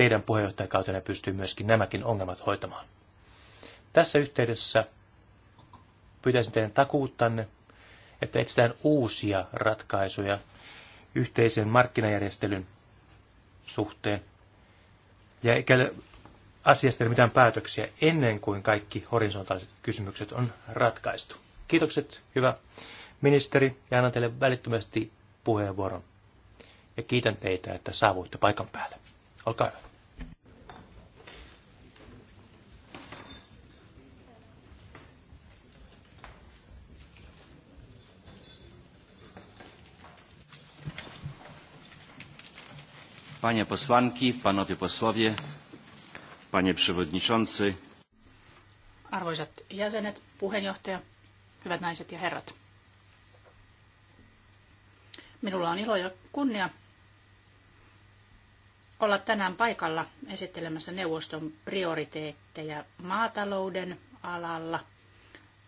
teidän puheenjohtajakautena pystyy myöskin nämäkin ongelmat hoitamaan. Tässä yhteydessä pyytäisin teidän takuuttanne, että etsitään uusia ratkaisuja yhteisen markkinajärjestelyn suhteen. Ja eikä asiasta ole mitään päätöksiä ennen kuin kaikki horisontaaliset kysymykset on ratkaistu. Kiitokset, hyvä ministeri, ja annan teille välittömästi puheenvuoron. Ja kiitän teitä, että saavuitte paikan päälle. Olkaa hyvä. Panie posłanki, panowie posłowie, panie przewodniczący. Arvoisat jäsenet, puheenjohtaja, hyvät naiset ja herrat. Minulla on ilo ja kunnia olla tänään paikalla esittelemässä neuvoston prioriteetteja maatalouden alalla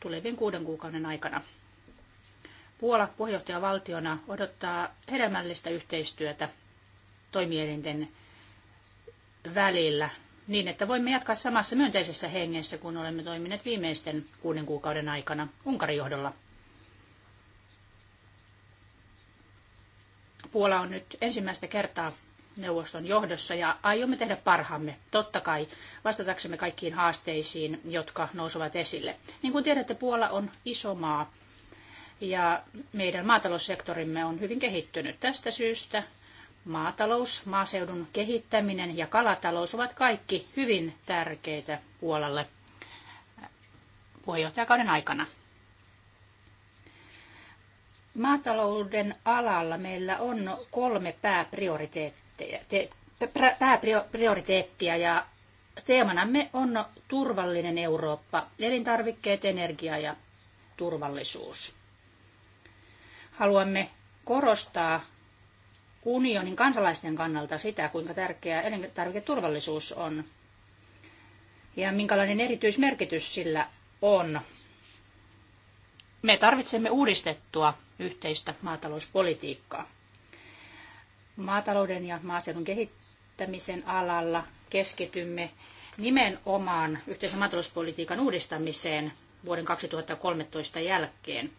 tulevien kuuden kuukauden aikana. Puola puheenjohtajavaltiona odottaa hedelmällistä yhteistyötä toimielinten välillä niin, että voimme jatkaa samassa myönteisessä hengessä, kun olemme toimineet viimeisten kuuden kuukauden aikana Unkarin johdolla. Puola on nyt ensimmäistä kertaa neuvoston johdossa ja aiomme tehdä parhaamme, totta kai, vastataksemme kaikkiin haasteisiin, jotka nousuvat esille. Niin kuin tiedätte, Puola on iso maa ja meidän maataloussektorimme on hyvin kehittynyt. Tästä syystä Maatalous, maaseudun kehittäminen ja kalatalous ovat kaikki hyvin tärkeitä Puolalle puheenjohtajakauden aikana. Maatalouden alalla meillä on kolme pääprioriteettia, te, pääprioriteettia ja teemanamme on turvallinen Eurooppa, elintarvikkeet, energia ja turvallisuus. Haluamme korostaa unionin kansalaisten kannalta sitä, kuinka tärkeää elintarviketurvallisuus on ja minkälainen erityismerkitys sillä on. Me tarvitsemme uudistettua yhteistä maatalouspolitiikkaa. Maatalouden ja maaseudun kehittämisen alalla keskitymme nimenomaan yhteisen maatalouspolitiikan uudistamiseen vuoden 2013 jälkeen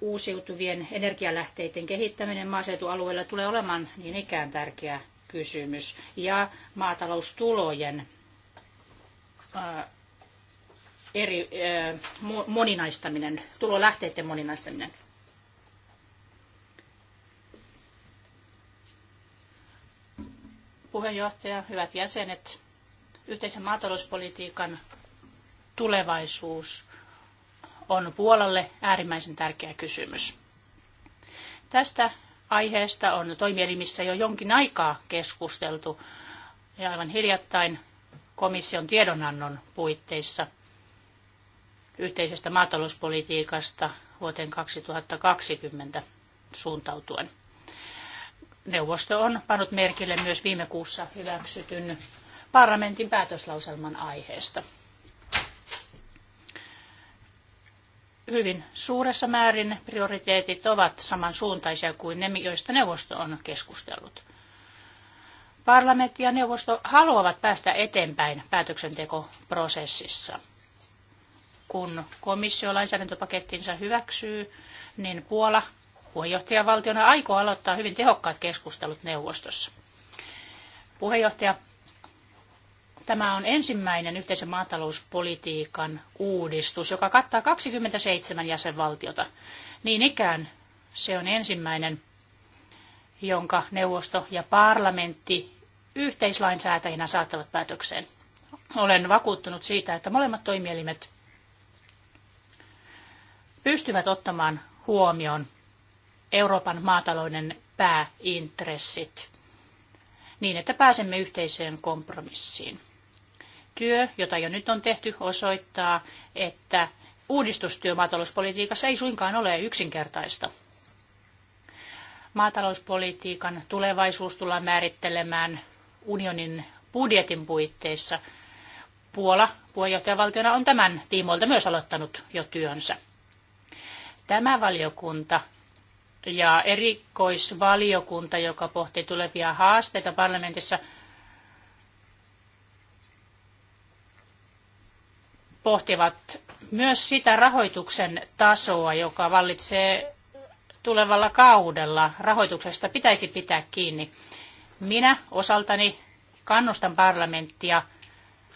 uusiutuvien energialähteiden kehittäminen maaseutualueella tulee olemaan niin ikään tärkeä kysymys. Ja maataloustulojen eri, moninaistaminen, tulolähteiden moninaistaminen. Puheenjohtaja, hyvät jäsenet, yhteisen maatalouspolitiikan tulevaisuus on Puolalle äärimmäisen tärkeä kysymys. Tästä aiheesta on toimielimissä jo jonkin aikaa keskusteltu ja aivan hiljattain komission tiedonannon puitteissa yhteisestä maatalouspolitiikasta vuoteen 2020 suuntautuen. Neuvosto on pannut merkille myös viime kuussa hyväksytyn parlamentin päätöslauselman aiheesta. hyvin suuressa määrin prioriteetit ovat samansuuntaisia kuin ne, joista neuvosto on keskustellut. Parlamentti ja neuvosto haluavat päästä eteenpäin päätöksentekoprosessissa. Kun komissio lainsäädäntöpakettinsa hyväksyy, niin Puola puheenjohtajavaltiona aikoo aloittaa hyvin tehokkaat keskustelut neuvostossa. Puheenjohtaja Tämä on ensimmäinen yhteisen maatalouspolitiikan uudistus, joka kattaa 27 jäsenvaltiota. Niin ikään se on ensimmäinen, jonka neuvosto ja parlamentti yhteislainsäätäjinä saattavat päätökseen. Olen vakuuttunut siitä, että molemmat toimielimet pystyvät ottamaan huomioon Euroopan maatalouden pääintressit niin, että pääsemme yhteiseen kompromissiin työ, jota jo nyt on tehty, osoittaa, että uudistustyö maatalouspolitiikassa ei suinkaan ole yksinkertaista. Maatalouspolitiikan tulevaisuus tullaan määrittelemään unionin budjetin puitteissa. Puola puheenjohtajavaltiona on tämän tiimoilta myös aloittanut jo työnsä. Tämä valiokunta ja erikoisvaliokunta, joka pohtii tulevia haasteita parlamentissa – pohtivat myös sitä rahoituksen tasoa, joka vallitsee tulevalla kaudella. Rahoituksesta pitäisi pitää kiinni. Minä osaltani kannustan parlamenttia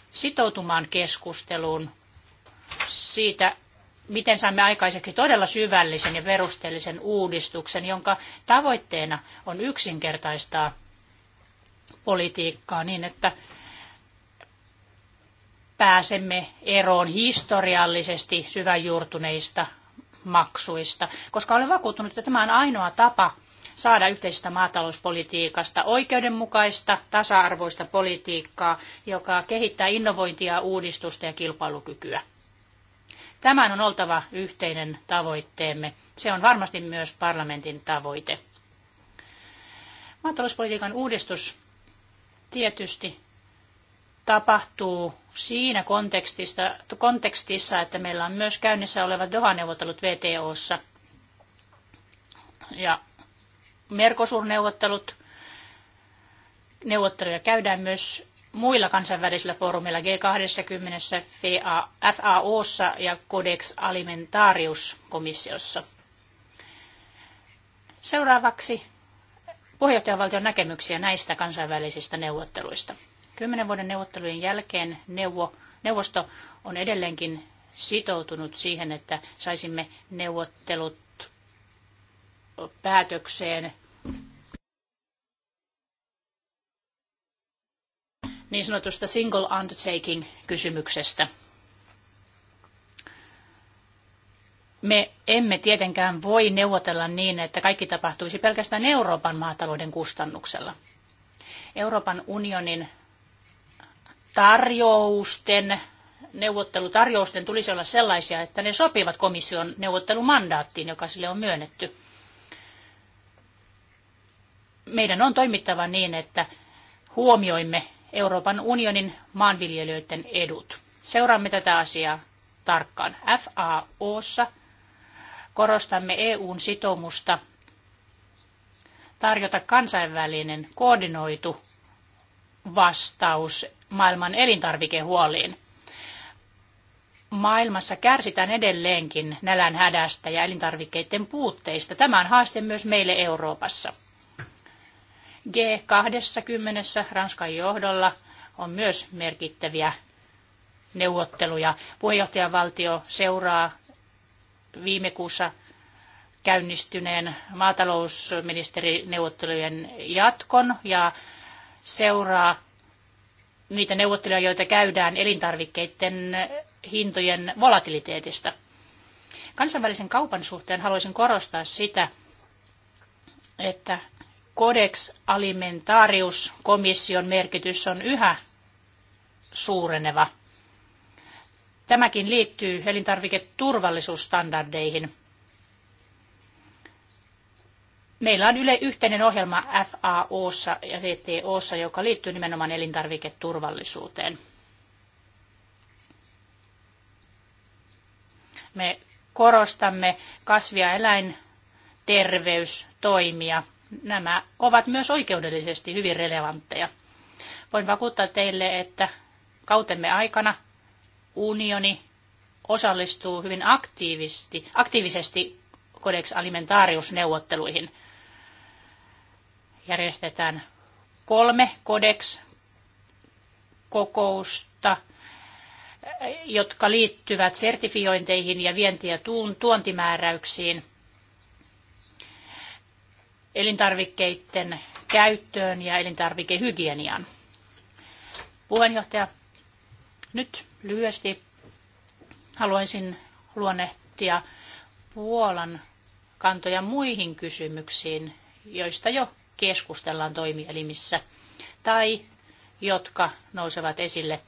sitoutumaan keskusteluun siitä, miten saamme aikaiseksi todella syvällisen ja perusteellisen uudistuksen, jonka tavoitteena on yksinkertaistaa politiikkaa niin, että pääsemme eroon historiallisesti syväjuurtuneista maksuista, koska olen vakuuttunut, että tämä on ainoa tapa saada yhteisestä maatalouspolitiikasta oikeudenmukaista, tasa-arvoista politiikkaa, joka kehittää innovointia, uudistusta ja kilpailukykyä. Tämän on oltava yhteinen tavoitteemme. Se on varmasti myös parlamentin tavoite. Maatalouspolitiikan uudistus tietysti tapahtuu siinä kontekstissa, kontekstissa, että meillä on myös käynnissä olevat Doha-neuvottelut VTOssa ja Mercosur-neuvottelut. Neuvotteluja käydään myös muilla kansainvälisillä foorumilla G20, FAOssa ja Codex Alimentarius-komissiossa. Seuraavaksi puheenjohtajavaltion näkemyksiä näistä kansainvälisistä neuvotteluista. Kymmenen vuoden neuvottelujen jälkeen neuvo, neuvosto on edelleenkin sitoutunut siihen, että saisimme neuvottelut päätökseen niin sanotusta single undertaking kysymyksestä. Me emme tietenkään voi neuvotella niin, että kaikki tapahtuisi pelkästään Euroopan maatalouden kustannuksella. Euroopan unionin tarjousten, neuvottelutarjousten tulisi olla sellaisia, että ne sopivat komission neuvottelumandaattiin, joka sille on myönnetty. Meidän on toimittava niin, että huomioimme Euroopan unionin maanviljelijöiden edut. Seuraamme tätä asiaa tarkkaan. FAOssa korostamme EUn sitoumusta tarjota kansainvälinen koordinoitu vastaus maailman elintarvikehuoliin. Maailmassa kärsitään edelleenkin nälän hädästä ja elintarvikkeiden puutteista. Tämä on haaste myös meille Euroopassa. G20 Ranskan johdolla on myös merkittäviä neuvotteluja. Puheenjohtajavaltio seuraa viime kuussa käynnistyneen maatalousministerineuvottelujen jatkon ja seuraa niitä neuvotteluja, joita käydään elintarvikkeiden hintojen volatiliteetista. Kansainvälisen kaupan suhteen haluaisin korostaa sitä, että Codex Alimentarius komission merkitys on yhä suureneva. Tämäkin liittyy elintarviketurvallisuusstandardeihin. Meillä on yle yhteinen ohjelma FAOssa ja VTOssa, joka liittyy nimenomaan elintarviketurvallisuuteen. Me korostamme kasvi- ja eläinterveystoimia. Nämä ovat myös oikeudellisesti hyvin relevantteja. Voin vakuuttaa teille, että kautemme aikana unioni osallistuu hyvin aktiivisesti, aktiivisesti Codex Alimentarius-neuvotteluihin järjestetään kolme Codex-kokousta, jotka liittyvät sertifiointeihin ja vienti- ja tuontimääräyksiin, elintarvikkeiden käyttöön ja elintarvikehygieniaan. Puheenjohtaja, nyt lyhyesti haluaisin luonnehtia Puolan kantoja muihin kysymyksiin, joista jo keskustellaan toimielimissä tai jotka nousevat esille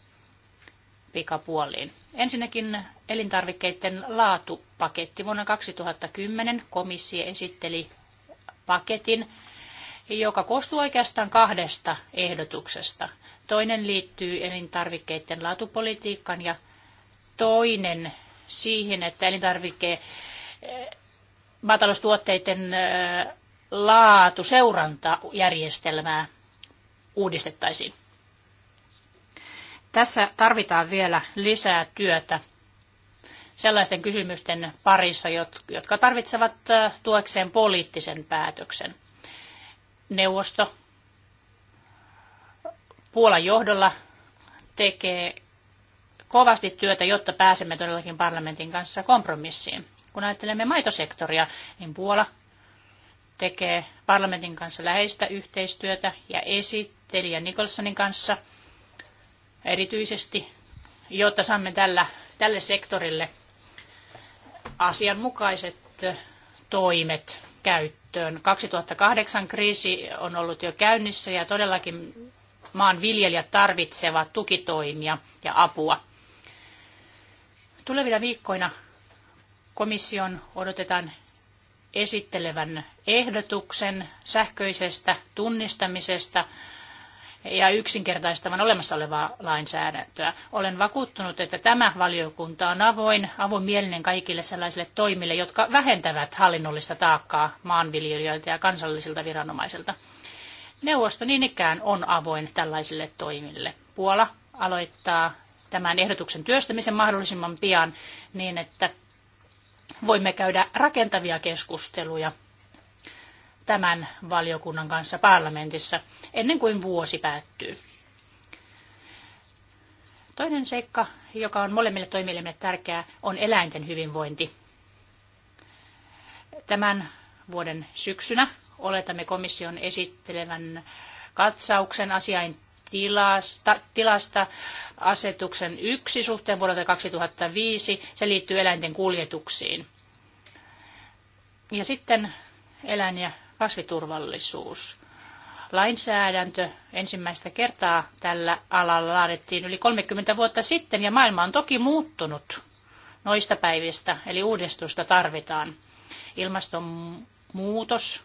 pikapuoliin. Ensinnäkin elintarvikkeiden laatupaketti. Vuonna 2010 komissio esitteli paketin, joka koostuu oikeastaan kahdesta ehdotuksesta. Toinen liittyy elintarvikkeiden laatupolitiikkaan ja toinen siihen, että elintarvike maataloustuotteiden laatuseurantajärjestelmää uudistettaisiin. Tässä tarvitaan vielä lisää työtä sellaisten kysymysten parissa, jotka tarvitsevat tuekseen poliittisen päätöksen. Neuvosto Puolan johdolla tekee kovasti työtä, jotta pääsemme todellakin parlamentin kanssa kompromissiin. Kun ajattelemme maitosektoria, niin Puola tekee parlamentin kanssa läheistä yhteistyötä ja esittelijä Nicholsonin kanssa erityisesti, jotta saamme tällä, tälle sektorille asianmukaiset toimet käyttöön. 2008 kriisi on ollut jo käynnissä ja todellakin maan viljelijät tarvitsevat tukitoimia ja apua. Tulevina viikkoina komission odotetaan esittelevän ehdotuksen sähköisestä tunnistamisesta ja yksinkertaistavan olemassa olevaa lainsäädäntöä. Olen vakuuttunut, että tämä valiokunta on avoin, avoimielinen kaikille sellaisille toimille, jotka vähentävät hallinnollista taakkaa maanviljelijöiltä ja kansallisilta viranomaisilta. Neuvosto niin ikään on avoin tällaisille toimille. Puola aloittaa tämän ehdotuksen työstämisen mahdollisimman pian niin, että voimme käydä rakentavia keskusteluja tämän valiokunnan kanssa parlamentissa ennen kuin vuosi päättyy. Toinen seikka, joka on molemmille toimielimille tärkeää, on eläinten hyvinvointi. Tämän vuoden syksynä oletamme komission esittelevän katsauksen asiain tilasta, tilasta asetuksen yksi suhteen vuodelta 2005. Se liittyy eläinten kuljetuksiin. Ja sitten eläin- ja kasviturvallisuus. Lainsäädäntö ensimmäistä kertaa tällä alalla laadittiin yli 30 vuotta sitten ja maailma on toki muuttunut noista päivistä, eli uudistusta tarvitaan. Ilmastonmuutos,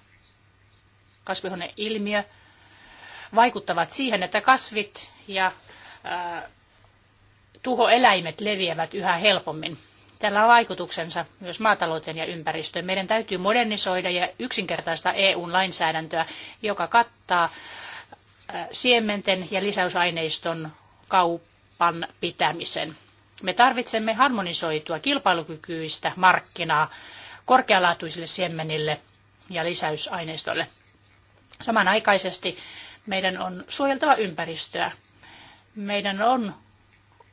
kasvihuoneilmiö vaikuttavat siihen, että kasvit ja tuhoeläimet leviävät yhä helpommin. Tällä on vaikutuksensa myös maatalouteen ja ympäristöön. Meidän täytyy modernisoida ja yksinkertaista EU-lainsäädäntöä, joka kattaa siementen ja lisäysaineiston kaupan pitämisen. Me tarvitsemme harmonisoitua kilpailukykyistä markkinaa korkealaatuisille siemenille ja lisäysaineistolle. Samanaikaisesti meidän on suojeltava ympäristöä. Meidän on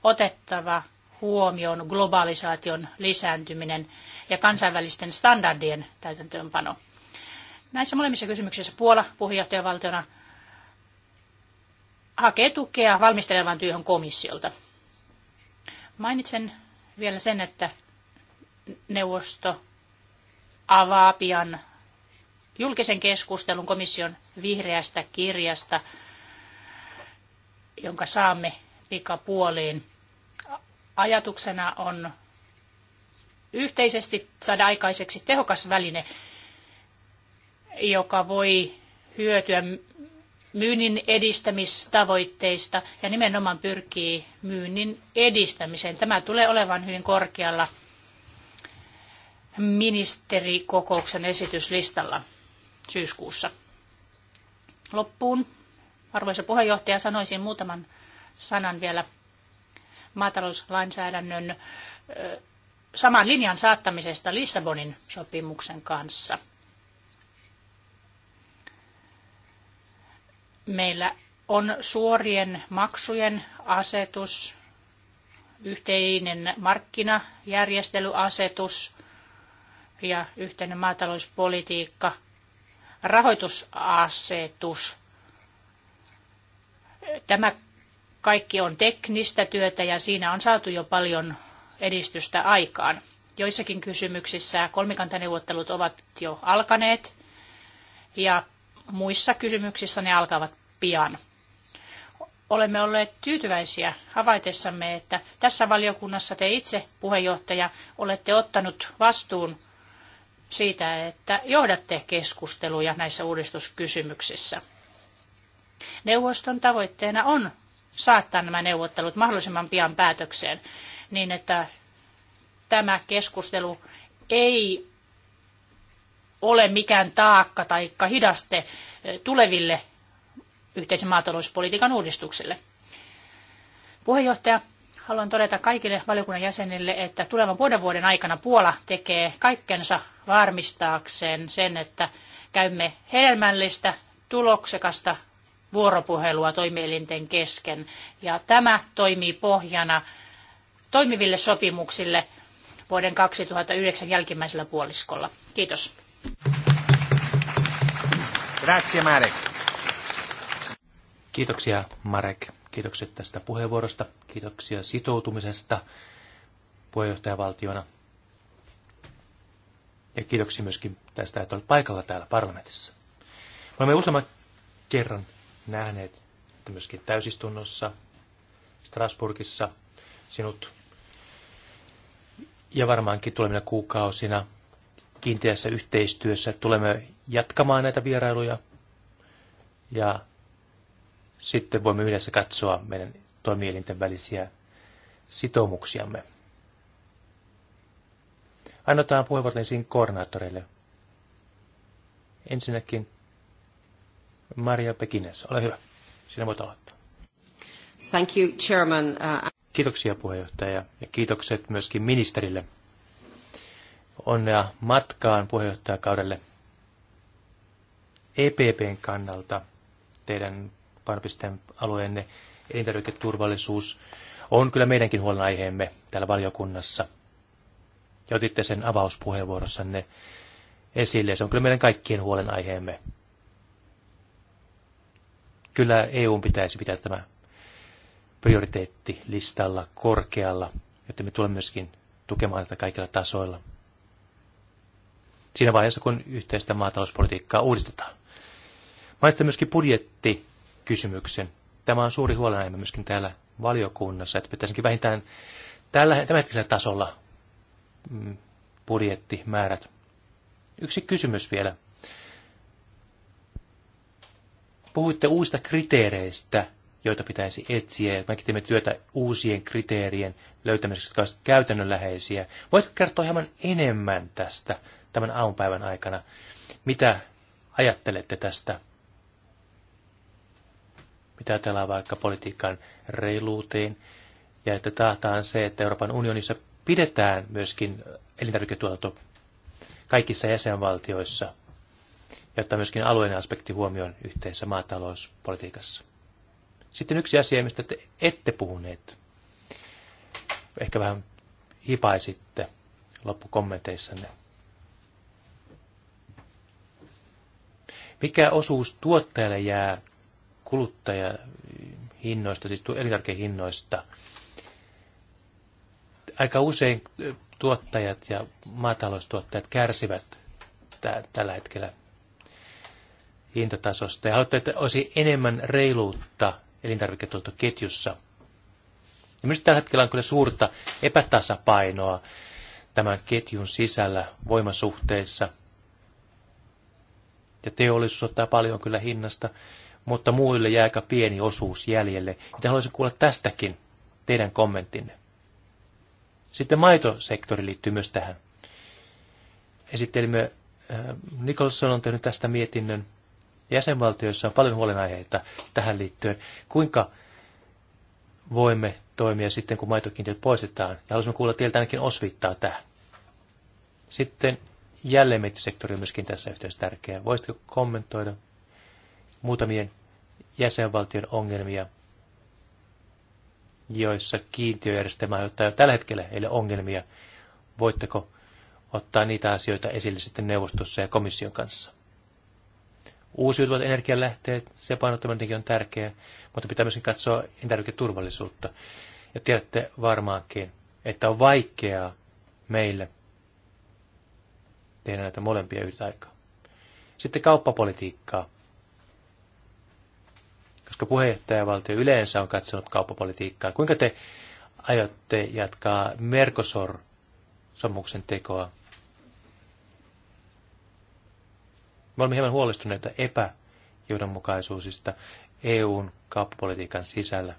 otettava huomioon globalisaation lisääntyminen ja kansainvälisten standardien täytäntöönpano. Näissä molemmissa kysymyksissä Puola puheenjohtajavaltiona hakee tukea valmistelevan työhön komissiolta. Mainitsen vielä sen, että neuvosto avaa pian julkisen keskustelun komission vihreästä kirjasta, jonka saamme pikapuoliin. Ajatuksena on yhteisesti saada aikaiseksi tehokas väline, joka voi hyötyä myynnin edistämistavoitteista ja nimenomaan pyrkii myynnin edistämiseen. Tämä tulee olevan hyvin korkealla ministerikokouksen esityslistalla syyskuussa. Loppuun, arvoisa puheenjohtaja, sanoisin muutaman sanan vielä maatalouslainsäädännön saman linjan saattamisesta Lissabonin sopimuksen kanssa. Meillä on suorien maksujen asetus, yhteinen markkinajärjestelyasetus ja yhteinen maatalouspolitiikka – rahoitusasetus. Tämä kaikki on teknistä työtä ja siinä on saatu jo paljon edistystä aikaan. Joissakin kysymyksissä kolmikantaneuvottelut ovat jo alkaneet ja muissa kysymyksissä ne alkavat pian. Olemme olleet tyytyväisiä havaitessamme, että tässä valiokunnassa te itse, puheenjohtaja, olette ottanut vastuun siitä, että johdatte keskusteluja näissä uudistuskysymyksissä. Neuvoston tavoitteena on saattaa nämä neuvottelut mahdollisimman pian päätökseen niin, että tämä keskustelu ei ole mikään taakka tai hidaste eh, tuleville yhteisen maatalouspolitiikan uudistuksille. Puheenjohtaja, haluan todeta kaikille valiokunnan jäsenille, että tulevan vuoden vuoden aikana Puola tekee kaikkensa varmistaakseen sen, että käymme hedelmällistä, tuloksekasta vuoropuhelua toimielinten kesken. Ja tämä toimii pohjana toimiville sopimuksille vuoden 2009 jälkimmäisellä puoliskolla. Kiitos. Grazie Marek. Kiitoksia Marek. Kiitokset tästä puheenvuorosta. Kiitoksia sitoutumisesta puheenjohtajavaltiona. Ja kiitoksia myöskin tästä, että olet paikalla täällä parlamentissa. Me olemme useamman kerran nähneet, että myöskin täysistunnossa, Strasburgissa, sinut ja varmaankin tulevina kuukausina kiinteässä yhteistyössä tulemme jatkamaan näitä vierailuja ja sitten voimme yhdessä katsoa meidän toimielinten välisiä sitoumuksiamme. Annotaan puheenvuorot ensin koordinaattoreille. Ensinnäkin Maria Pekines, ole hyvä. Sinä voit aloittaa. Thank you, Chairman. Uh, Kiitoksia puheenjohtaja ja kiitokset myöskin ministerille. Onnea matkaan puheenjohtajakaudelle. EPPn kannalta teidän painopisteen alueenne elintarviketurvallisuus on kyllä meidänkin huolenaiheemme täällä valiokunnassa. Ja otitte sen avauspuheenvuorossanne esille, se on kyllä meidän kaikkien huolenaiheemme. Kyllä EUn pitäisi pitää tämä prioriteettilistalla korkealla, jotta me tulemme myöskin tukemaan tätä kaikilla tasoilla. Siinä vaiheessa, kun yhteistä maatalouspolitiikkaa uudistetaan. Mainitsitte myöskin budjetti kysymyksen. Tämä on suuri huolenaihe myöskin täällä valiokunnassa, että pitäisikin vähintään tällä, tämänhetkisellä tasolla mm, budjettimäärät. Yksi kysymys vielä. Puhuitte uusista kriteereistä, joita pitäisi etsiä. Mekin teemme työtä uusien kriteerien löytämiseksi, jotka ovat käytännönläheisiä. Voitko kertoa hieman enemmän tästä tämän aamupäivän aikana? Mitä ajattelette tästä mitä ajatellaan vaikka politiikan reiluuteen, ja että taataan se, että Euroopan unionissa pidetään myöskin elintarviketuotanto kaikissa jäsenvaltioissa, jotta myöskin alueellinen aspekti huomioon yhteisessä maatalouspolitiikassa. Sitten yksi asia, mistä te ette puhuneet, ehkä vähän hipaisitte loppukommenteissanne. Mikä osuus tuottajalle jää kuluttajahinnoista, siis elintarkehinnoista. Aika usein eh, tuottajat ja maataloustuottajat kärsivät tällä hetkellä hintatasosta. Ja haluatte, että olisi enemmän reiluutta elintarviketuotantoketjussa. Ja myös tällä hetkellä on kyllä suurta epätasapainoa tämän ketjun sisällä voimasuhteissa. Ja teollisuus ottaa paljon kyllä hinnasta mutta muille jää aika pieni osuus jäljelle. ja haluaisin kuulla tästäkin teidän kommenttinne. Sitten maitosektori liittyy myös tähän. Esittelimme, äh, Nicholson on tehnyt tästä mietinnön. Jäsenvaltioissa on paljon huolenaiheita tähän liittyen. Kuinka voimme toimia sitten, kun maitokiintiöt poistetaan? Ja haluaisimme kuulla teiltä ainakin osvittaa tähän. Sitten jälleenmiettisektori on myöskin tässä yhteydessä tärkeä. Voisitko kommentoida muutamien jäsenvaltion ongelmia, joissa kiintiöjärjestelmä aiheuttaa jo tällä hetkellä heille ongelmia. Voitteko ottaa niitä asioita esille sitten neuvostossa ja komission kanssa? Uusiutuvat energialähteet, se painottaminen on tärkeää, mutta pitää myöskin katsoa elintarviketurvallisuutta. Ja tiedätte varmaankin, että on vaikeaa meille tehdä näitä molempia yhtä aikaa. Sitten kauppapolitiikkaa koska puheenjohtajavaltio yleensä on katsonut kauppapolitiikkaa. Kuinka te aiotte jatkaa mercosur sommuksen tekoa? Me olemme hieman huolestuneita epäjohdonmukaisuusista EUn kauppapolitiikan sisällä.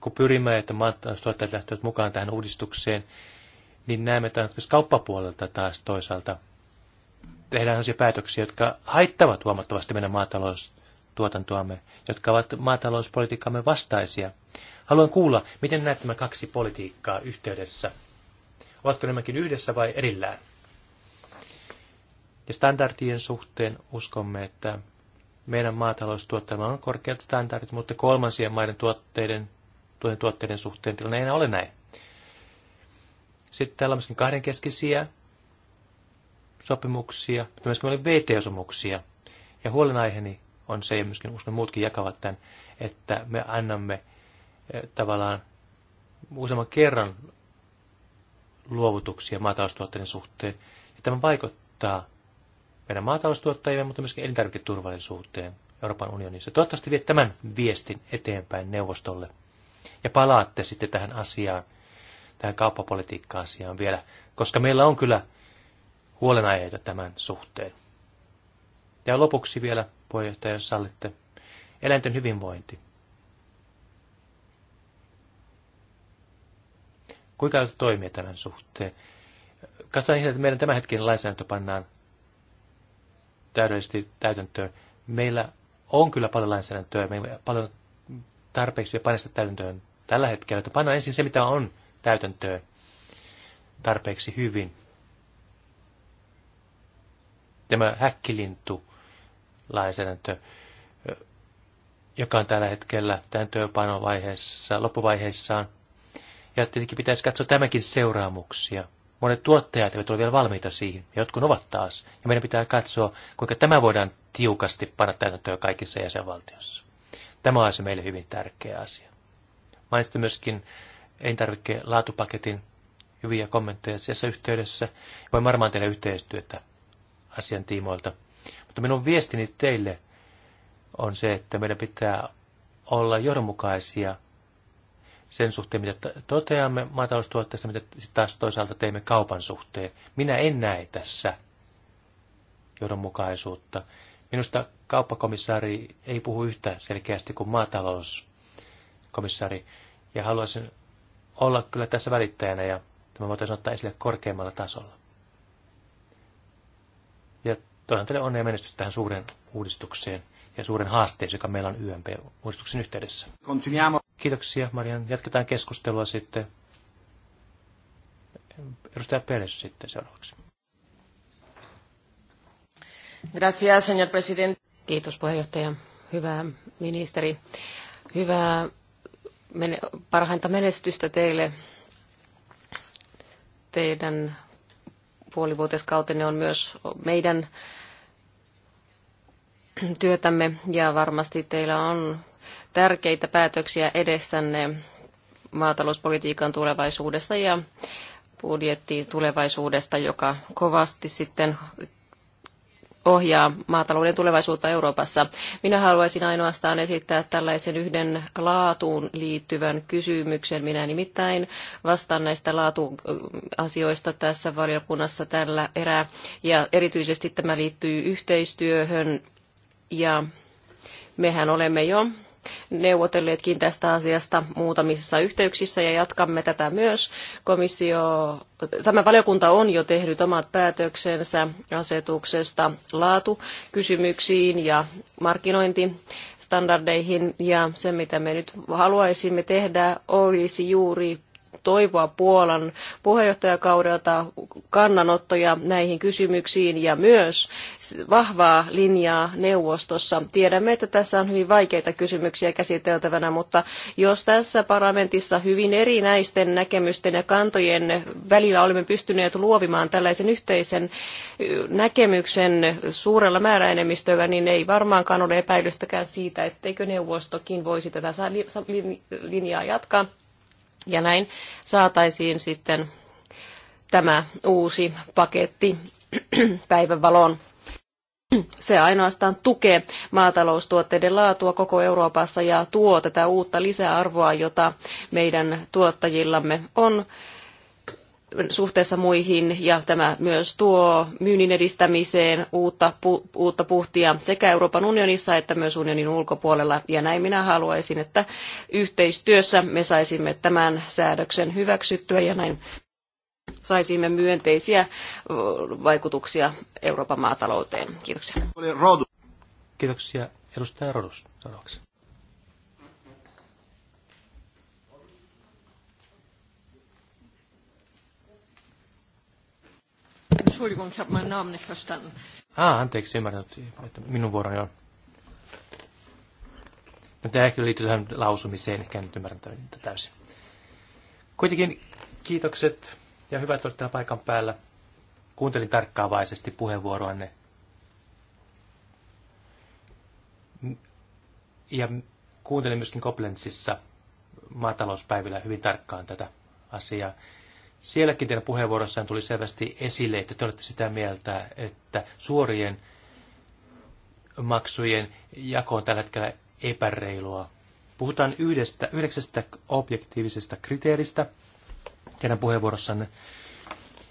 Kun pyrimme, että maataloustuottajat lähtevät mukaan tähän uudistukseen, niin näemme, että kauppapuolelta taas toisaalta – tehdään sellaisia päätöksiä, jotka haittavat huomattavasti meidän maataloustuotantoamme, jotka ovat maatalouspolitiikkaamme vastaisia. Haluan kuulla, miten näet nämä kaksi politiikkaa yhteydessä. Ovatko nämäkin yhdessä vai erillään? Ja standardien suhteen uskomme, että meidän maataloustuotteella on korkeat standardit, mutta kolmansien maiden tuotteiden, tuotteiden suhteen tilanne ei enää ole näin. Sitten täällä on myöskin kahdenkeskisiä sopimuksia, mutta myöskin oli VT-sopimuksia. Ja huolenaiheeni on se, ja myöskin uskon muutkin jakavat tämän, että me annamme eh, tavallaan useamman kerran luovutuksia maataloustuotteiden suhteen. Ja tämä vaikuttaa meidän maataloustuottajille, mutta myöskin elintarviketurvallisuuteen Euroopan unionissa. Toivottavasti viet tämän viestin eteenpäin neuvostolle ja palaatte sitten tähän asiaan, tähän kauppapolitiikka-asiaan vielä, koska meillä on kyllä huolenaiheita tämän suhteen. Ja lopuksi vielä, puheenjohtaja, jos sallitte, eläinten hyvinvointi. Kuinka aiotte toimia tämän suhteen? Katsotaan, ihan että meidän tämän hetken lainsäädäntö pannaan täydellisesti täytäntöön. Meillä on kyllä paljon lainsäädäntöä, meillä on paljon tarpeeksi ja panesta täytäntöön tällä hetkellä, että pannaan ensin se, mitä on täytäntöön tarpeeksi hyvin – tämä häkkilintu lainsäädäntö, joka on tällä hetkellä tämän työpanovaiheessa, loppuvaiheessaan. Ja tietenkin pitäisi katsoa tämänkin seuraamuksia. Monet tuottajat eivät ole vielä valmiita siihen, jotkut ovat taas. Ja meidän pitää katsoa, kuinka tämä voidaan tiukasti panna täytäntöön kaikissa jäsenvaltioissa. Tämä on se meille hyvin tärkeä asia. Mainitsin myöskin elintarvikkeen laatupaketin hyviä kommentteja tässä yhteydessä. Voin varmaan tehdä yhteistyötä asian tiimoilta. Mutta minun viestini teille on se, että meidän pitää olla johdonmukaisia sen suhteen, mitä toteamme maataloustuotteista, mitä taas toisaalta teemme kaupan suhteen. Minä en näe tässä johdonmukaisuutta. Minusta kauppakomissaari ei puhu yhtä selkeästi kuin maatalouskomissaari, ja haluaisin olla kyllä tässä välittäjänä, ja tämä voitaisiin ottaa esille korkeammalla tasolla toivon teille onnea menestystä tähän suureen uudistukseen ja suuren haasteeseen, joka meillä on YMP-uudistuksen yhteydessä. Continuamo. Kiitoksia Marian. Jatketaan keskustelua sitten. Edustaja Peres sitten seuraavaksi. Gracias, señor presidente. Kiitos puheenjohtaja. Hyvä ministeri. Hyvää parhainta menestystä teille teidän puolivuotiskautenne on myös meidän työtämme ja varmasti teillä on tärkeitä päätöksiä edessänne maatalouspolitiikan tulevaisuudesta ja budjetti tulevaisuudesta, joka kovasti sitten ohjaa maatalouden tulevaisuutta Euroopassa. Minä haluaisin ainoastaan esittää tällaisen yhden laatuun liittyvän kysymyksen. Minä nimittäin vastaan näistä laatuasioista tässä valiokunnassa tällä erää. Ja erityisesti tämä liittyy yhteistyöhön. Ja mehän olemme jo neuvotelleetkin tästä asiasta muutamissa yhteyksissä ja jatkamme tätä myös. Komissio, tämä valiokunta on jo tehnyt omat päätöksensä asetuksesta laatukysymyksiin ja markkinointi standardeihin ja se, mitä me nyt haluaisimme tehdä, olisi juuri toivoa Puolan puheenjohtajakaudelta kannanottoja näihin kysymyksiin ja myös vahvaa linjaa neuvostossa. Tiedämme, että tässä on hyvin vaikeita kysymyksiä käsiteltävänä, mutta jos tässä parlamentissa hyvin erinäisten näkemysten ja kantojen välillä olemme pystyneet luovimaan tällaisen yhteisen näkemyksen suurella määräenemmistöllä, niin ei varmaankaan ole epäilystäkään siitä, etteikö neuvostokin voisi tätä linjaa jatkaa ja näin saataisiin sitten tämä uusi paketti päivänvaloon. Se ainoastaan tukee maataloustuotteiden laatua koko Euroopassa ja tuo tätä uutta lisäarvoa, jota meidän tuottajillamme on suhteessa muihin ja tämä myös tuo myynnin edistämiseen uutta, pu, uutta puhtia sekä Euroopan unionissa että myös unionin ulkopuolella. Ja näin minä haluaisin, että yhteistyössä me saisimme tämän säädöksen hyväksyttyä ja näin saisimme myönteisiä vaikutuksia Euroopan maatalouteen. Kiitoksia. Kiitoksia. Edustaja Rodus Entschuldigung, ich habe meinen Namen nicht verstanden. Ah, anteeksi, ymmärtänyt, että minun vuoroni on. No, tämä kyllä liittyy tähän lausumiseen, ehkä nyt ymmärtänyt tätä täysin. Kuitenkin kiitokset ja hyvät olette täällä paikan päällä. Kuuntelin tarkkaavaisesti puheenvuoroanne. Ja kuuntelin myöskin Koplenzissa maatalouspäivillä hyvin tarkkaan tätä asiaa. Sielläkin teidän puheenvuorossaan tuli selvästi esille, että te olette sitä mieltä, että suorien maksujen jako on tällä hetkellä epäreilua. Puhutaan yhdestä, yhdeksästä objektiivisesta kriteeristä teidän puheenvuorossanne,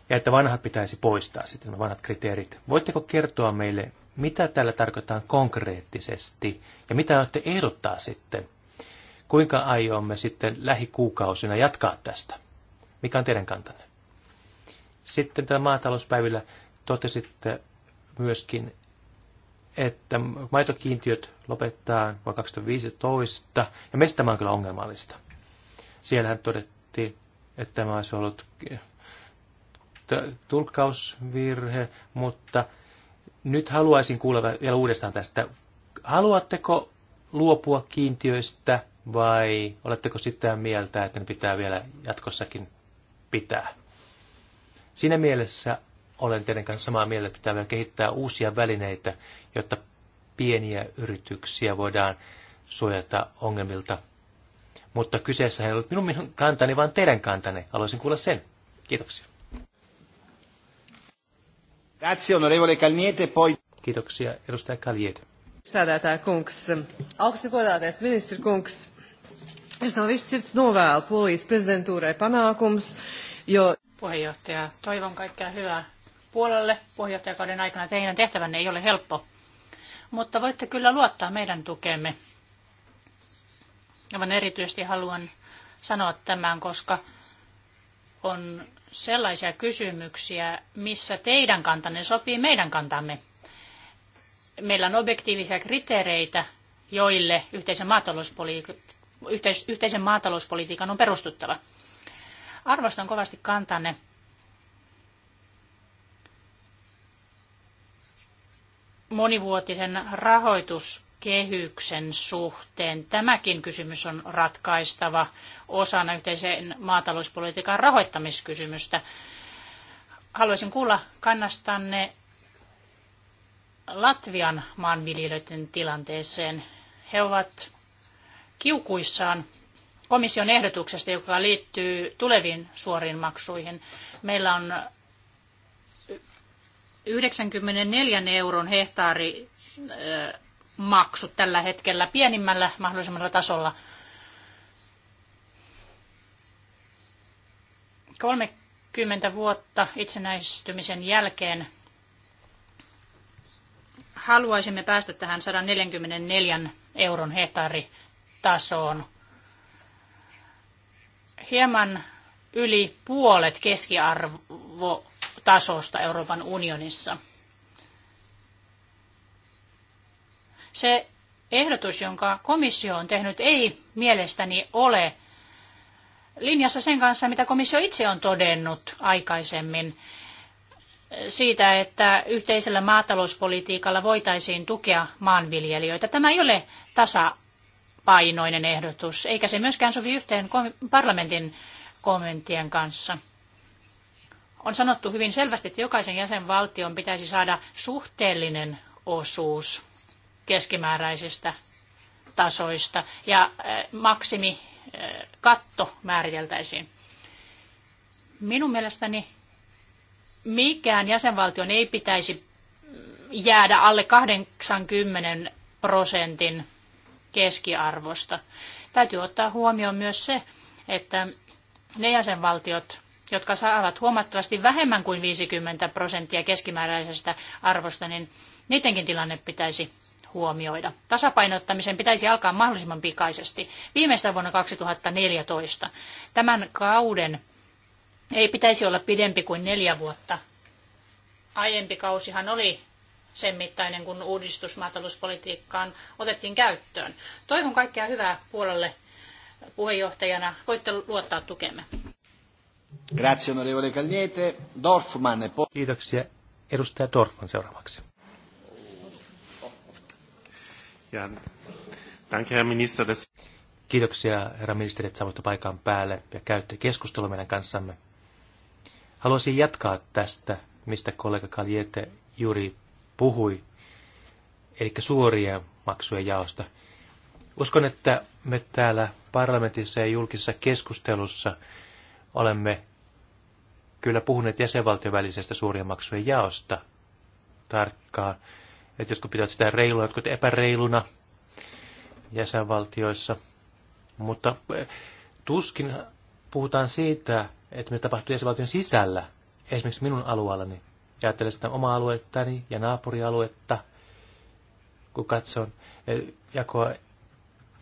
ja että vanhat pitäisi poistaa sitten nämä vanhat kriteerit. Voitteko kertoa meille, mitä tällä tarkoitetaan konkreettisesti, ja mitä olette ehdottaa sitten? Kuinka aiomme sitten lähikuukausina jatkaa tästä? Mikä on teidän kantanne? Sitten tällä maatalouspäivillä totesitte myöskin, että maitokiintiöt lopettaa vuonna 2015, ja meistä tämä on kyllä ongelmallista. Siellähän todettiin, että tämä olisi ollut tulkkausvirhe, mutta nyt haluaisin kuulla vielä uudestaan tästä. Haluatteko luopua kiintiöistä vai oletteko sitä mieltä, että ne pitää vielä jatkossakin pitää. Siinä mielessä olen teidän kanssa samaa mieltä, pitää vielä kehittää uusia välineitä, jotta pieniä yrityksiä voidaan suojata ongelmilta. Mutta kyseessä ei ollut minun, minun kantani, vaan teidän kantani. Haluaisin kuulla sen. Kiitoksia. Grazie, onorevole Calniete, poi... Kiitoksia, edustaja Kaljiet. Säädätään kunks. Aukstikodātais ministeri kunks. Es no viss sirds novēlu Polijas prezidentūrai panākums, jo... Puheenjohtaja, toivon kaikkea hyvää puolelle. Puheenjohtajakauden aikana teidän tehtävänne ei ole helppo, mutta voitte kyllä luottaa meidän tukemme. Ja erityisesti haluan sanoa tämän, koska on sellaisia kysymyksiä, missä teidän kantanne sopii meidän kantamme. Meillä on objektiivisia kriteereitä, joille yhteisen maatalouspolitiikan yhteisen maatalouspolitiikan on perustuttava. Arvostan kovasti kantanne monivuotisen rahoituskehyksen suhteen. Tämäkin kysymys on ratkaistava osana yhteisen maatalouspolitiikan rahoittamiskysymystä. Haluaisin kuulla kannastanne Latvian maanviljelijöiden tilanteeseen. He ovat kiukuissaan komission ehdotuksesta, joka liittyy tuleviin suoriin maksuihin. Meillä on 94 euron hehtaari maksut tällä hetkellä pienimmällä mahdollisimmalla tasolla. 30 vuotta itsenäistymisen jälkeen haluaisimme päästä tähän 144 euron hehtaari tasoon hieman yli puolet keskiarvotasosta Euroopan unionissa. Se ehdotus, jonka komissio on tehnyt, ei mielestäni ole linjassa sen kanssa, mitä komissio itse on todennut aikaisemmin siitä, että yhteisellä maatalouspolitiikalla voitaisiin tukea maanviljelijöitä. Tämä ei ole tasa painoinen ehdotus, eikä se myöskään sovi yhteen parlamentin kommenttien kanssa. On sanottu hyvin selvästi, että jokaisen jäsenvaltion pitäisi saada suhteellinen osuus keskimääräisistä tasoista ja eh, maksimi eh, katto määriteltäisiin. Minun mielestäni mikään jäsenvaltion ei pitäisi jäädä alle 80 prosentin keskiarvosta. Täytyy ottaa huomioon myös se, että ne jäsenvaltiot, jotka saavat huomattavasti vähemmän kuin 50 prosenttia keskimääräisestä arvosta, niin niidenkin tilanne pitäisi huomioida. Tasapainottamisen pitäisi alkaa mahdollisimman pikaisesti, viimeistään vuonna 2014. Tämän kauden ei pitäisi olla pidempi kuin neljä vuotta. Aiempi kausihan oli sen mittainen, kun uudistus maatalouspolitiikkaan otettiin käyttöön. Toivon kaikkea hyvää puolelle puheenjohtajana. Voitte luottaa tukemme. Grazie onorevole Cagliete. Dorfman. E Kiitoksia. Edustaja Dorfman seuraavaksi. Ja, danke, Minister, Kiitoksia, herra ministeri, että saavutte paikan päälle ja käytte keskustelua meidän kanssamme. Haluaisin jatkaa tästä, mistä kollega Kaljete juuri puhui, eli suorien maksujen jaosta. Uskon, että me täällä parlamentissa ja julkisessa keskustelussa olemme kyllä puhuneet jäsenvaltion välisestä suurien maksujen jaosta tarkkaan. Että jotkut pitävät sitä reiluna, jotkut epäreiluna jäsenvaltioissa. Mutta eh, tuskin puhutaan siitä, että me tapahtuu jäsenvaltion sisällä, esimerkiksi minun alueellani ja ajattelen sitä omaa aluettani ja naapurialuetta, kun katson e, jakoa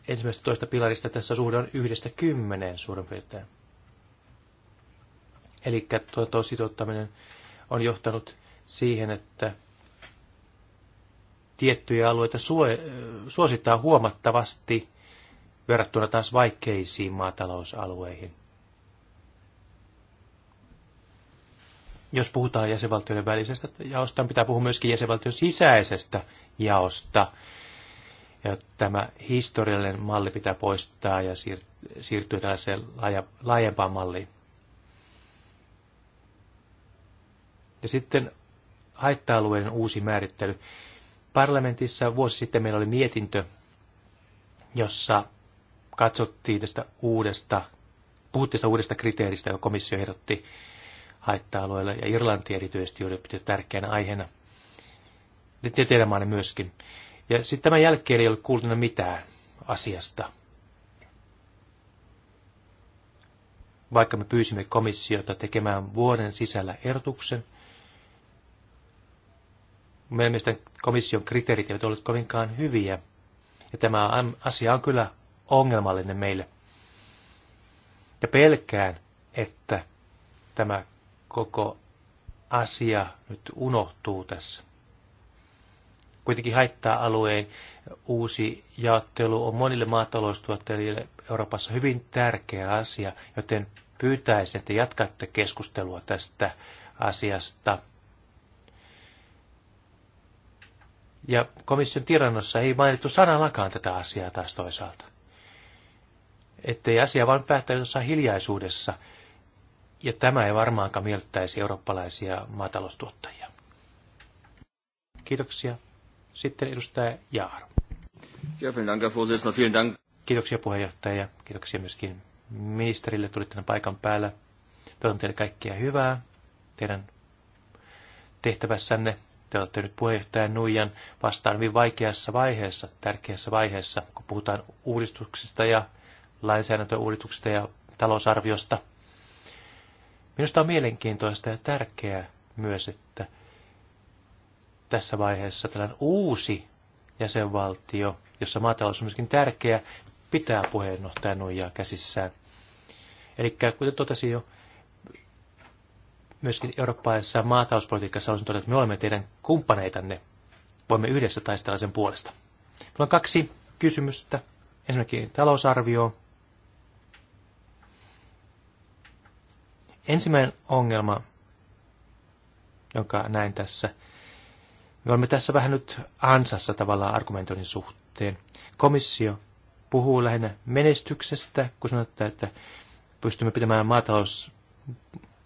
ensimmäisestä toista pilarista, tässä suhde on yhdestä kymmeneen suurin piirtein. Eli tuo sitouttaminen on johtanut siihen, että tiettyjä alueita e, suositaan huomattavasti verrattuna taas vaikeisiin maatalousalueihin. jos puhutaan jäsenvaltioiden välisestä jaosta, niin pitää puhua myöskin jäsenvaltion sisäisestä jaosta. Ja tämä historiallinen malli pitää poistaa ja siirtyä tällaiseen laaja, laajempaan malliin. Ja sitten haitta-alueiden uusi määrittely. Parlamentissa vuosi sitten meillä oli mietintö, jossa katsottiin tästä uudesta, puhuttiin tästä uudesta kriteeristä, joka komissio ehdotti haitta-alueilla ja Irlanti erityisesti oli pitänyt tärkeänä aiheena. Ja teidän myöskin. Ja sitten tämän jälkeen ei ole kuultuna mitään asiasta. Vaikka me pyysimme komissiota tekemään vuoden sisällä ehdotuksen, meidän mielestä komission kriteerit eivät ole kovinkaan hyviä. Ja tämä asia on kyllä ongelmallinen meille. Ja pelkään, että tämä koko asia nyt unohtuu tässä. Kuitenkin haittaa-alueen uusi jaottelu on monille maataloustuottajille Euroopassa hyvin tärkeä asia, joten pyytäisin, että jatkatte keskustelua tästä asiasta. Ja komission tiedonnossa ei mainittu sanallakaan tätä asiaa taas toisaalta. Ettei asia vain päättäisi jossain hiljaisuudessa, ja tämä ei varmaankaan mieltäisi eurooppalaisia maataloustuottajia. Kiitoksia. Sitten edustaja Jaar. Kiitoksia puheenjohtaja. Kiitoksia myöskin ministerille. Tulitte tänne paikan päällä. Toivon teille kaikkia hyvää teidän tehtävässänne. Te olette nyt puheenjohtajan Nuijan vastaan hyvin vaikeassa vaiheessa, tärkeässä vaiheessa, kun puhutaan uudistuksista ja lainsäädäntöuudistuksista ja talousarviosta – Minusta on mielenkiintoista ja tärkeää myös, että tässä vaiheessa tällainen uusi jäsenvaltio, jossa maatalous on myöskin tärkeä, pitää puheenjohtajan nuijaa käsissään. Eli kuten totesin jo, myöskin eurooppalaisessa maatalouspolitiikassa olisin todeta, että me olemme teidän kumppaneitanne. Voimme yhdessä taistella sen puolesta. Minulla on kaksi kysymystä. Ensinnäkin talousarvio Ensimmäinen ongelma, jonka näin tässä, me olemme tässä vähän nyt ansassa tavallaan argumentoinnin suhteen. Komissio puhuu lähinnä menestyksestä, kun sanotaan, että pystymme pitämään maatalous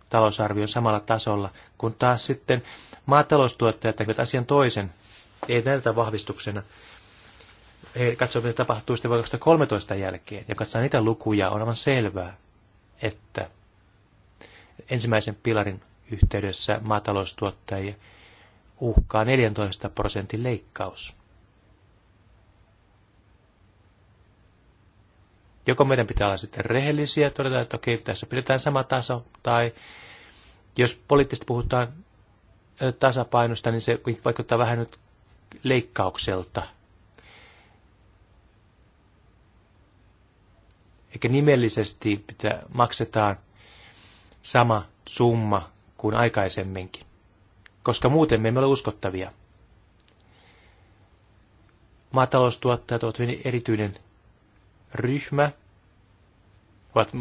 talousarvio samalla tasolla, kun taas sitten maataloustuottajat tekevät asian toisen. Ei näytä vahvistuksena. He katsovat, mitä tapahtuu sitten vuodesta 2013 jälkeen, ja katsotaan niitä lukuja, on aivan selvää, että ensimmäisen pilarin yhteydessä maataloustuottajia uhkaa 14 prosentin leikkaus. Joko meidän pitää olla sitten rehellisiä, todeta, että okei, tässä pidetään sama taso, tai jos poliittisesti puhutaan tasapainosta, niin se vaikuttaa vähän nyt leikkaukselta. Eikä nimellisesti pitää, maksetaan sama summa kuin aikaisemminkin, koska muuten me emme ole uskottavia. Maataloustuottajat ovat hyvin erityinen ryhmä, ovat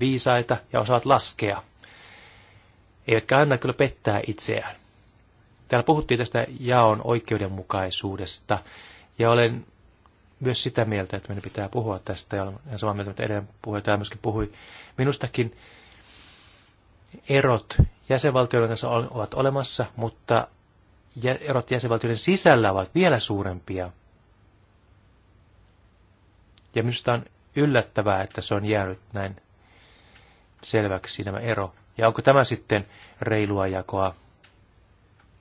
viisaita ja osaavat laskea, eivätkä anna kyllä pettää itseään. Täällä puhuttiin tästä jaon oikeudenmukaisuudesta, ja olen myös sitä mieltä, että meidän pitää puhua tästä, ja olen samaa mieltä, että edellinen puheenjohtaja myöskin puhui. Minustakin erot jäsenvaltioiden kanssa ovat olemassa, mutta erot jäsenvaltioiden sisällä ovat vielä suurempia. Ja minusta on yllättävää, että se on jäänyt näin selväksi nämä ero. Ja onko tämä sitten reilua jakoa?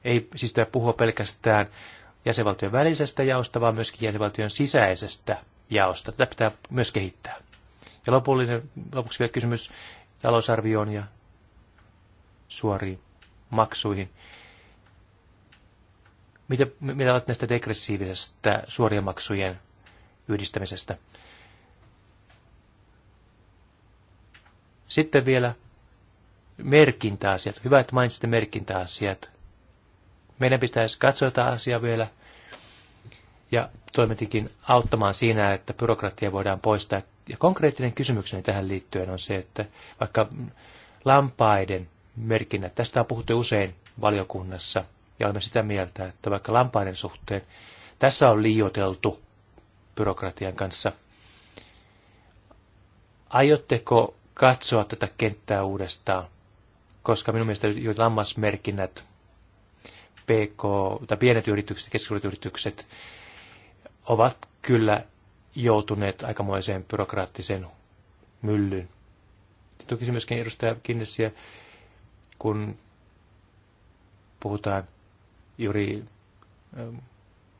Ei siis tämä puhua pelkästään jäsenvaltion välisestä jaosta, vaan myöskin jäsenvaltion sisäisestä jaosta. Tätä pitää myös kehittää. Ja lopullinen, lopuksi vielä kysymys talousarvioon ja suoriin maksuihin. Mitä, mitä olet näistä degressiivisestä suorien maksujen yhdistämisestä? Sitten vielä merkintäasiat. Hyvä, että mainitsitte merkintäasiat. Meidän pitäisi katsoa tätä asiaa vielä ja toimitikin auttamaan siinä, että byrokratia voidaan poistaa. Ja konkreettinen kysymykseni tähän liittyen on se, että vaikka lampaiden merkinnät. Tästä on puhuttu usein valiokunnassa ja olemme sitä mieltä, että vaikka lampaiden suhteen tässä on liioteltu byrokratian kanssa. Aiotteko katsoa tätä kenttää uudestaan? Koska minun mielestä lammasmerkinnät, PK, tai pienet yritykset ja keskisuuret yritykset ovat kyllä joutuneet aikamoiseen byrokraattiseen myllyyn. Toki myöskin edustaja Kinnesiä, kun puhutaan juuri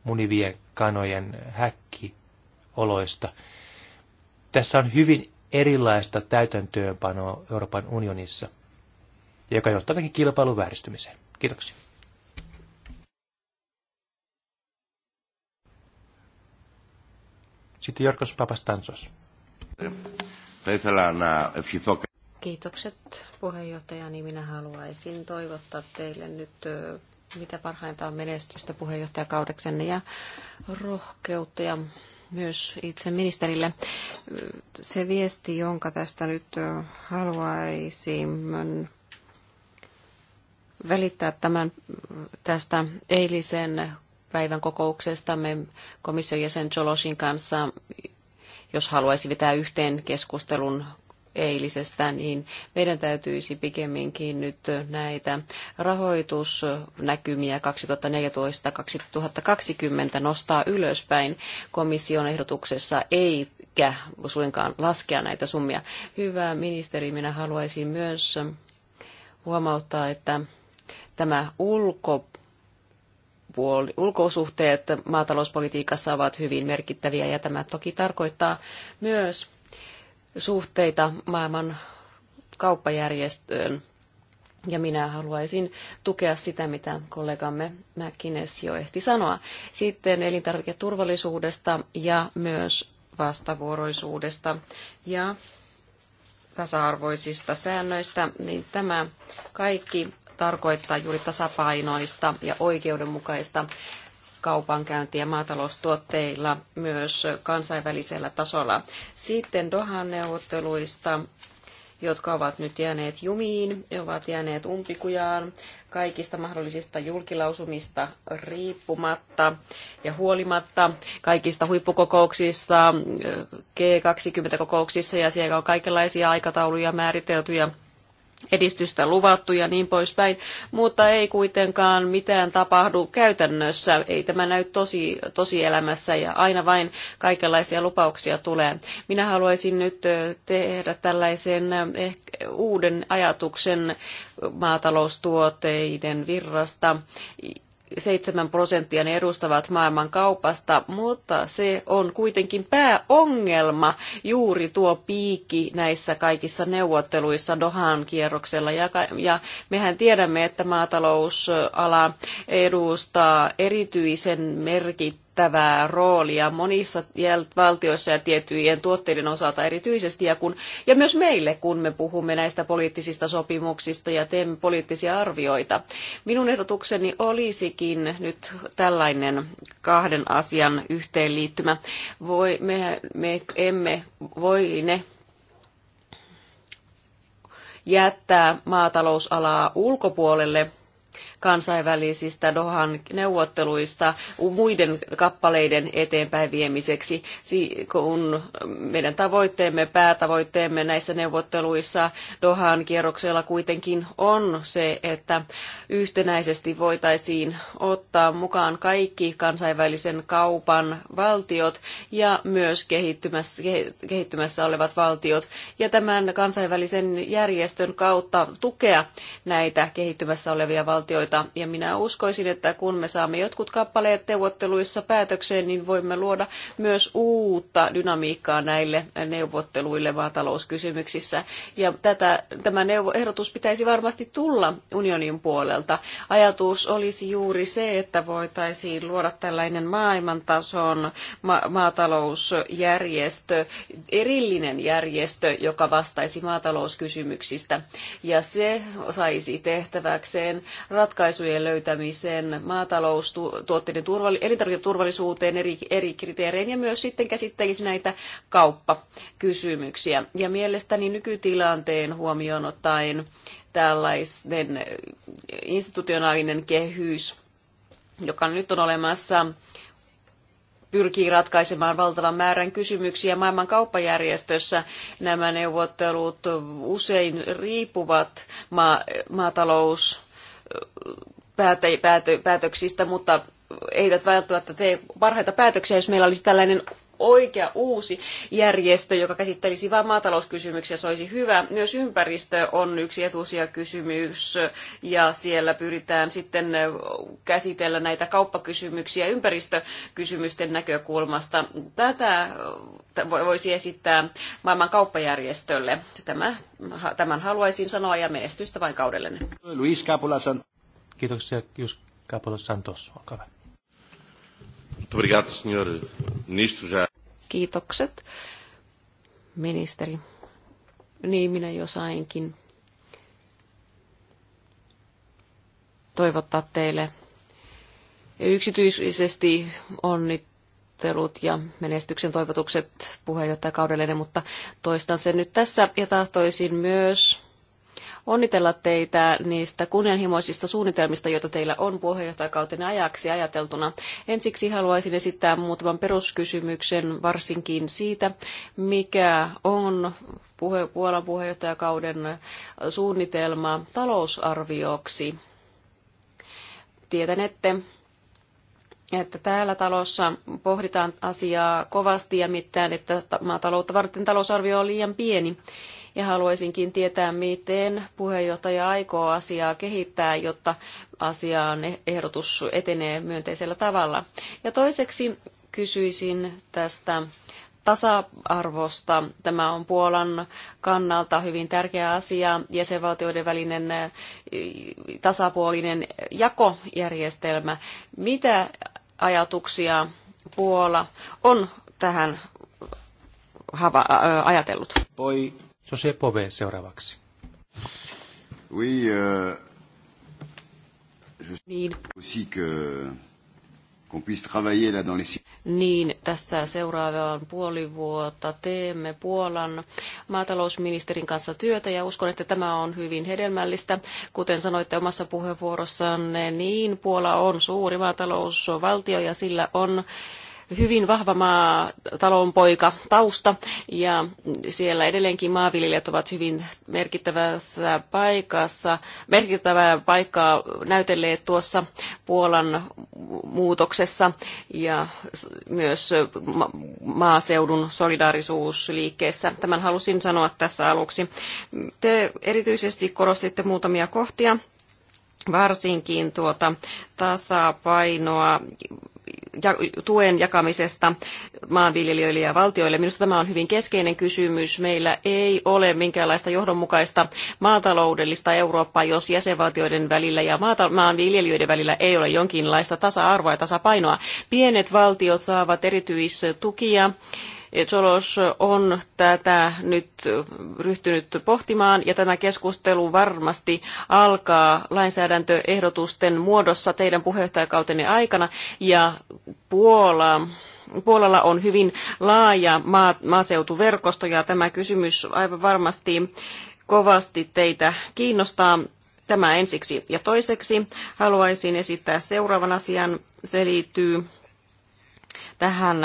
munivien kanojen häkkioloista. Tässä on hyvin erilaista täytäntöönpanoa Euroopan unionissa, joka johtaa jotenkin kilpailun vääristymiseen. Kiitoksia. Sitten Jorkos Papastansos. Θα ήθελα να ευχηθώ Kiitokset puheenjohtajani. Niin minä haluaisin toivottaa teille nyt mitä parhainta on menestystä puheenjohtajakaudeksenne ja rohkeutta ja myös itse ministerille. Se viesti, jonka tästä nyt haluaisin välittää tämän tästä eilisen päivän kokouksestamme komission jäsen Joloshin kanssa, jos haluaisi vetää yhteen keskustelun eilisestä, niin meidän täytyisi pikemminkin nyt näitä rahoitusnäkymiä 2014-2020 nostaa ylöspäin komission ehdotuksessa, eikä suinkaan laskea näitä summia. Hyvä ministeri, minä haluaisin myös huomauttaa, että tämä ulko ulkosuhteet maatalouspolitiikassa ovat hyvin merkittäviä ja tämä toki tarkoittaa myös suhteita maailman kauppajärjestöön. Ja minä haluaisin tukea sitä, mitä kollegamme Mäkkines jo ehti sanoa. Sitten elintarviketurvallisuudesta ja myös vastavuoroisuudesta ja tasa-arvoisista säännöistä, niin tämä kaikki tarkoittaa juuri tasapainoista ja oikeudenmukaista kaupankäyntiä maataloustuotteilla myös kansainvälisellä tasolla. Sitten Dohan neuvotteluista jotka ovat nyt jääneet jumiin, ovat jääneet umpikujaan kaikista mahdollisista julkilausumista riippumatta ja huolimatta kaikista huippukokouksista, G20-kokouksissa ja siellä on kaikenlaisia aikatauluja määritelty ja edistystä luvattu ja niin poispäin, mutta ei kuitenkaan mitään tapahdu käytännössä, ei tämä näy tosi, elämässä ja aina vain kaikenlaisia lupauksia tulee. Minä haluaisin nyt tehdä tällaisen ehkä uuden ajatuksen maataloustuotteiden virrasta 7 prosenttia ne edustavat maailman kaupasta, mutta se on kuitenkin pääongelma, juuri tuo piikki näissä kaikissa neuvotteluissa Dohan kierroksella. Ja, ja mehän tiedämme, että maatalousala edustaa erityisen merkittävää merkittävää roolia monissa valtioissa ja tiettyjen tuotteiden osalta erityisesti, ja, kun, ja myös meille, kun me puhumme näistä poliittisista sopimuksista ja teemme poliittisia arvioita. Minun ehdotukseni olisikin nyt tällainen kahden asian yhteenliittymä. Voi, me, me emme voi ne jättää maatalousalaa ulkopuolelle kansainvälisistä Dohan neuvotteluista muiden kappaleiden eteenpäin viemiseksi, kun meidän tavoitteemme, päätavoitteemme näissä neuvotteluissa Dohan kierroksella kuitenkin on se, että yhtenäisesti voitaisiin ottaa mukaan kaikki kansainvälisen kaupan valtiot ja myös kehittymässä, kehittymässä olevat valtiot ja tämän kansainvälisen järjestön kautta tukea näitä kehittymässä olevia valtioita valtioita, Ja minä uskoisin, että kun me saamme jotkut kappaleet neuvotteluissa päätökseen, niin voimme luoda myös uutta dynamiikkaa näille neuvotteluille maatalouskysymyksissä. Ja tätä, tämä neuvo- ehdotus pitäisi varmasti tulla unionin puolelta. Ajatus olisi juuri se, että voitaisiin luoda tällainen maailmantason ma- maatalousjärjestö, erillinen järjestö, joka vastaisi maatalouskysymyksistä. Ja se saisi tehtäväkseen ratkaisujen löytämiseen, maataloustuotteiden turvalli- elintarviketurvallisuuteen eri, eri kriteerein ja myös sitten käsittelisi näitä kauppakysymyksiä. Ja mielestäni nykytilanteen huomioon ottaen tällainen institutionaalinen kehys, joka nyt on olemassa, pyrkii ratkaisemaan valtavan määrän kysymyksiä maailman kauppajärjestössä. Nämä neuvottelut usein riippuvat ma- maatalous päätöksistä, mutta eivät välttämättä tee parhaita päätöksiä, jos meillä olisi tällainen oikea uusi järjestö, joka käsittelisi vain maatalouskysymyksiä, se olisi hyvä. Myös ympäristö on yksi etusia kysymys ja siellä pyritään sitten käsitellä näitä kauppakysymyksiä ympäristökysymysten näkökulmasta. Tätä voisi esittää maailman kauppajärjestölle. Tämä, tämän haluaisin sanoa ja menestystä vain kaudellenne. Luis Capula Kiitoksia, Jus Santos. Olkaa hyvä. obrigado, senhor ministro. Já... Kiitokset, ministeri. Niin minä jo sainkin toivottaa teille yksityisesti onnittelut ja menestyksen toivotukset puheenjohtajakaudellenne, mutta toistan sen nyt tässä ja tahtoisin myös onnitella teitä niistä kunnianhimoisista suunnitelmista, joita teillä on puheenjohtajakautena ajaksi ajateltuna. Ensiksi haluaisin esittää muutaman peruskysymyksen varsinkin siitä, mikä on puhe- Puolan puheenjohtajakauden suunnitelma talousarvioksi. Tietänette, että täällä talossa pohditaan asiaa kovasti ja mitään, että maataloutta varten talousarvio on liian pieni ja haluaisinkin tietää, miten puheenjohtaja aikoo asiaa kehittää, jotta asiaan ehdotus etenee myönteisellä tavalla. Ja toiseksi kysyisin tästä tasa-arvosta. Tämä on Puolan kannalta hyvin tärkeä asia. Jäsenvaltioiden välinen tasapuolinen jakojärjestelmä. Mitä ajatuksia Puola on tähän ajatellut? Voi Jose Pove seuraavaksi. Oui, euh, je niin. aussi que qu'on puisse travailler là dans les... Niin, tässä seuraavaan puoli vuotta teemme Puolan maatalousministerin kanssa työtä ja uskon, että tämä on hyvin hedelmällistä. Kuten sanoitte omassa puheenvuorossanne, niin Puola on suuri maatalousvaltio ja sillä on äh, hyvin vahva maatalonpoika tausta ja siellä edelleenkin maanviljelijät ovat hyvin merkittävässä paikassa, merkittävää paikkaa näytelleet tuossa Puolan muutoksessa ja myös maaseudun solidaarisuusliikkeessä. Tämän halusin sanoa tässä aluksi. Te erityisesti korostitte muutamia kohtia varsinkin tuota tasapainoa tuen jakamisesta maanviljelijöille ja valtioille. Minusta tämä on hyvin keskeinen kysymys. Meillä ei ole minkäänlaista johdonmukaista maataloudellista Eurooppaa, jos jäsenvaltioiden välillä ja maanviljelijöiden välillä ei ole jonkinlaista tasa-arvoa ja tasapainoa. Pienet valtiot saavat erityistukia Soros on tätä nyt ryhtynyt pohtimaan ja tämä keskustelu varmasti alkaa lainsäädäntöehdotusten muodossa teidän puheenjohtajakautenne aikana ja Puola on hyvin laaja maa, maaseutuverkosto ja tämä kysymys aivan varmasti kovasti teitä kiinnostaa. Tämä ensiksi. Ja toiseksi haluaisin esittää seuraavan asian. Se liittyy tähän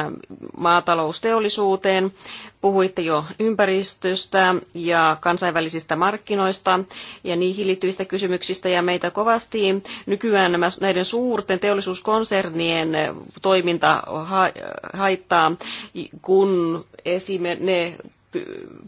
maatalousteollisuuteen. Puhuitte jo ympäristöstä ja kansainvälisistä markkinoista ja niihin liittyvistä kysymyksistä ja meitä kovasti nykyään näiden suurten teollisuuskonsernien toiminta haittaa, kun esimerkiksi ne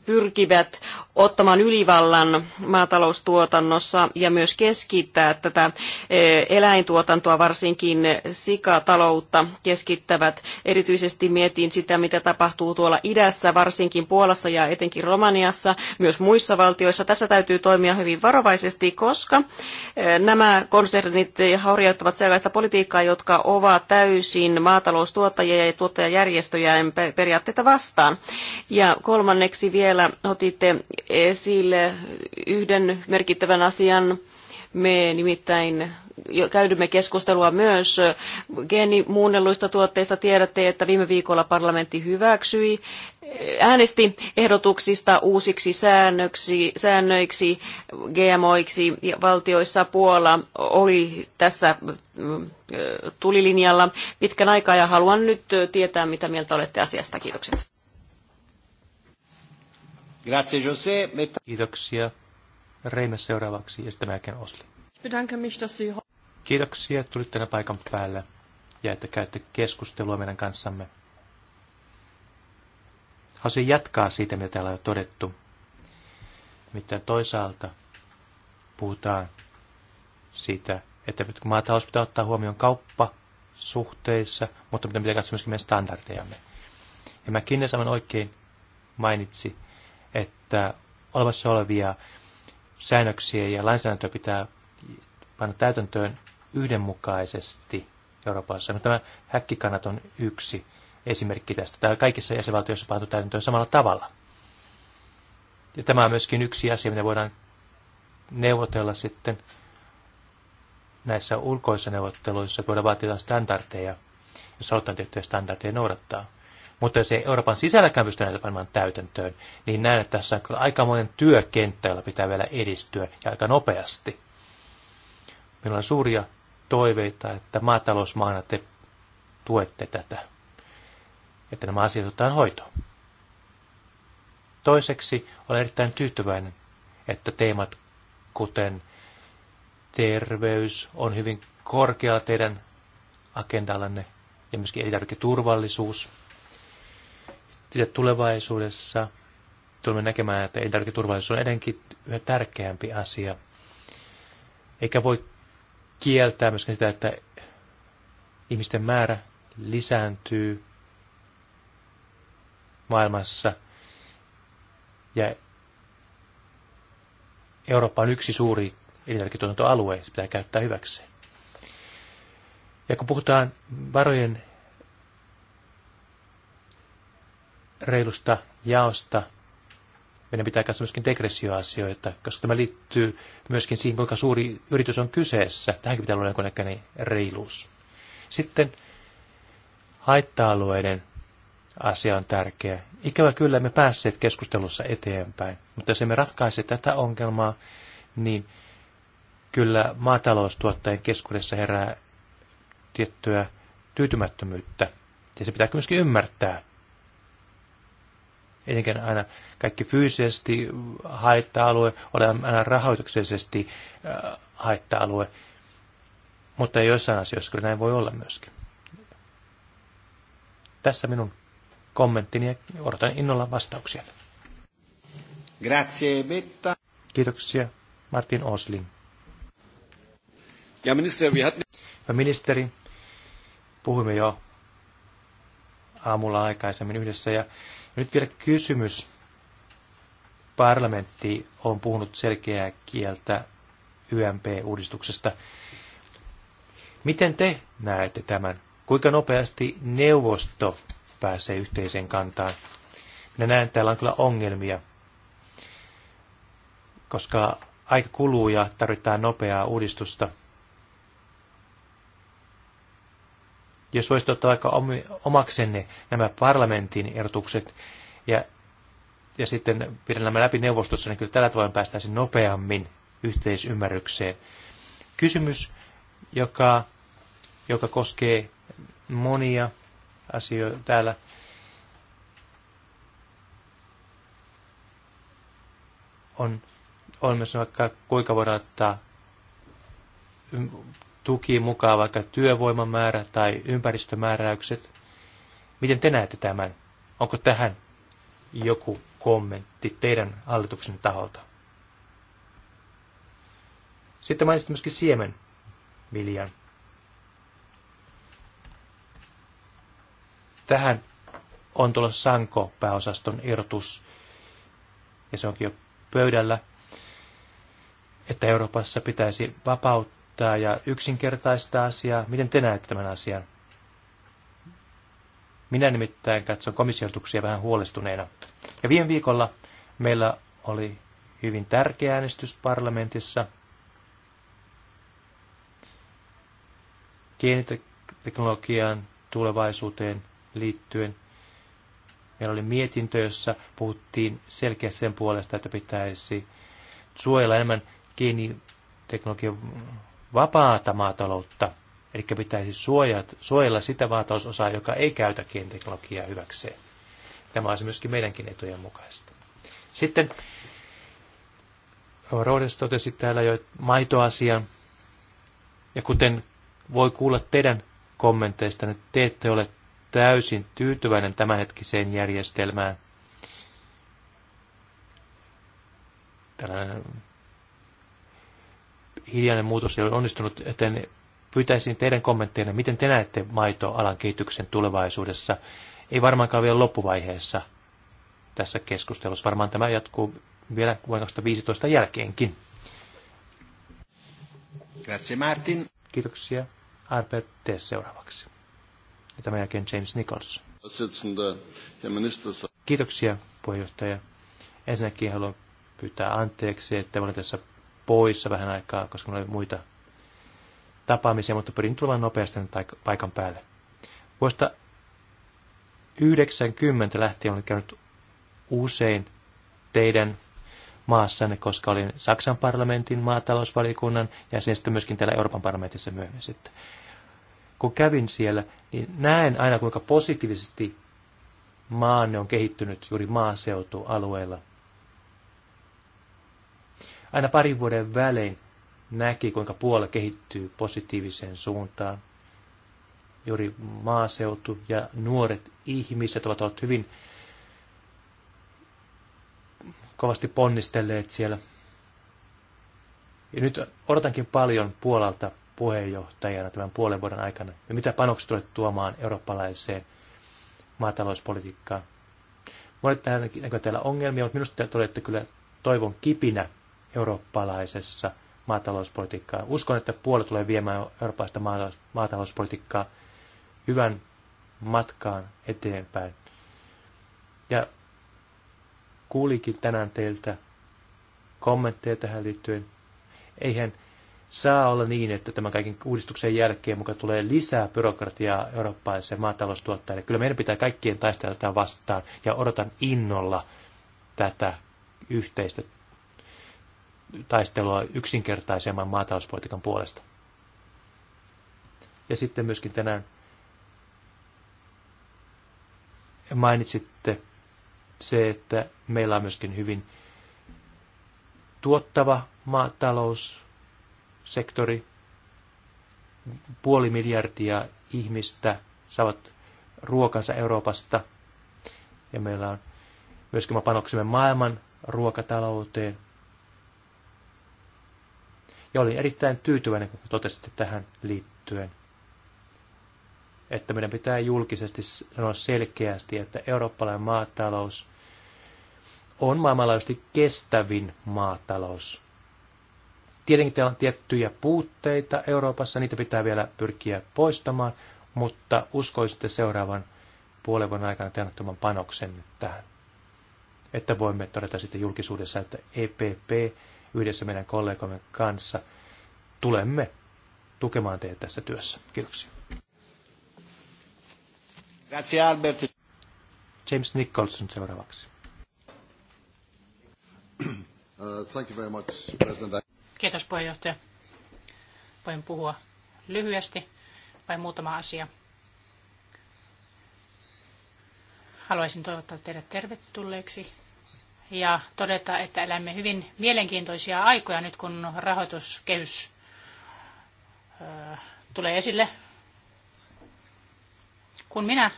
pyrkivät ottamaan ylivallan maataloustuotannossa ja myös keskittää tätä e, eläintuotantoa, varsinkin sikataloutta keskittävät. Erityisesti mietin sitä, mitä tapahtuu tuolla idässä, varsinkin Puolassa ja etenkin Romaniassa, myös muissa valtioissa. Tässä täytyy toimia hyvin varovaisesti, koska e, nämä konsernit harjoittavat sellaista politiikkaa, jotka ovat täysin maataloustuottajia ja tuottajajärjestöjä periaatteita vastaan. Ja kolmannen Kolmanneksi vielä otitte esille yhden merkittävän asian. Me nimittäin käydymme keskustelua myös geenimuunnelluista tuotteista. Tiedätte, että viime viikolla parlamentti hyväksyi äänesti ehdotuksista uusiksi säännöksi, säännöiksi GMOiksi ja valtioissa Puola oli tässä mm, tulilinjalla pitkän aikaa ja haluan nyt tietää, mitä mieltä olette asiasta. Kiitokset. Grazie Kiitoksia. Reime seuraavaksi ja sitten Mäken Osli. Kiitoksia, että tulit tänä paikan päälle ja että käytte keskustelua meidän kanssamme. Haluaisin jatkaa siitä, mitä täällä on todettu. Mitä toisaalta puhutaan siitä, että maatalous pitää ottaa huomioon kauppa suhteissa, mutta mitä pitää katsoa myöskin meidän standardejamme. Ja mä kiinnostavan oikein mainitsi, että olemassa olevia säännöksiä ja lainsäädäntöä pitää panna täytäntöön yhdenmukaisesti Euroopassa. No, tämä häkkikannat on yksi esimerkki tästä. Tämä kaikissa jäsenvaltioissa pantu täytäntöön samalla tavalla. Ja tämä on myöskin yksi asia, mitä voidaan neuvotella sitten näissä ulkoisissa neuvotteluissa, että voidaan vaatia standardeja, jos halutaan tiettyjä standardeja noudattaa. Mutta jos ei Euroopan sisälläkään pysty näitä panemaan täytäntöön, niin näen, että tässä on kyllä aikamoinen työkenttä, jolla pitää vielä edistyä ja aika nopeasti. Meillä on suuria toiveita, että maatalousmaana te tuette tätä, että nämä asiat otetaan hoitoon. Toiseksi olen erittäin tyytyväinen, että teemat kuten terveys on hyvin korkealla teidän agendallanne ja myöskin elintarviketurvallisuus. turvallisuus sitten tulevaisuudessa tulemme näkemään, että elintarviketurvallisuus on edenkin yhä tärkeämpi asia. Eikä voi kieltää myöskin sitä, että ihmisten määrä lisääntyy maailmassa. Ja Eurooppa on yksi suuri elintarviketuotantoalue, se pitää käyttää hyväksi. Ja kun puhutaan varojen reilusta jaosta meidän pitää katsoa myöskin degressioasioita, koska tämä liittyy myöskin siihen, kuinka suuri yritys on kyseessä. Tähänkin pitää olla jonkunnäköinen reiluus. Sitten haitta-alueiden asia on tärkeä. Ikävä kyllä me päässeet keskustelussa eteenpäin, mutta jos emme ratkaise tätä ongelmaa, niin kyllä maataloustuottajien keskuudessa herää tiettyä tyytymättömyyttä. Ja se pitää myöskin ymmärtää etenkin aina kaikki fyysisesti haitta-alue, ole aina rahoituksellisesti äh, haitta-alue, mutta joissain asioissa kyllä näin voi olla myöskin. Tässä minun kommenttini ja odotan innolla vastauksia. Grazie, Betta. Kiitoksia, Martin Osling. Ja ministeri, Hyvä ministeri, puhuimme jo aamulla aikaisemmin yhdessä ja nyt vielä kysymys. Parlamentti on puhunut selkeää kieltä YMP-uudistuksesta. Miten te näette tämän? Kuinka nopeasti neuvosto pääsee yhteiseen kantaan? Minä näen, että täällä on kyllä ongelmia, koska aika kuluu ja tarvitaan nopeaa uudistusta – jos voisitte ottaa vaikka omaksenne nämä parlamentin erotukset ja, ja sitten viedä nämä läpi neuvostossa, niin kyllä tällä tavalla päästäisiin nopeammin yhteisymmärrykseen. Kysymys, joka, joka koskee monia asioita täällä. On, on myös vaikka kuinka voidaan ottaa tuki mukaan vaikka työvoimamäärä tai ympäristömääräykset. Miten te näette tämän? Onko tähän joku kommentti teidän hallituksen taholta? Sitten mainitsit myöskin siemen viljan. Tähän on tulossa Sanko-pääosaston irtus, ja se onkin jo pöydällä, että Euroopassa pitäisi vapauttaa helpottaa ja yksinkertaistaa asiaa. Miten te näette tämän asian? Minä nimittäin katson komissiotuksia vähän huolestuneena. Ja viime viikolla meillä oli hyvin tärkeä äänestys parlamentissa. Geeniteknologian tulevaisuuteen liittyen. Meillä oli mietintö, jossa puhuttiin selkeästi sen puolesta, että pitäisi suojella enemmän geeniteknologian vapaata maataloutta, eli pitäisi suojella sitä maatalousosaa, joka ei käytä geeniteknologiaa hyväkseen. Tämä on myöskin meidänkin etujen mukaista. Sitten Rodes totesi täällä jo maitoasian, ja kuten voi kuulla teidän kommenteista, niin te ette ole täysin tyytyväinen tämänhetkiseen järjestelmään. Tällainen hiljainen muutos ei ole onnistunut, joten pyytäisin teidän kommentteina, miten te näette maitoalan kehityksen tulevaisuudessa. Ei varmaankaan vielä loppuvaiheessa tässä keskustelussa. Varmaan tämä jatkuu vielä vuonna 2015 jälkeenkin. Grazie Martin. Kiitoksia. Albert tee seuraavaksi. Ja tämän jälkeen James Nichols. Kiitoksia puheenjohtaja. Ensinnäkin haluan pyytää anteeksi, että olen tässä poissa vähän aikaa, koska minulla oli muita tapaamisia, mutta pyrin tulemaan nopeasti paikan päälle. Vuosta 90 lähtien olen käynyt usein teidän maassanne, koska olin Saksan parlamentin maatalousvaliokunnan ja sitten myöskin täällä Euroopan parlamentissa myöhemmin sitten. Kun kävin siellä, niin näen aina kuinka positiivisesti maanne on kehittynyt juuri maaseutualueilla – aina parin vuoden välein näki, kuinka Puola kehittyy positiiviseen suuntaan. Juuri maaseutu ja nuoret ihmiset ovat olleet hyvin kovasti ponnistelleet siellä. Ja nyt odotankin paljon Puolalta puheenjohtajana tämän puolen vuoden aikana. Ja mitä panokset tulee tuomaan eurooppalaiseen maatalouspolitiikkaan? Monet tähän näkyvät täällä ongelmia, mutta minusta te olette kyllä toivon kipinä eurooppalaisessa maatalouspolitiikkaa. Uskon, että puoli tulee viemään eurooppalaista maatalouspolitiikkaa hyvän matkaan eteenpäin. Ja kuulikin tänään teiltä kommentteja tähän liittyen. Eihän saa olla niin, että tämän kaiken uudistuksen jälkeen mukaan tulee lisää byrokratiaa eurooppalaisille maataloustuottajille. Kyllä meidän pitää kaikkien taistella tätä vastaan ja odotan innolla tätä yhteistä taistelua yksinkertaisemman maatalouspolitiikan puolesta. Ja sitten myöskin tänään mainitsitte se, että meillä on myöskin hyvin tuottava maataloussektori. Puoli miljardia ihmistä saavat ruokansa Euroopasta. Ja meillä on myöskin panoksemme maailman ruokatalouteen. Ja olin erittäin tyytyväinen, kun totesitte tähän liittyen, että meidän pitää julkisesti sanoa selkeästi, että eurooppalainen maatalous on maailmanlaajuisesti kestävin maatalous. Tietenkin teillä on tiettyjä puutteita Euroopassa, niitä pitää vielä pyrkiä poistamaan, mutta uskoisitte seuraavan puolen vuoden aikana tehottoman panoksen tähän. Että voimme todeta sitten julkisuudessa, että EPP yhdessä meidän kollegamme kanssa tulemme tukemaan teitä tässä työssä. Kiitoksia. Grazie Albert. James Nicholson seuraavaksi. Uh, thank you very much, President. Kiitos puheenjohtaja. Voin puhua lyhyesti vai muutama asia. Haluaisin toivottaa teidät tervetulleeksi ja todeta, että elämme hyvin mielenkiintoisia aikoja nyt, kun rahoituskehys tulee esille. Kun minä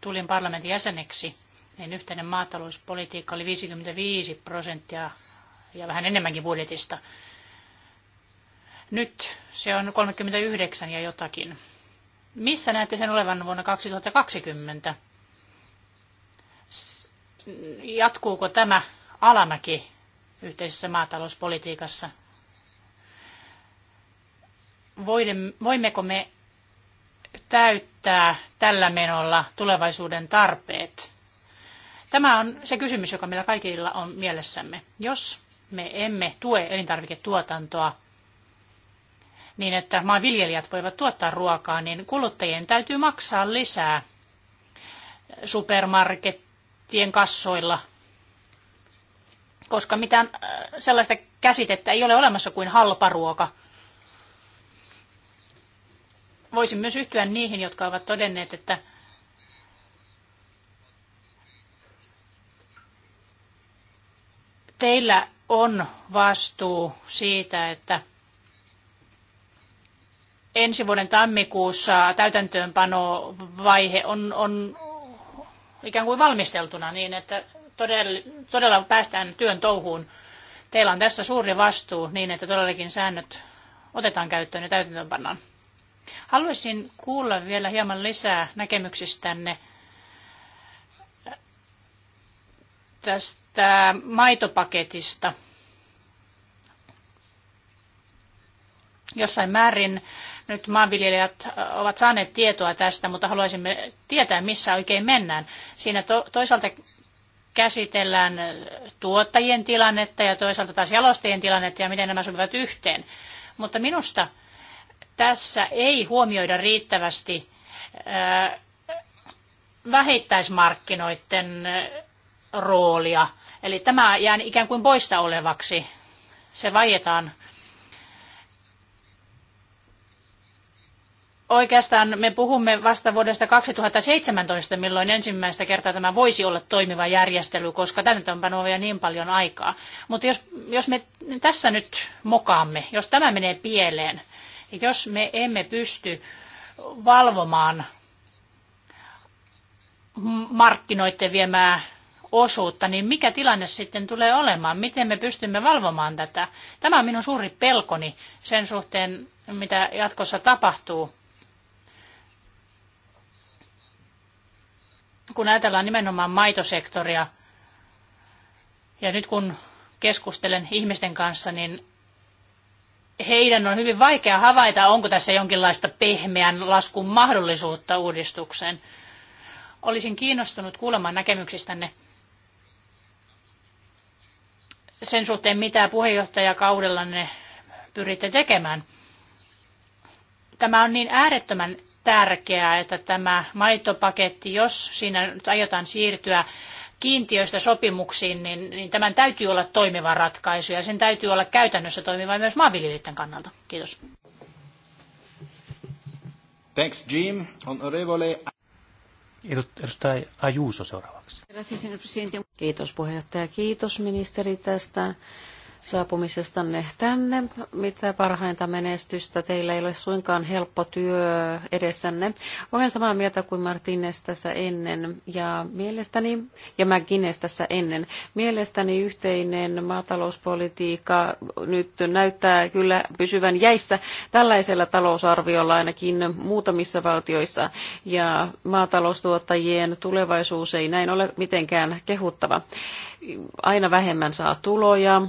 tulin parlamentin jäseneksi, niin yhteinen maatalouspolitiikka oli 55 prosenttia ja vähän enemmänkin budjetista. Nyt se on 39 ja jotakin. Missä näette sen olevan vuonna 2020? jatkuuko tämä alamäki yhteisessä maatalouspolitiikassa? Voimmeko me täyttää tällä menolla tulevaisuuden tarpeet? Tämä on se kysymys, joka meillä kaikilla on mielessämme. Jos me emme tue elintarviketuotantoa niin, että maanviljelijät voivat tuottaa ruokaa, niin kuluttajien täytyy maksaa lisää supermarket tien kassoilla, koska mitään äh, sellaista käsitettä ei ole olemassa kuin halparuoka. Voisin myös yhtyä niihin, jotka ovat todenneet, että teillä on vastuu siitä, että ensi vuoden tammikuussa täytäntöönpanovaihe on, on ikään kuin valmisteltuna niin, että todella päästään työn touhuun. Teillä on tässä suuri vastuu niin, että todellakin säännöt otetaan käyttöön ja täytäntöönpannaan. Haluaisin kuulla vielä hieman lisää näkemyksistänne tästä maitopaketista. Jossain määrin nyt maanviljelijät ovat saaneet tietoa tästä, mutta haluaisimme tietää, missä oikein mennään. Siinä to- toisaalta käsitellään tuottajien tilannetta ja toisaalta taas jalostajien tilannetta ja miten nämä sopivat yhteen. Mutta minusta tässä ei huomioida riittävästi vähittäismarkkinoiden roolia. Eli tämä jää ikään kuin poissa olevaksi. Se vaietaan Oikeastaan me puhumme vasta vuodesta 2017, milloin ensimmäistä kertaa tämä voisi olla toimiva järjestely, koska tänne on vielä niin paljon aikaa. Mutta jos, jos me tässä nyt mokaamme, jos tämä menee pieleen, niin jos me emme pysty valvomaan markkinoiden viemää osuutta, niin mikä tilanne sitten tulee olemaan? Miten me pystymme valvomaan tätä? Tämä on minun suuri pelkoni sen suhteen, mitä jatkossa tapahtuu. kun ajatellaan nimenomaan maitosektoria, ja nyt kun keskustelen ihmisten kanssa, niin heidän on hyvin vaikea havaita, onko tässä jonkinlaista pehmeän laskun mahdollisuutta uudistukseen. Olisin kiinnostunut kuulemaan näkemyksistänne sen suhteen, mitä puheenjohtajakaudellanne pyritte tekemään. Tämä on niin äärettömän tärkeää, että tämä maitopaketti, jos siinä nyt aiotaan siirtyä kiintiöistä sopimuksiin, niin, niin tämän täytyy olla toimiva ratkaisu ja sen täytyy olla käytännössä toimiva myös maanviljelijöiden kannalta. Kiitos. Thanks Jim. On Revole. Edustaja Ajuuso seuraavaksi. Kiitos puheenjohtaja, kiitos ministeri tästä saapumisestanne tänne. Mitä parhainta menestystä. Teillä ei ole suinkaan helppo työ edessänne. Olen samaa mieltä kuin Martinez tässä ennen ja mielestäni, ja McGuinness tässä ennen. Mielestäni yhteinen maatalouspolitiikka nyt näyttää kyllä pysyvän jäissä tällaisella talousarviolla ainakin muutamissa valtioissa. Ja maataloustuottajien tulevaisuus ei näin ole mitenkään kehuttava. Aina vähemmän saa tuloja,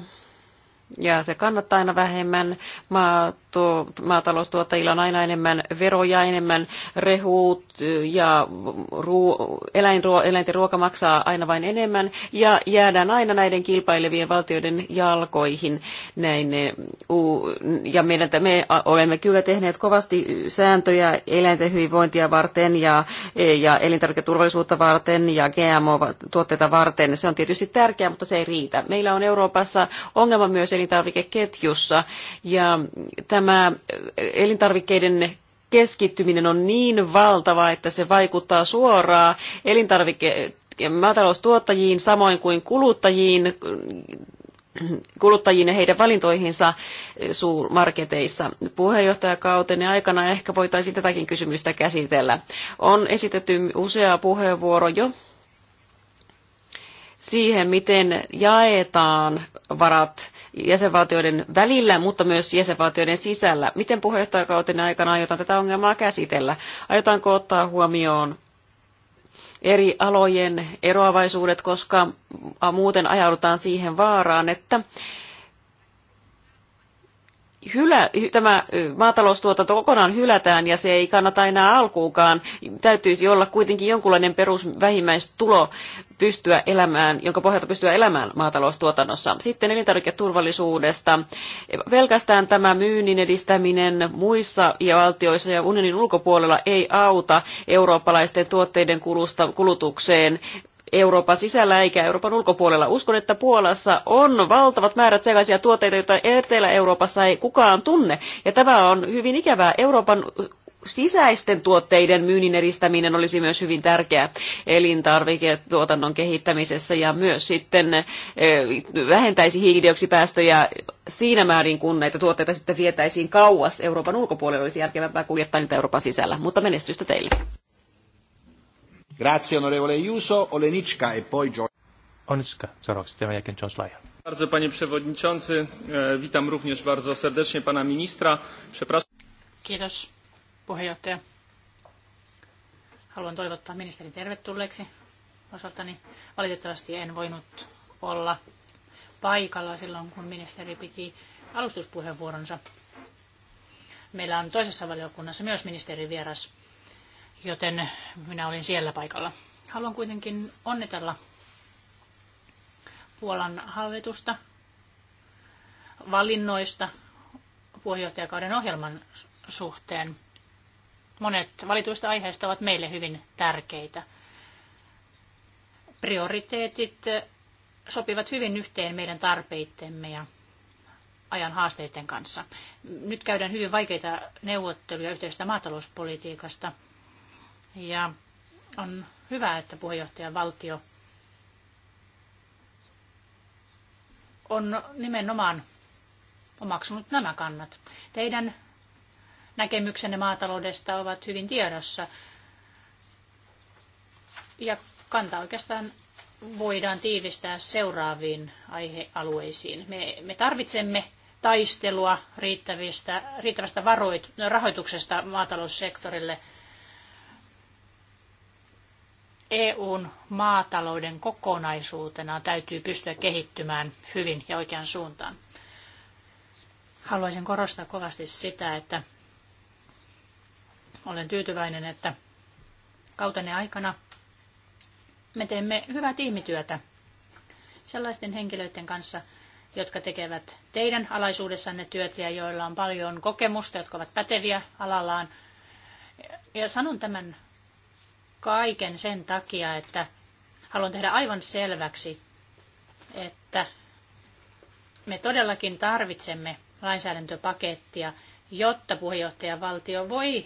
ja se kannattaa aina vähemmän. Mä tuo, maataloustuottajilla on aina enemmän veroja, enemmän rehuut ja eläinruo, eläinten ruoka maksaa aina vain enemmän ja jäädään aina näiden kilpailevien valtioiden jalkoihin. Näin, ja meidän, me olemme kyllä tehneet kovasti sääntöjä eläinten hyvinvointia varten ja, e, ja elintarviketurvallisuutta varten ja GMO-tuotteita varten. Se on tietysti tärkeää, mutta se ei riitä. Meillä on Euroopassa ongelma myös elintarvikeketjussa ja tämä tämä elintarvikkeiden keskittyminen on niin valtava, että se vaikuttaa suoraan elintarvike maataloustuottajiin samoin kuin kuluttajiin, kuluttajiin ja heidän valintoihinsa suurmarketeissa. Puheenjohtajakauteni aikana ehkä voitaisiin tätäkin kysymystä käsitellä. On esitetty usea puheenvuoro jo siihen, miten jaetaan varat jäsenvaltioiden välillä, mutta myös jäsenvaltioiden sisällä. Miten puheenjohtajakauten aikana aiotaan tätä ongelmaa käsitellä? Aiotaanko ottaa huomioon eri alojen eroavaisuudet, koska muuten ajaudutaan siihen vaaraan, että hylä, tämä maataloustuotanto kokonaan hylätään ja se ei kannata enää alkuunkaan, Täytyisi olla kuitenkin jonkunlainen perusvähimmäistulo pystyä elämään, jonka pohjalta pystyä elämään maataloustuotannossa. Sitten elintarviketurvallisuudesta. Pelkästään tämä myynnin edistäminen muissa ja valtioissa ja unionin ulkopuolella ei auta eurooppalaisten tuotteiden kulusta, kulutukseen Euroopan sisällä eikä Euroopan ulkopuolella. Uskon, että Puolassa on valtavat määrät sellaisia tuotteita, joita Etelä-Euroopassa ei kukaan tunne. Ja tämä on hyvin ikävää. Euroopan sisäisten tuotteiden myynnin edistäminen olisi myös hyvin tärkeää elintarviketuotannon kehittämisessä ja myös sitten eh, vähentäisi hiilidioksipäästöjä siinä määrin, kun näitä tuotteita sitten vietäisiin kauas Euroopan ulkopuolelle, olisi järkevämpää kuljettaa niitä Euroopan sisällä. Mutta menestystä teille! Grazie onorevole Juso, Oleniczka e poi Bardzo panie przewodniczący, e, witam również bardzo serdecznie pana ministra. Przepraszam. Kiitos puheenjohtaja. Haluan toivottaa ministerin tervetulleeksi osaltani. Valitettavasti en voinut olla paikalla silloin, kun ministeri piti alustuspuheenvuoronsa. Meillä on toisessa valiokunnassa myös vieras joten minä olin siellä paikalla. Haluan kuitenkin onnitella Puolan hallitusta valinnoista puheenjohtajakauden ohjelman suhteen. Monet valituista aiheista ovat meille hyvin tärkeitä. Prioriteetit sopivat hyvin yhteen meidän tarpeittemme ja ajan haasteiden kanssa. Nyt käydään hyvin vaikeita neuvotteluja yhteisestä maatalouspolitiikasta – ja on hyvä, että puheenjohtajan valtio on nimenomaan omaksunut nämä kannat. Teidän näkemyksenne maataloudesta ovat hyvin tiedossa. Ja kanta oikeastaan voidaan tiivistää seuraaviin aihealueisiin. Me, me tarvitsemme taistelua riittävistä, riittävästä varoit, rahoituksesta maataloussektorille – EUn maatalouden kokonaisuutena täytyy pystyä kehittymään hyvin ja oikeaan suuntaan. Haluaisin korostaa kovasti sitä, että olen tyytyväinen, että kautenne aikana me teemme hyvää tiimityötä sellaisten henkilöiden kanssa, jotka tekevät teidän alaisuudessanne työtä ja joilla on paljon kokemusta, jotka ovat päteviä alallaan. Ja sanon tämän kaiken sen takia, että haluan tehdä aivan selväksi, että me todellakin tarvitsemme lainsäädäntöpakettia, jotta puheenjohtajavaltio voi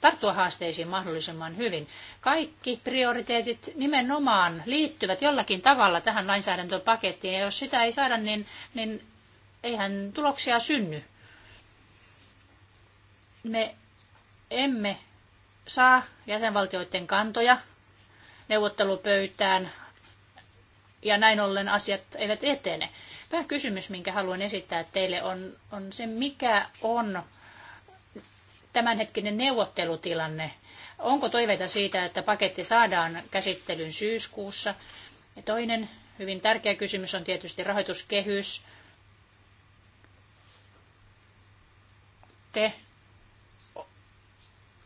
tarttua haasteisiin mahdollisimman hyvin. Kaikki prioriteetit nimenomaan liittyvät jollakin tavalla tähän lainsäädäntöpakettiin, ja jos sitä ei saada, niin, niin eihän tuloksia synny. Me emme saa jäsenvaltioiden kantoja neuvottelupöytään ja näin ollen asiat eivät etene. Pääkysymys, minkä haluan esittää teille, on, on se, mikä on tämänhetkinen neuvottelutilanne. Onko toiveita siitä, että paketti saadaan käsittelyyn syyskuussa? Ja toinen hyvin tärkeä kysymys on tietysti rahoituskehys. Te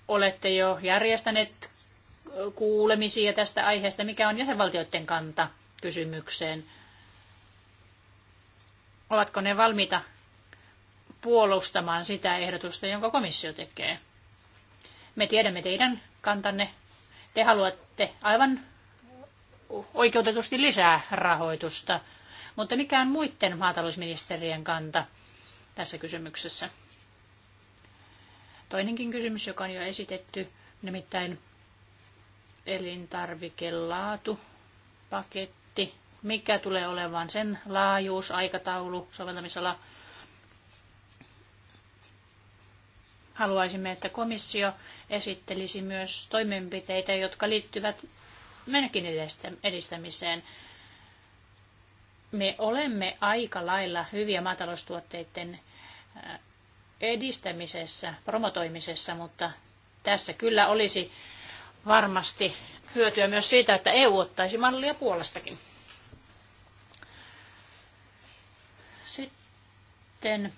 Olette jo järjestäneet kuulemisia tästä aiheesta. Mikä on jäsenvaltioiden kanta kysymykseen? Ovatko ne valmiita puolustamaan sitä ehdotusta, jonka komissio tekee? Me tiedämme teidän kantanne. Te haluatte aivan oikeutetusti lisää rahoitusta. Mutta mikä on muiden maatalousministerien kanta tässä kysymyksessä? toinenkin kysymys, joka on jo esitetty, nimittäin elintarvikelaatu, paketti, mikä tulee olemaan sen laajuus, aikataulu, soveltamisala. Haluaisimme, että komissio esittelisi myös toimenpiteitä, jotka liittyvät menekin edistämiseen. Me olemme aika lailla hyviä maataloustuotteiden äh, edistämisessä, promotoimisessa, mutta tässä kyllä olisi varmasti hyötyä myös siitä, että EU ottaisi mallia Puolastakin. Sitten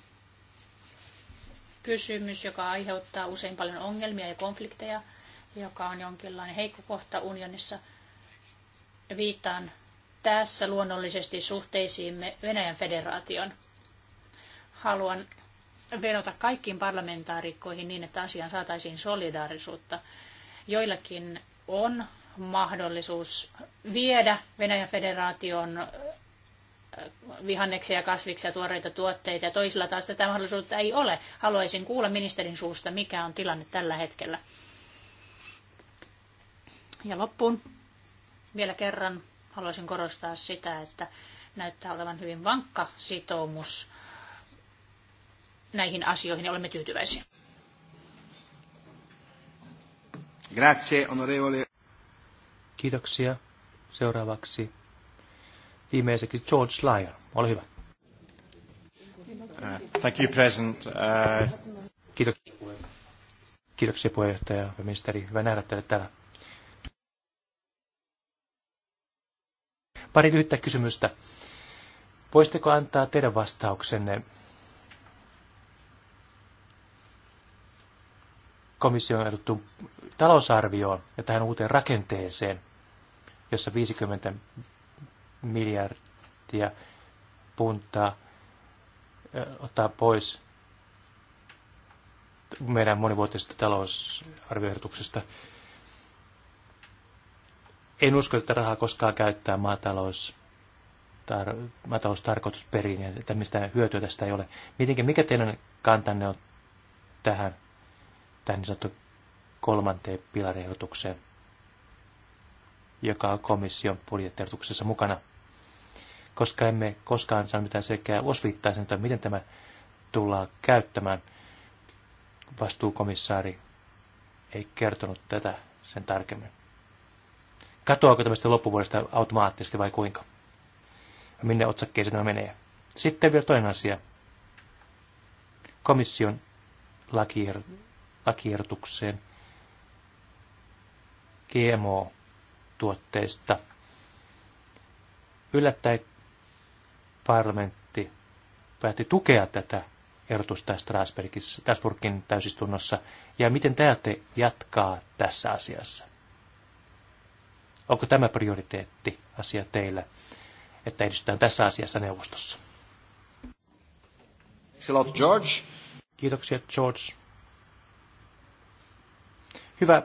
kysymys, joka aiheuttaa usein paljon ongelmia ja konflikteja, joka on jonkinlainen heikko kohta unionissa. Viittaan tässä luonnollisesti suhteisiimme Venäjän federaation. Haluan vedota kaikkiin parlamentaarikkoihin niin, että asiaan saataisiin solidaarisuutta. Joillakin on mahdollisuus viedä Venäjän federaation vihanneksia, kasviksia, tuoreita tuotteita ja toisilla taas tätä mahdollisuutta ei ole. Haluaisin kuulla ministerin suusta, mikä on tilanne tällä hetkellä. Ja loppuun vielä kerran haluaisin korostaa sitä, että näyttää olevan hyvin vankka sitoumus näihin asioihin ja olemme tyytyväisiä. Grazie, onorevole. Kiitoksia. Seuraavaksi viimeiseksi George Lyon. Ole hyvä. Uh, thank you, President. Uh... Kiitoksia, Kiitoksia puheenjohtaja ja ministeri. Hyvä nähdä teille täällä. Pari lyhyttä kysymystä. Voisitteko antaa teidän vastauksenne komission eduttu talousarvioon ja tähän uuteen rakenteeseen, jossa 50 miljardia puntaa ottaa pois meidän monivuotisesta talousarvioehdotuksesta. En usko, että rahaa koskaan käyttää maatalous, tar, maataloustarkoitusperiin, ja mistä hyötyä tästä ei ole. Mitenkin, mikä teidän kantanne on tähän? tähän niin sanottu kolmanteen pilariehdotukseen, joka on komission budjettiehdotuksessa mukana. Koska emme koskaan saa mitään selkeää osviittaa sen, miten tämä tullaan käyttämään, vastuukomissaari ei kertonut tätä sen tarkemmin. Katoako tämmöistä loppuvuodesta automaattisesti vai kuinka? Minne otsakkeeseen nämä menee? Sitten vielä toinen asia. Komission lakiehdotus lakiehdotukseen GMO-tuotteista. Yllättäen parlamentti päätti tukea tätä ehdotusta Strasbourgin täysistunnossa. Ja miten te ajatte jatkaa tässä asiassa? Onko tämä prioriteetti asia teillä, että edistetään tässä asiassa neuvostossa? George. Kiitoksia, George. Hyvä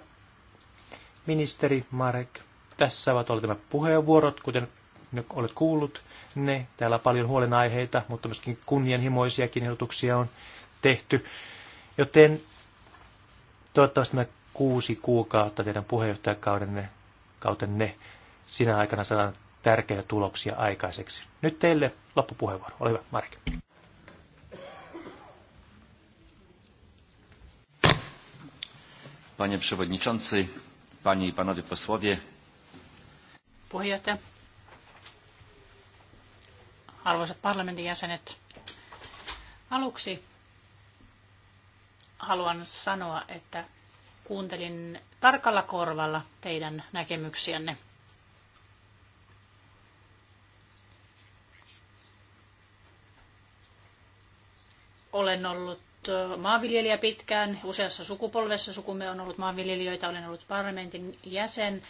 ministeri Marek, tässä ovat olleet nämä puheenvuorot, kuten olet kuullut ne. Täällä on paljon huolenaiheita, mutta myöskin kunnianhimoisiakin ehdotuksia on tehty. Joten toivottavasti nämä kuusi kuukautta teidän puheenjohtajakaudenne kautenne, sinä aikana saadaan tärkeitä tuloksia aikaiseksi. Nyt teille loppupuheenvuoro. Ole hyvä, Marek. Panie Przewodniczący, Panie i Panowie Posłowie. Puheenjohtaja. Arvoisat parlamentin jäsenet, aluksi haluan sanoa, että kuuntelin tarkalla korvalla teidän näkemyksiänne. Olen ollut maanviljelijä pitkään, useassa sukupolvessa sukumme on ollut maanviljelijöitä, olen ollut parlamentin jäsen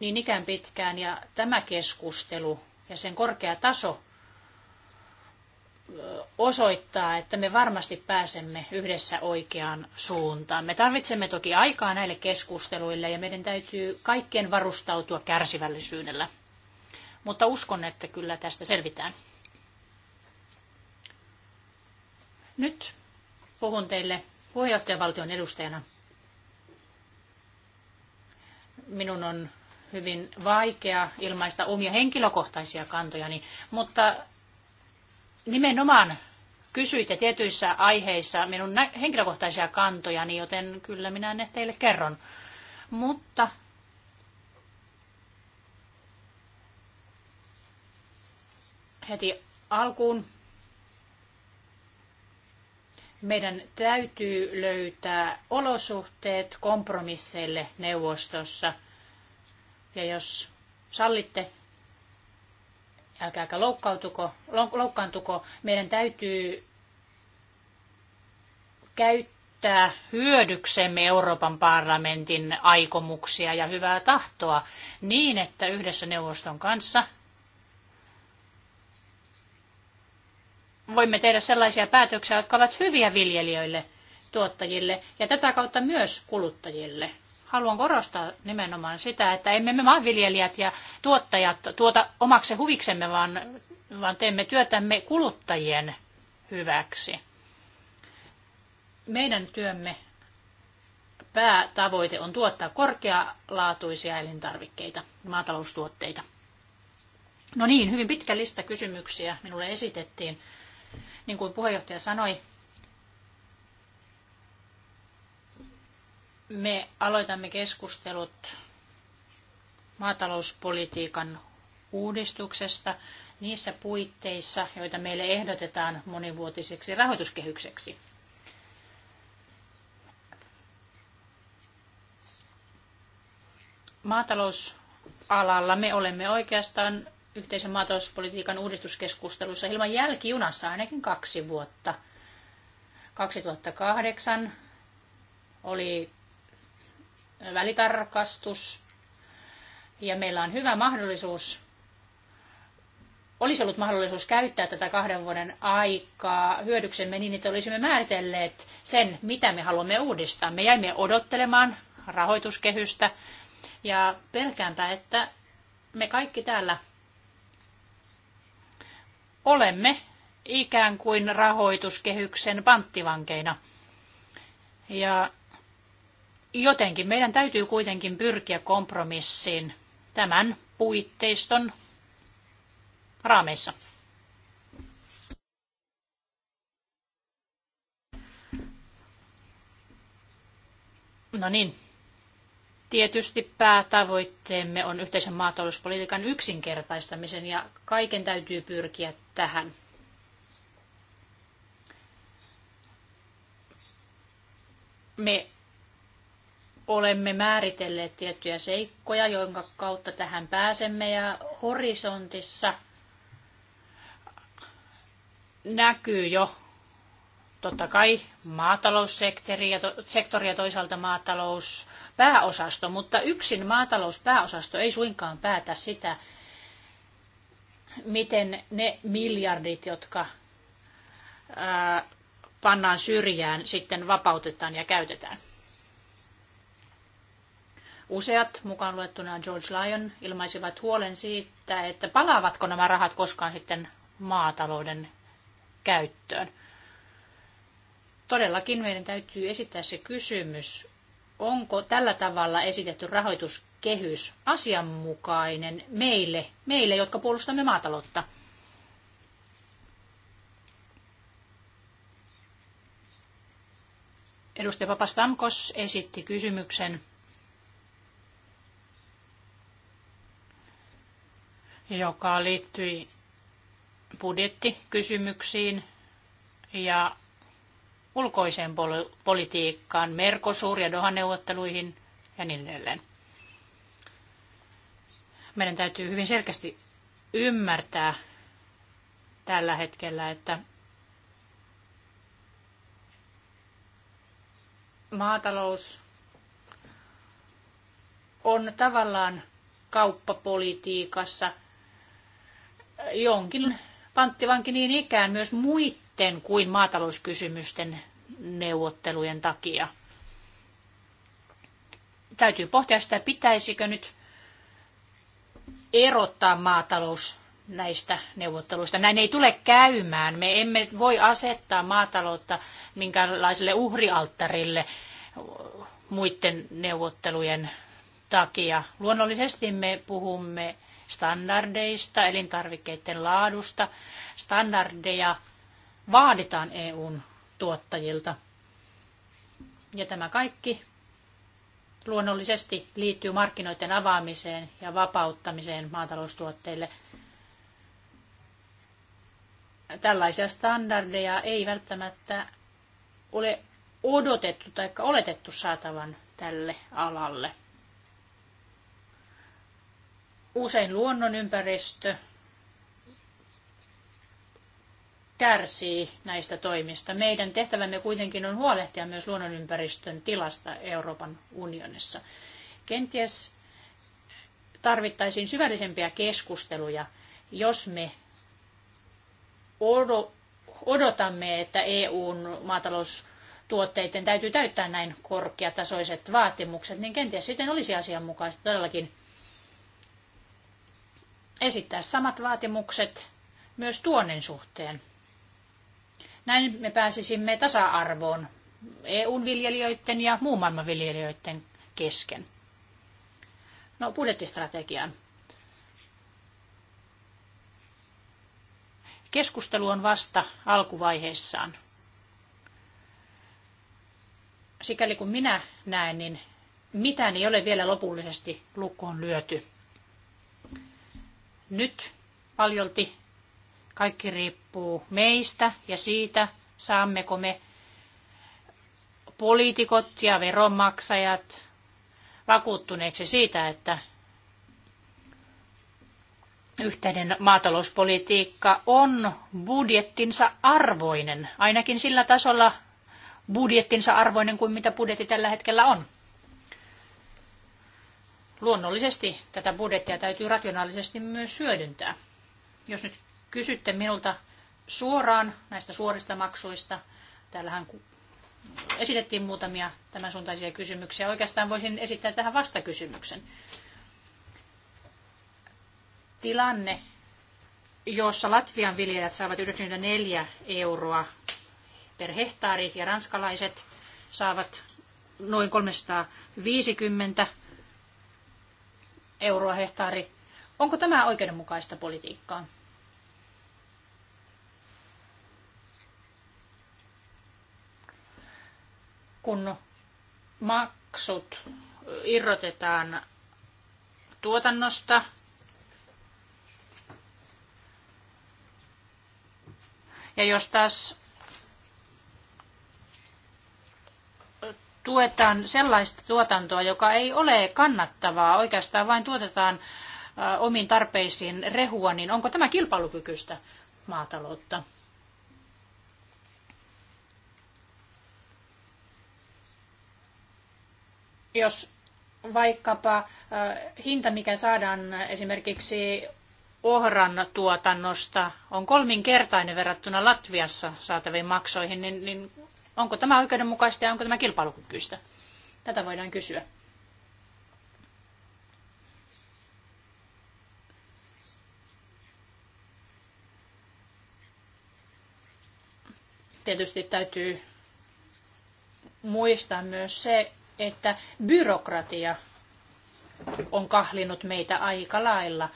niin ikään pitkään ja tämä keskustelu ja sen korkea taso osoittaa, että me varmasti pääsemme yhdessä oikeaan suuntaan. Me tarvitsemme toki aikaa näille keskusteluille ja meidän täytyy kaikkien varustautua kärsivällisyydellä. Mutta uskon, että kyllä tästä selvitään. Nyt Puhun teille puheenjohtajavaltion edustajana. Minun on hyvin vaikea ilmaista omia henkilökohtaisia kantojani, mutta nimenomaan kysyitte tietyissä aiheissa minun henkilökohtaisia kantojani, joten kyllä minä ne teille kerron. Mutta heti alkuun meidän täytyy löytää olosuhteet kompromisseille neuvostossa. Ja jos sallitte, älkääkä loukkautuko, loukkaantuko, meidän täytyy käyttää hyödyksemme Euroopan parlamentin aikomuksia ja hyvää tahtoa niin, että yhdessä neuvoston kanssa voimme tehdä sellaisia päätöksiä, jotka ovat hyviä viljelijöille, tuottajille ja tätä kautta myös kuluttajille. Haluan korostaa nimenomaan sitä, että emme me maanviljelijät ja tuottajat tuota omaksi huviksemme, vaan, vaan teemme työtämme kuluttajien hyväksi. Meidän työmme päätavoite on tuottaa korkealaatuisia elintarvikkeita maataloustuotteita. No niin, hyvin pitkä lista kysymyksiä minulle esitettiin. Niin kuin puheenjohtaja sanoi, me aloitamme keskustelut maatalouspolitiikan uudistuksesta niissä puitteissa, joita meille ehdotetaan monivuotiseksi rahoituskehykseksi. Maatalousalalla me olemme oikeastaan yhteisen maatalouspolitiikan uudistuskeskusteluissa ilman jälkijunassa ainakin kaksi vuotta. 2008 oli välitarkastus ja meillä on hyvä mahdollisuus, olisi ollut mahdollisuus käyttää tätä kahden vuoden aikaa hyödyksemme niin, että olisimme määritelleet sen, mitä me haluamme uudistaa. Me jäimme odottelemaan rahoituskehystä ja pelkäänpä, että me kaikki täällä olemme ikään kuin rahoituskehyksen panttivankeina. Ja jotenkin meidän täytyy kuitenkin pyrkiä kompromissiin tämän puitteiston raameissa. No niin, Tietysti päätavoitteemme on yhteisen maatalouspolitiikan yksinkertaistamisen ja kaiken täytyy pyrkiä tähän. Me olemme määritelleet tiettyjä seikkoja, jonka kautta tähän pääsemme ja horisontissa näkyy jo totta kai maataloussektori ja, to, sektori ja toisaalta maatalouspääosasto, mutta yksin maatalouspääosasto ei suinkaan päätä sitä, miten ne miljardit, jotka ää, pannaan syrjään, sitten vapautetaan ja käytetään. Useat, mukaan luettuna George Lyon, ilmaisivat huolen siitä, että palaavatko nämä rahat koskaan sitten maatalouden käyttöön. Todellakin meidän täytyy esittää se kysymys, onko tällä tavalla esitetty rahoituskehys asianmukainen meille, meille jotka puolustamme maataloutta. Edustaja Papastamkos esitti kysymyksen, joka liittyi budjettikysymyksiin ja ulkoiseen politiikkaan, Merkosuur- ja Doha-neuvotteluihin ja niin edelleen. Meidän täytyy hyvin selkeästi ymmärtää tällä hetkellä, että maatalous on tavallaan kauppapolitiikassa jonkin panttivankin niin ikään myös muiden muiden kuin maatalouskysymysten neuvottelujen takia. Täytyy pohtia sitä, pitäisikö nyt erottaa maatalous näistä neuvotteluista. Näin ei tule käymään. Me emme voi asettaa maataloutta minkälaiselle uhrialttarille muiden neuvottelujen takia. Luonnollisesti me puhumme standardeista, elintarvikkeiden laadusta. Standardeja vaaditaan EUn tuottajilta. Ja tämä kaikki luonnollisesti liittyy markkinoiden avaamiseen ja vapauttamiseen maataloustuotteille. Tällaisia standardeja ei välttämättä ole odotettu tai oletettu saatavan tälle alalle. Usein luonnonympäristö kärsii näistä toimista. Meidän tehtävämme kuitenkin on huolehtia myös luonnonympäristön tilasta Euroopan unionissa. Kenties tarvittaisiin syvällisempiä keskusteluja, jos me odotamme, että EUn maataloustuotteiden täytyy täyttää näin korkeatasoiset vaatimukset, niin kenties sitten olisi asianmukaista todellakin esittää samat vaatimukset myös tuonnin suhteen. Näin me pääsisimme tasa-arvoon eu viljelijöiden ja muun maailman viljelijöiden kesken. No budjettistrategiaan. Keskustelu on vasta alkuvaiheessaan. Sikäli kun minä näen, niin mitään ei ole vielä lopullisesti lukkoon lyöty. Nyt paljolti kaikki riippuu meistä ja siitä, saammeko me poliitikot ja veronmaksajat vakuuttuneeksi siitä, että yhteinen maatalouspolitiikka on budjettinsa arvoinen, ainakin sillä tasolla budjettinsa arvoinen kuin mitä budjetti tällä hetkellä on. Luonnollisesti tätä budjettia täytyy rationaalisesti myös hyödyntää. Jos nyt kysytte minulta suoraan näistä suorista maksuista. Täällähän esitettiin muutamia tämän suuntaisia kysymyksiä. Oikeastaan voisin esittää tähän vastakysymyksen. Tilanne, jossa Latvian viljelijät saavat 94 euroa per hehtaari ja ranskalaiset saavat noin 350 euroa hehtaari. Onko tämä oikeudenmukaista politiikkaa? kun maksut irrotetaan tuotannosta, ja jos taas tuetaan sellaista tuotantoa, joka ei ole kannattavaa, oikeastaan vain tuotetaan omiin tarpeisiin rehua, niin onko tämä kilpailukykyistä maataloutta? Jos vaikkapa hinta, mikä saadaan esimerkiksi ohran tuotannosta, on kolminkertainen verrattuna Latviassa saataviin maksoihin, niin, niin onko tämä oikeudenmukaista ja onko tämä kilpailukykyistä? Tätä voidaan kysyä. Tietysti täytyy muistaa myös se, että byrokratia on kahlinut meitä aika lailla.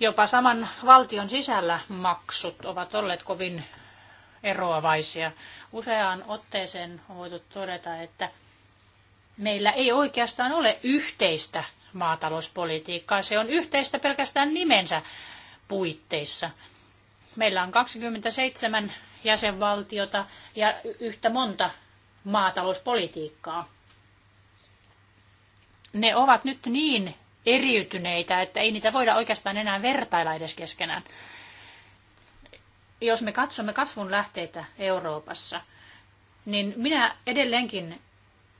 Jopa saman valtion sisällä maksut ovat olleet kovin eroavaisia. Useaan otteeseen on voitu todeta, että meillä ei oikeastaan ole yhteistä maatalouspolitiikkaa. Se on yhteistä pelkästään nimensä puitteissa. Meillä on 27 jäsenvaltiota ja yhtä monta maatalouspolitiikkaa. Ne ovat nyt niin eriytyneitä, että ei niitä voida oikeastaan enää vertailla edes keskenään. Jos me katsomme kasvun lähteitä Euroopassa, niin minä edelleenkin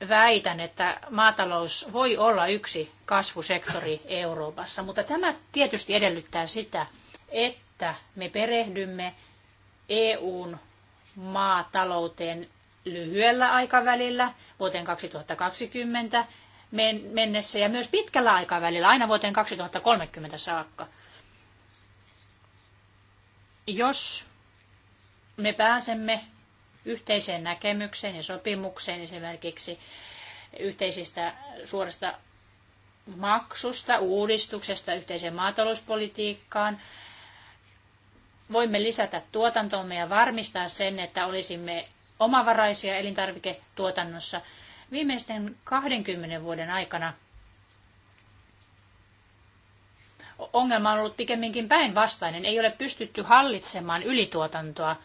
väitän, että maatalous voi olla yksi kasvusektori Euroopassa, mutta tämä tietysti edellyttää sitä, että me perehdymme EUn maatalouteen lyhyellä aikavälillä vuoteen 2020 mennessä ja myös pitkällä aikavälillä aina vuoteen 2030 saakka. Jos me pääsemme yhteiseen näkemykseen ja sopimukseen esimerkiksi yhteisistä suorasta maksusta, uudistuksesta yhteiseen maatalouspolitiikkaan, voimme lisätä tuotantomme ja varmistaa sen, että olisimme omavaraisia elintarviketuotannossa. Viimeisten 20 vuoden aikana ongelma on ollut pikemminkin päinvastainen. Ei ole pystytty hallitsemaan ylituotantoa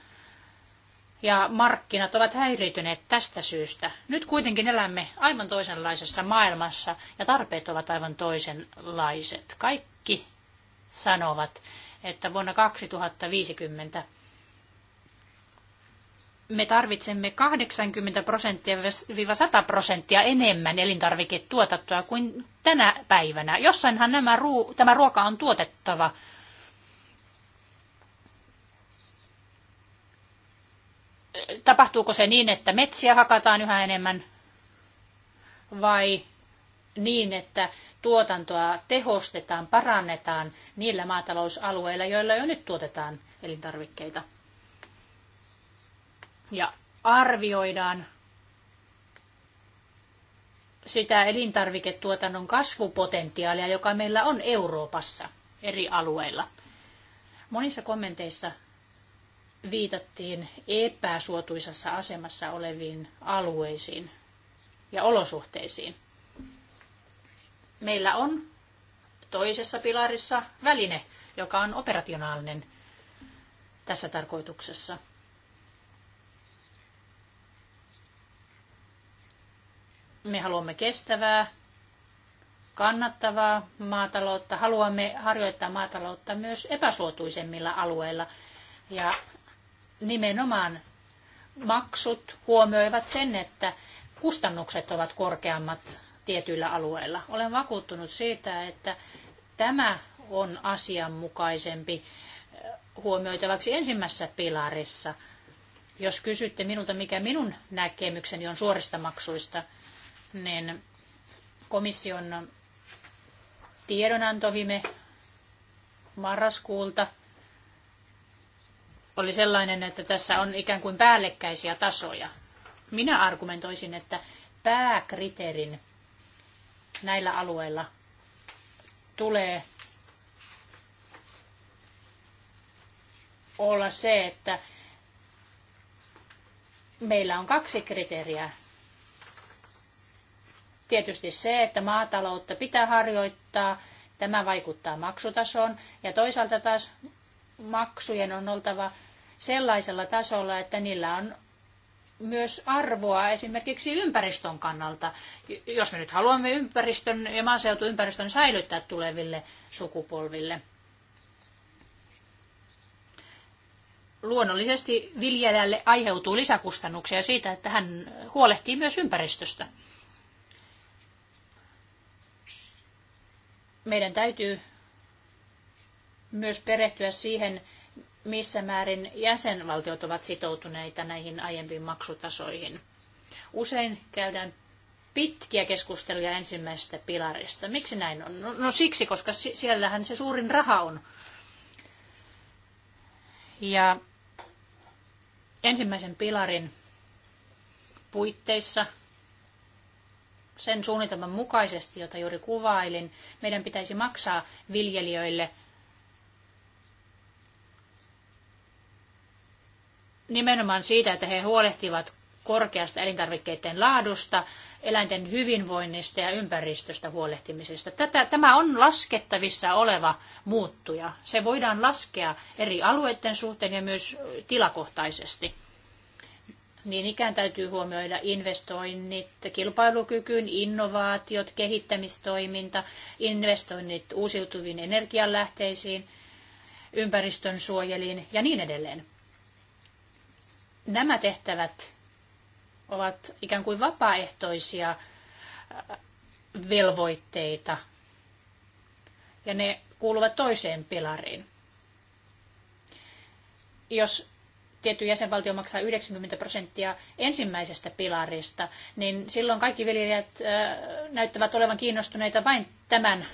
ja markkinat ovat häiriytyneet tästä syystä. Nyt kuitenkin elämme aivan toisenlaisessa maailmassa ja tarpeet ovat aivan toisenlaiset. Kaikki sanovat, että vuonna 2050 me tarvitsemme 80 prosenttia 100 prosenttia enemmän elintarviketuotantoa kuin tänä päivänä. Jossainhan nämä ruu, tämä ruoka on tuotettava. Tapahtuuko se niin, että metsiä hakataan yhä enemmän vai niin, että tuotantoa tehostetaan, parannetaan niillä maatalousalueilla, joilla jo nyt tuotetaan elintarvikkeita? ja arvioidaan sitä elintarviketuotannon kasvupotentiaalia, joka meillä on Euroopassa eri alueilla. Monissa kommenteissa viitattiin epäsuotuisassa asemassa oleviin alueisiin ja olosuhteisiin. Meillä on toisessa pilarissa väline, joka on operationaalinen tässä tarkoituksessa. Me haluamme kestävää, kannattavaa maataloutta. Haluamme harjoittaa maataloutta myös epäsuotuisemmilla alueilla. Ja nimenomaan maksut huomioivat sen, että kustannukset ovat korkeammat tietyillä alueilla. Olen vakuuttunut siitä, että tämä on asianmukaisempi eh, huomioitavaksi ensimmäisessä pilarissa. Jos kysytte minulta, mikä minun näkemykseni on suorista maksuista, niin komission tiedonanto viime marraskuulta oli sellainen, että tässä on ikään kuin päällekkäisiä tasoja. Minä argumentoisin, että pääkriteerin näillä alueilla tulee olla se, että meillä on kaksi kriteeriä tietysti se, että maataloutta pitää harjoittaa, tämä vaikuttaa maksutasoon, ja toisaalta taas maksujen on oltava sellaisella tasolla, että niillä on myös arvoa esimerkiksi ympäristön kannalta. Jos me nyt haluamme ympäristön ja maaseutuympäristön säilyttää tuleville sukupolville. Luonnollisesti viljelijälle aiheutuu lisäkustannuksia siitä, että hän huolehtii myös ympäristöstä. Meidän täytyy myös perehtyä siihen, missä määrin jäsenvaltiot ovat sitoutuneita näihin aiempiin maksutasoihin. Usein käydään pitkiä keskusteluja ensimmäisestä pilarista. Miksi näin on? No, no siksi, koska siellähän se suurin raha on. Ja ensimmäisen pilarin puitteissa sen suunnitelman mukaisesti, jota juuri kuvailin, meidän pitäisi maksaa viljelijöille nimenomaan siitä, että he huolehtivat korkeasta elintarvikkeiden laadusta, eläinten hyvinvoinnista ja ympäristöstä huolehtimisesta. Tätä, tämä on laskettavissa oleva muuttuja. Se voidaan laskea eri alueiden suhteen ja myös tilakohtaisesti. Niin ikään täytyy huomioida investoinnit kilpailukykyyn, innovaatiot, kehittämistoiminta, investoinnit uusiutuviin energianlähteisiin, ympäristön suojeliin ja niin edelleen. Nämä tehtävät ovat ikään kuin vapaaehtoisia äh, velvoitteita ja ne kuuluvat toiseen pilariin. Jos tietty jäsenvaltio maksaa 90 prosenttia ensimmäisestä pilarista, niin silloin kaikki viljelijät näyttävät olevan kiinnostuneita vain tämän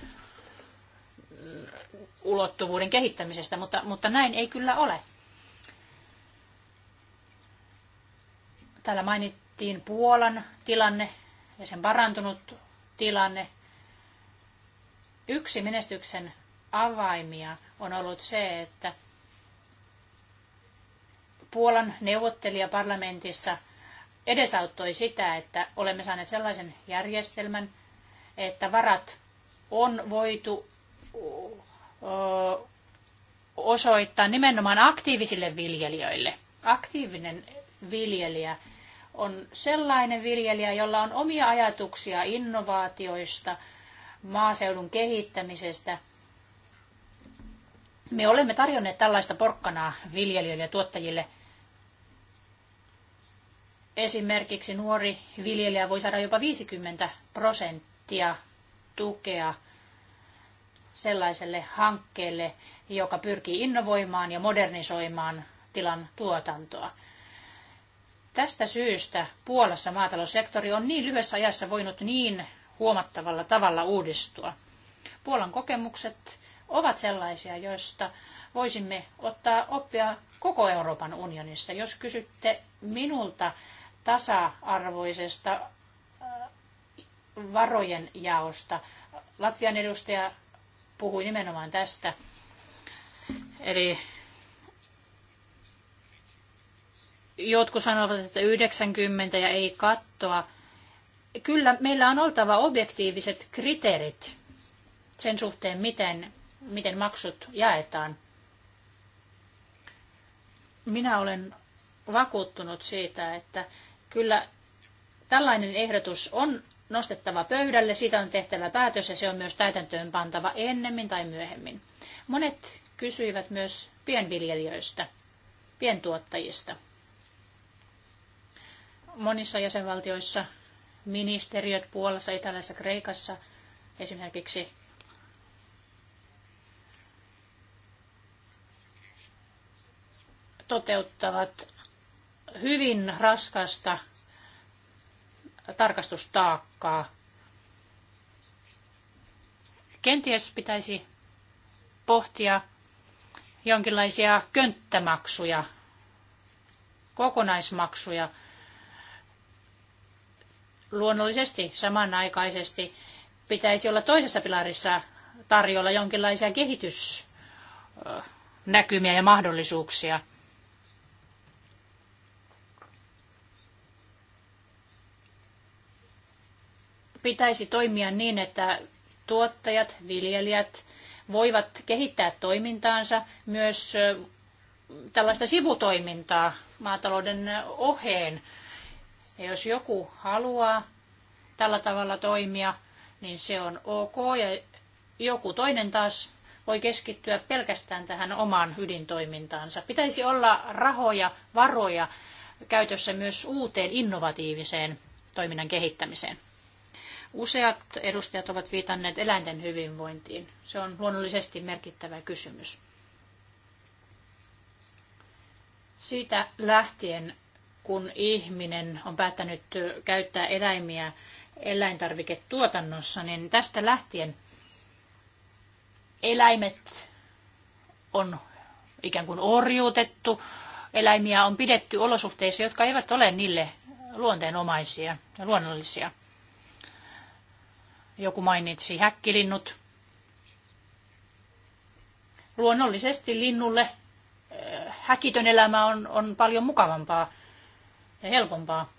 ulottuvuuden kehittämisestä, mutta, mutta näin ei kyllä ole. Täällä mainittiin Puolan tilanne ja sen parantunut tilanne. Yksi menestyksen avaimia on ollut se, että Puolan neuvottelija parlamentissa edesauttoi sitä, että olemme saaneet sellaisen järjestelmän, että varat on voitu osoittaa nimenomaan aktiivisille viljelijöille. Aktiivinen viljelijä on sellainen viljelijä, jolla on omia ajatuksia innovaatioista, maaseudun kehittämisestä. Me olemme tarjonneet tällaista porkkanaa viljelijöille ja tuottajille – esimerkiksi nuori viljelijä voi saada jopa 50 prosenttia tukea sellaiselle hankkeelle, joka pyrkii innovoimaan ja modernisoimaan tilan tuotantoa. Tästä syystä Puolassa maataloussektori on niin lyhyessä ajassa voinut niin huomattavalla tavalla uudistua. Puolan kokemukset ovat sellaisia, joista voisimme ottaa oppia koko Euroopan unionissa. Jos kysytte minulta, tasa-arvoisesta äh, varojen jaosta. Latvian edustaja puhui nimenomaan tästä. Eli jotkut sanovat, että 90 ja ei kattoa. Kyllä meillä on oltava objektiiviset kriteerit sen suhteen, miten, miten maksut jaetaan. Minä olen vakuuttunut siitä, että Kyllä tällainen ehdotus on nostettava pöydälle, siitä on tehtävä päätös ja se on myös täytäntöön pantava ennemmin tai myöhemmin. Monet kysyivät myös pienviljelijöistä, pientuottajista. Monissa jäsenvaltioissa ministeriöt Puolassa, Italiassa, Kreikassa esimerkiksi toteuttavat hyvin raskasta tarkastustaakkaa. Kenties pitäisi pohtia jonkinlaisia könttämaksuja, kokonaismaksuja. Luonnollisesti samanaikaisesti pitäisi olla toisessa pilarissa tarjolla jonkinlaisia kehitysnäkymiä ja mahdollisuuksia – pitäisi toimia niin, että tuottajat, viljelijät voivat kehittää toimintaansa myös tällaista sivutoimintaa maatalouden oheen. Ja jos joku haluaa tällä tavalla toimia, niin se on ok ja joku toinen taas voi keskittyä pelkästään tähän omaan ydintoimintaansa. Pitäisi olla rahoja, varoja käytössä myös uuteen innovatiiviseen toiminnan kehittämiseen. Useat edustajat ovat viitanneet eläinten hyvinvointiin. Se on luonnollisesti merkittävä kysymys. Siitä lähtien, kun ihminen on päättänyt käyttää eläimiä eläintarviketuotannossa, niin tästä lähtien eläimet on ikään kuin orjuutettu. Eläimiä on pidetty olosuhteissa, jotka eivät ole niille luonteenomaisia ja luonnollisia. Joku mainitsi häkkilinnut. Luonnollisesti linnulle äh, häkitön elämä on, on paljon mukavampaa ja helpompaa.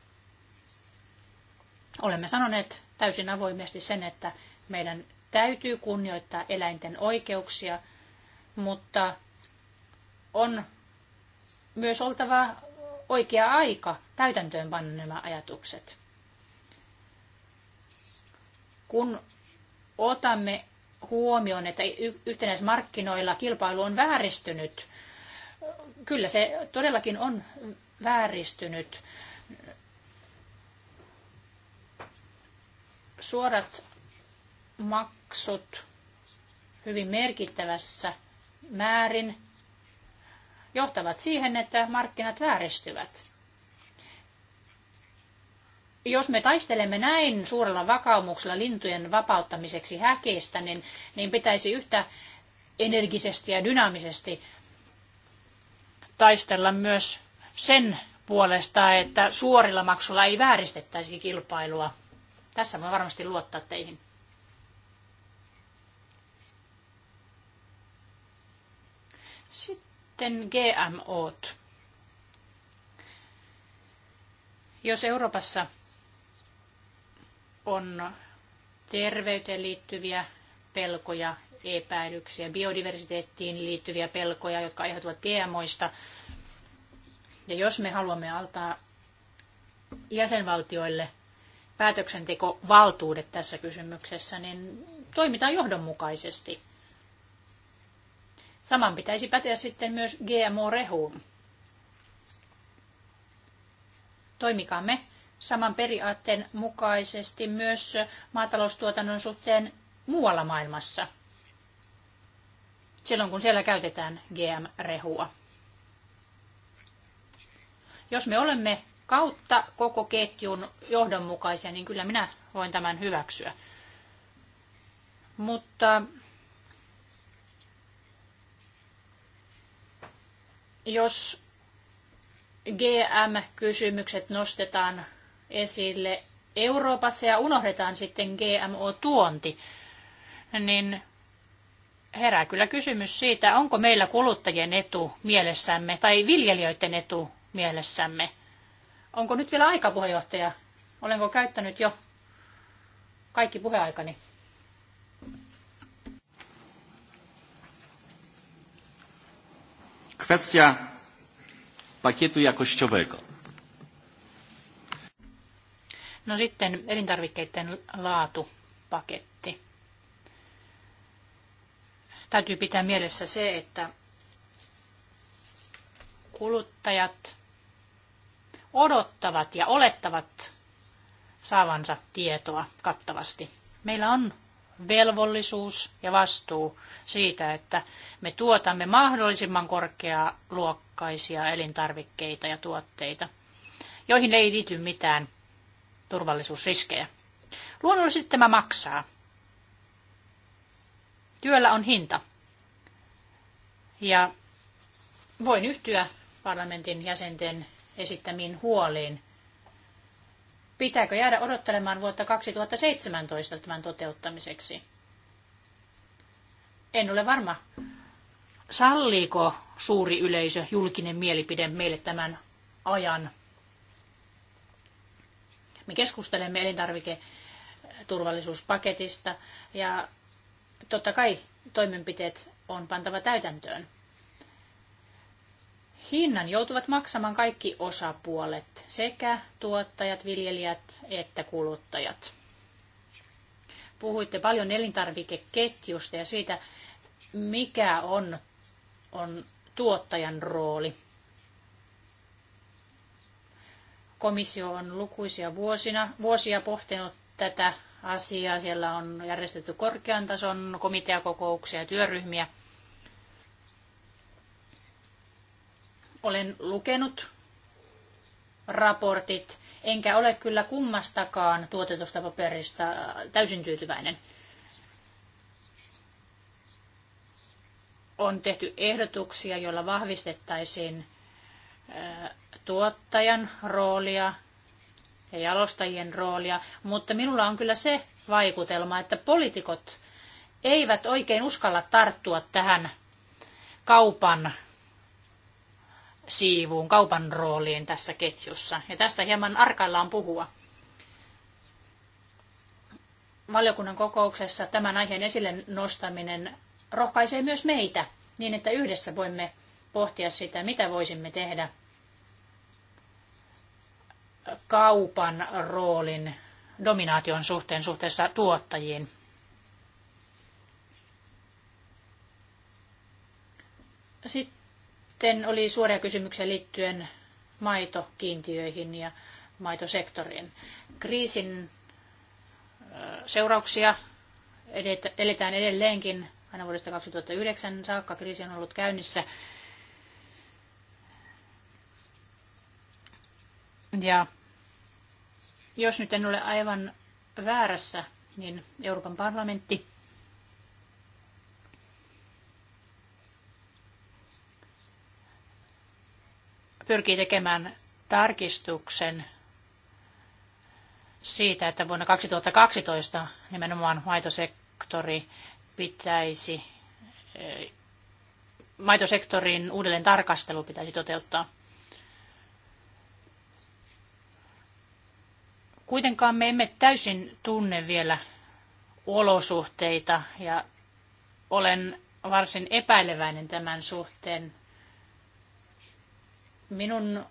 Olemme sanoneet täysin avoimesti sen, että meidän täytyy kunnioittaa eläinten oikeuksia, mutta on myös oltava oikea aika panna nämä ajatukset kun otamme huomioon, että yhtenäismarkkinoilla kilpailu on vääristynyt, kyllä se todellakin on vääristynyt. Suorat maksut hyvin merkittävässä määrin johtavat siihen, että markkinat vääristyvät jos me taistelemme näin suurella vakaumuksella lintujen vapauttamiseksi häkeistä, niin, niin pitäisi yhtä energisesti ja dynaamisesti taistella myös sen puolesta, että suorilla maksulla ei vääristettäisi kilpailua. Tässä voi varmasti luottaa teihin. Sitten GMOt. Jos Euroopassa on terveyteen liittyviä pelkoja, epäilyksiä, biodiversiteettiin liittyviä pelkoja, jotka aiheutuvat GMOista. Ja jos me haluamme altaa jäsenvaltioille päätöksentekovaltuudet tässä kysymyksessä, niin toimitaan johdonmukaisesti. Saman pitäisi päteä sitten myös GMO-rehuun. Toimikaamme saman periaatteen mukaisesti myös maataloustuotannon suhteen muualla maailmassa, silloin kun siellä käytetään GM-rehua. Jos me olemme kautta koko ketjun johdonmukaisia, niin kyllä minä voin tämän hyväksyä. Mutta jos GM-kysymykset nostetaan esille Euroopassa ja unohdetaan sitten GMO-tuonti, niin herää kyllä kysymys siitä, onko meillä kuluttajien etu mielessämme tai viljelijöiden etu mielessämme. Onko nyt vielä aika, puheenjohtaja? Olenko käyttänyt jo kaikki puheaikani? Kwestia pakietu jakościowego. No sitten elintarvikkeiden laatupaketti. Täytyy pitää mielessä se, että kuluttajat odottavat ja olettavat saavansa tietoa kattavasti. Meillä on velvollisuus ja vastuu siitä, että me tuotamme mahdollisimman korkealuokkaisia elintarvikkeita ja tuotteita, joihin ei liity mitään turvallisuusriskejä. Luonnollisesti tämä maksaa. Työllä on hinta. Ja voin yhtyä parlamentin jäsenten esittämiin huoliin. Pitääkö jäädä odottelemaan vuotta 2017 tämän toteuttamiseksi? En ole varma, salliiko suuri yleisö, julkinen mielipide meille tämän ajan me keskustelemme elintarviketurvallisuuspaketista ja totta kai toimenpiteet on pantava täytäntöön. Hinnan joutuvat maksamaan kaikki osapuolet, sekä tuottajat, viljelijät että kuluttajat. Puhuitte paljon elintarvikeketjusta ja siitä, mikä on, on tuottajan rooli. Komissio on lukuisia vuosina, vuosia pohtinut tätä asiaa. Siellä on järjestetty korkean tason komiteakokouksia ja työryhmiä. Olen lukenut raportit, enkä ole kyllä kummastakaan tuotetusta paperista täysin tyytyväinen. On tehty ehdotuksia, joilla vahvistettaisiin tuottajan roolia ja jalostajien roolia, mutta minulla on kyllä se vaikutelma, että poliitikot eivät oikein uskalla tarttua tähän kaupan siivuun, kaupan rooliin tässä ketjussa. Ja tästä hieman arkaillaan puhua. Valiokunnan kokouksessa tämän aiheen esille nostaminen rohkaisee myös meitä niin, että yhdessä voimme pohtia sitä, mitä voisimme tehdä kaupan roolin dominaation suhteen suhteessa tuottajiin. Sitten oli suoria kysymyksiä liittyen maitokiintiöihin ja maitosektoriin. Kriisin seurauksia eletään edelleenkin aina vuodesta 2009 saakka. Kriisi on ollut käynnissä. Ja jos nyt en ole aivan väärässä, niin Euroopan parlamentti pyrkii tekemään tarkistuksen siitä, että vuonna 2012 nimenomaan maitosektori pitäisi, eh, maitosektorin uudelleen tarkastelu pitäisi toteuttaa. Kuitenkaan me emme täysin tunne vielä olosuhteita ja olen varsin epäileväinen tämän suhteen. Minun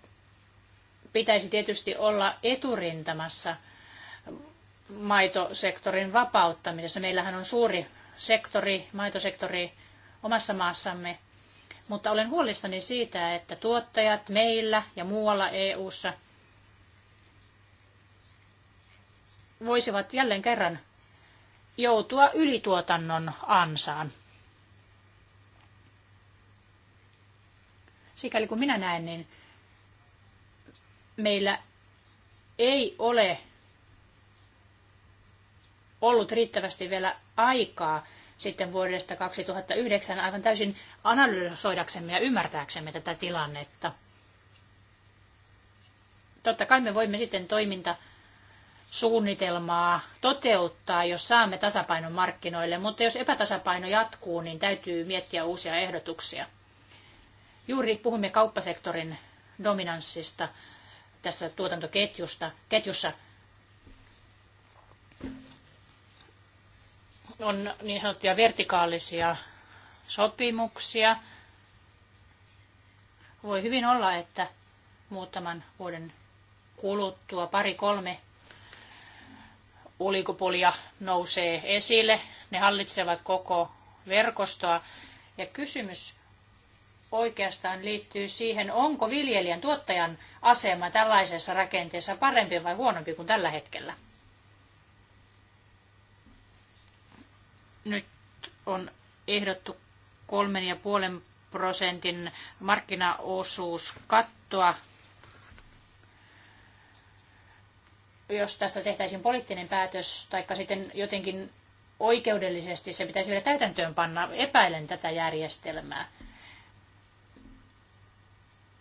pitäisi tietysti olla eturintamassa maitosektorin vapauttamisessa. Meillähän on suuri sektori, maitosektori omassa maassamme, mutta olen huolissani siitä, että tuottajat meillä ja muualla EU:ssa – voisivat jälleen kerran joutua ylituotannon ansaan. Sikäli kun minä näen, niin meillä ei ole ollut riittävästi vielä aikaa sitten vuodesta 2009 aivan täysin analysoidaksemme ja ymmärtääksemme tätä tilannetta. Totta kai me voimme sitten toiminta suunnitelmaa toteuttaa, jos saamme tasapainon markkinoille, mutta jos epätasapaino jatkuu, niin täytyy miettiä uusia ehdotuksia. Juuri puhumme kauppasektorin dominanssista tässä tuotantoketjusta, ketjussa. On niin sanottuja vertikaalisia sopimuksia. Voi hyvin olla, että muutaman vuoden kuluttua pari kolme oligopolia nousee esille. Ne hallitsevat koko verkostoa. Ja kysymys oikeastaan liittyy siihen, onko viljelijän tuottajan asema tällaisessa rakenteessa parempi vai huonompi kuin tällä hetkellä. Nyt on ehdottu kolmen ja puolen prosentin markkinaosuus kattoa. jos tästä tehtäisiin poliittinen päätös, taikka sitten jotenkin oikeudellisesti se pitäisi vielä täytäntöön panna, epäilen tätä järjestelmää.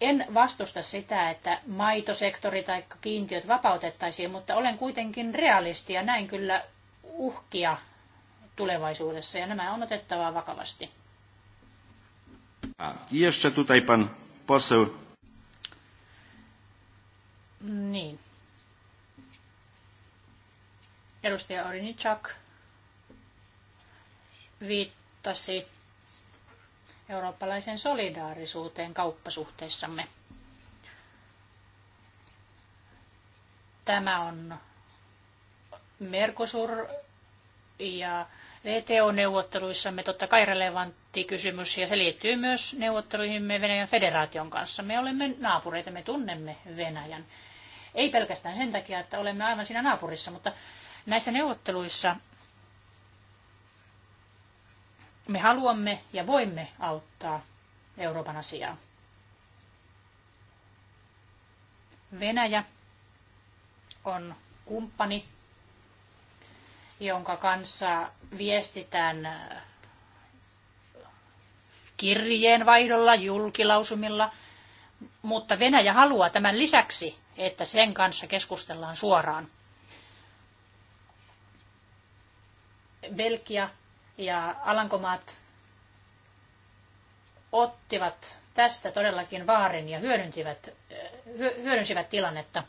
En vastusta sitä, että maitosektori tai kiintiöt vapautettaisiin, mutta olen kuitenkin realisti ja näin kyllä uhkia tulevaisuudessa ja nämä on otettava vakavasti. Jeszcze tutaj pan poseł. Niin. Edustaja Orinichak viittasi eurooppalaisen solidaarisuuteen kauppasuhteissamme. Tämä on Mercosur ja VTO-neuvotteluissamme totta kai relevantti kysymys ja se liittyy myös neuvotteluihimme Venäjän federaation kanssa. Me olemme naapureita, me tunnemme Venäjän. Ei pelkästään sen takia, että olemme aivan siinä naapurissa, mutta Näissä neuvotteluissa me haluamme ja voimme auttaa Euroopan asiaa. Venäjä on kumppani, jonka kanssa viestitään äh, kirjeenvaihdolla, julkilausumilla, mutta Venäjä haluaa tämän lisäksi, että sen kanssa keskustellaan suoraan. Belgia ja Alankomaat ottivat tästä todellakin vaarin ja hyödyntivät, eh, hyödynsivät tilannetta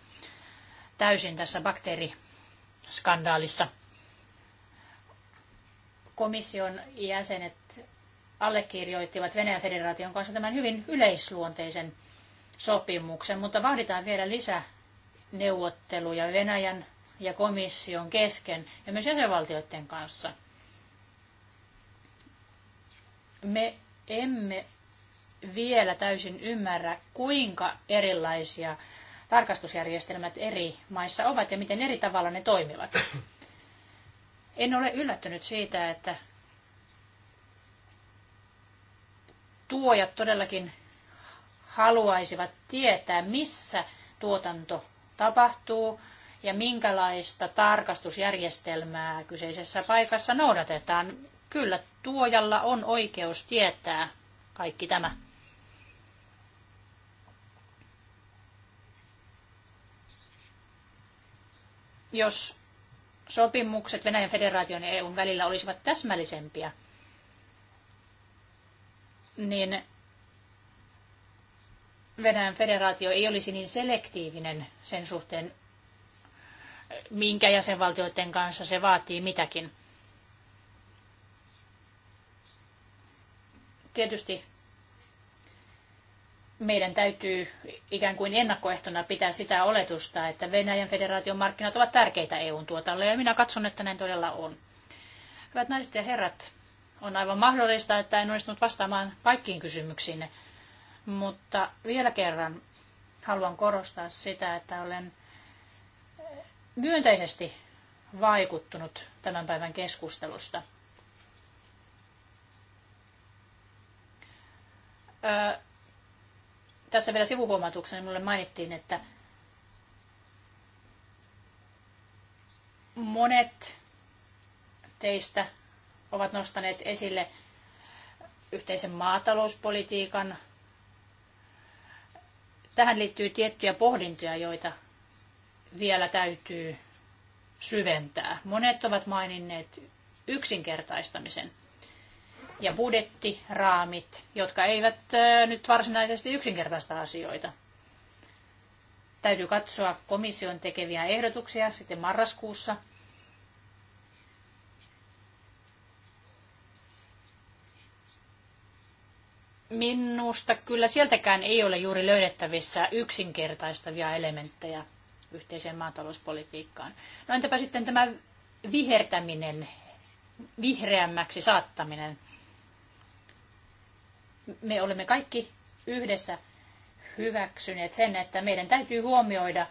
täysin tässä bakteeriskandaalissa. Komission jäsenet allekirjoittivat Venäjän federaation kanssa tämän hyvin yleisluonteisen sopimuksen, mutta vaaditaan vielä lisäneuvotteluja Venäjän ja komission kesken ja myös jäsenvaltioiden kanssa. Me emme vielä täysin ymmärrä, kuinka erilaisia tarkastusjärjestelmät eri maissa ovat ja miten eri tavalla ne toimivat. En ole yllättynyt siitä, että tuojat todellakin haluaisivat tietää, missä tuotanto tapahtuu, ja minkälaista tarkastusjärjestelmää kyseisessä paikassa noudatetaan. Kyllä tuojalla on oikeus tietää kaikki tämä. Jos sopimukset Venäjän federaation ja EUn välillä olisivat täsmällisempiä, niin Venäjän federaatio ei olisi niin selektiivinen sen suhteen, minkä jäsenvaltioiden kanssa se vaatii mitäkin. Tietysti meidän täytyy ikään kuin ennakkoehtona pitää sitä oletusta, että Venäjän federaation markkinat ovat tärkeitä EUn tuotalle, ja minä katson, että näin todella on. Hyvät naiset ja herrat, on aivan mahdollista, että en onnistunut vastaamaan kaikkiin kysymyksiin, mutta vielä kerran haluan korostaa sitä, että olen myönteisesti vaikuttunut tämän päivän keskustelusta. Ö, tässä vielä sivuhuomautuksena minulle mainittiin, että monet teistä ovat nostaneet esille yhteisen maatalouspolitiikan. Tähän liittyy tiettyjä pohdintoja, joita vielä täytyy syventää. Monet ovat maininneet yksinkertaistamisen ja budjettiraamit, jotka eivät nyt varsinaisesti yksinkertaista asioita. Täytyy katsoa komission tekeviä ehdotuksia sitten marraskuussa. Minusta kyllä sieltäkään ei ole juuri löydettävissä yksinkertaistavia elementtejä yhteiseen maatalouspolitiikkaan. No entäpä sitten tämä vihertäminen, vihreämmäksi saattaminen? Me olemme kaikki yhdessä hyväksyneet sen, että meidän täytyy huomioida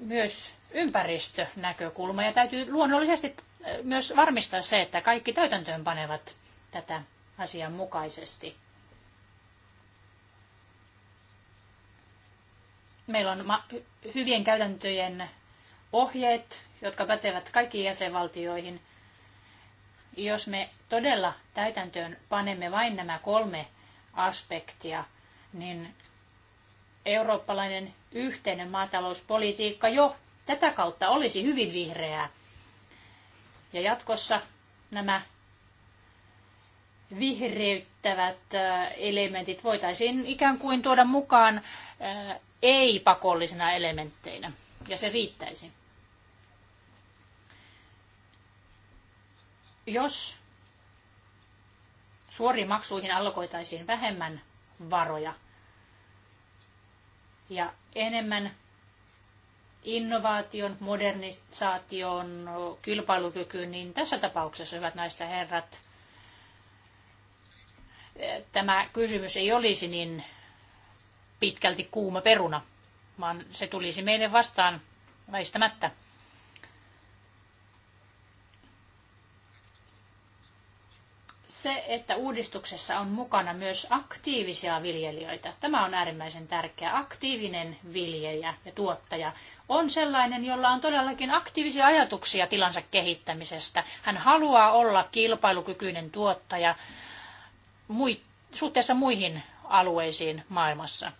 myös ympäristönäkökulma ja täytyy luonnollisesti äh, myös varmistaa se, että kaikki täytäntöön panevat tätä asianmukaisesti. Meillä on hyvien käytäntöjen ohjeet, jotka pätevät kaikkiin jäsenvaltioihin. Jos me todella täytäntöön panemme vain nämä kolme aspektia, niin eurooppalainen yhteinen maatalouspolitiikka jo tätä kautta olisi hyvin vihreää. Ja jatkossa nämä vihreyttävät äh, elementit voitaisiin ikään kuin tuoda mukaan äh, ei-pakollisina elementteinä, ja se riittäisi. Jos suoriin maksuihin allokoitaisiin vähemmän varoja ja enemmän innovaation, modernisaation, kilpailukykyyn, niin tässä tapauksessa, hyvät naiset ja herrat, eh, tämä kysymys ei olisi niin pitkälti kuuma peruna, vaan se tulisi meille vastaan väistämättä. se, että uudistuksessa on mukana myös aktiivisia viljelijöitä. Tämä on äärimmäisen tärkeä. Aktiivinen viljelijä ja tuottaja on sellainen, jolla on todellakin aktiivisia ajatuksia tilansa kehittämisestä. Hän haluaa olla kilpailukykyinen tuottaja suhteessa muihin alueisiin maailmassa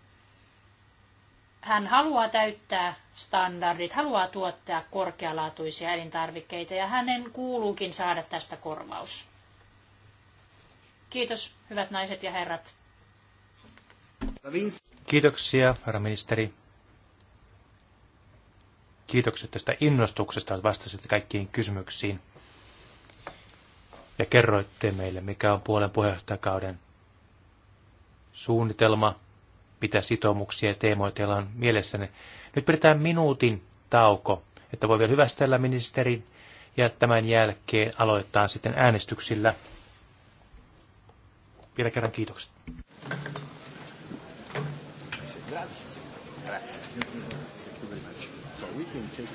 hän haluaa täyttää standardit, haluaa tuottaa korkealaatuisia elintarvikkeita ja hänen kuuluukin saada tästä korvaus. Kiitos, hyvät naiset ja herrat. Kiitoksia, herra ministeri. Kiitokset tästä innostuksesta, että vastasitte kaikkiin kysymyksiin. Ja kerroitte meille, mikä on puolen puheenjohtajakauden suunnitelma – mitä sitoumuksia ja teemoja teillä on mielessänne. Nyt pidetään minuutin tauko, että voi vielä hyvästellä ministerin ja tämän jälkeen aloitetaan sitten äänestyksillä. Vielä kerran kiitokset. Grazie. Grazie. Thank you So we can take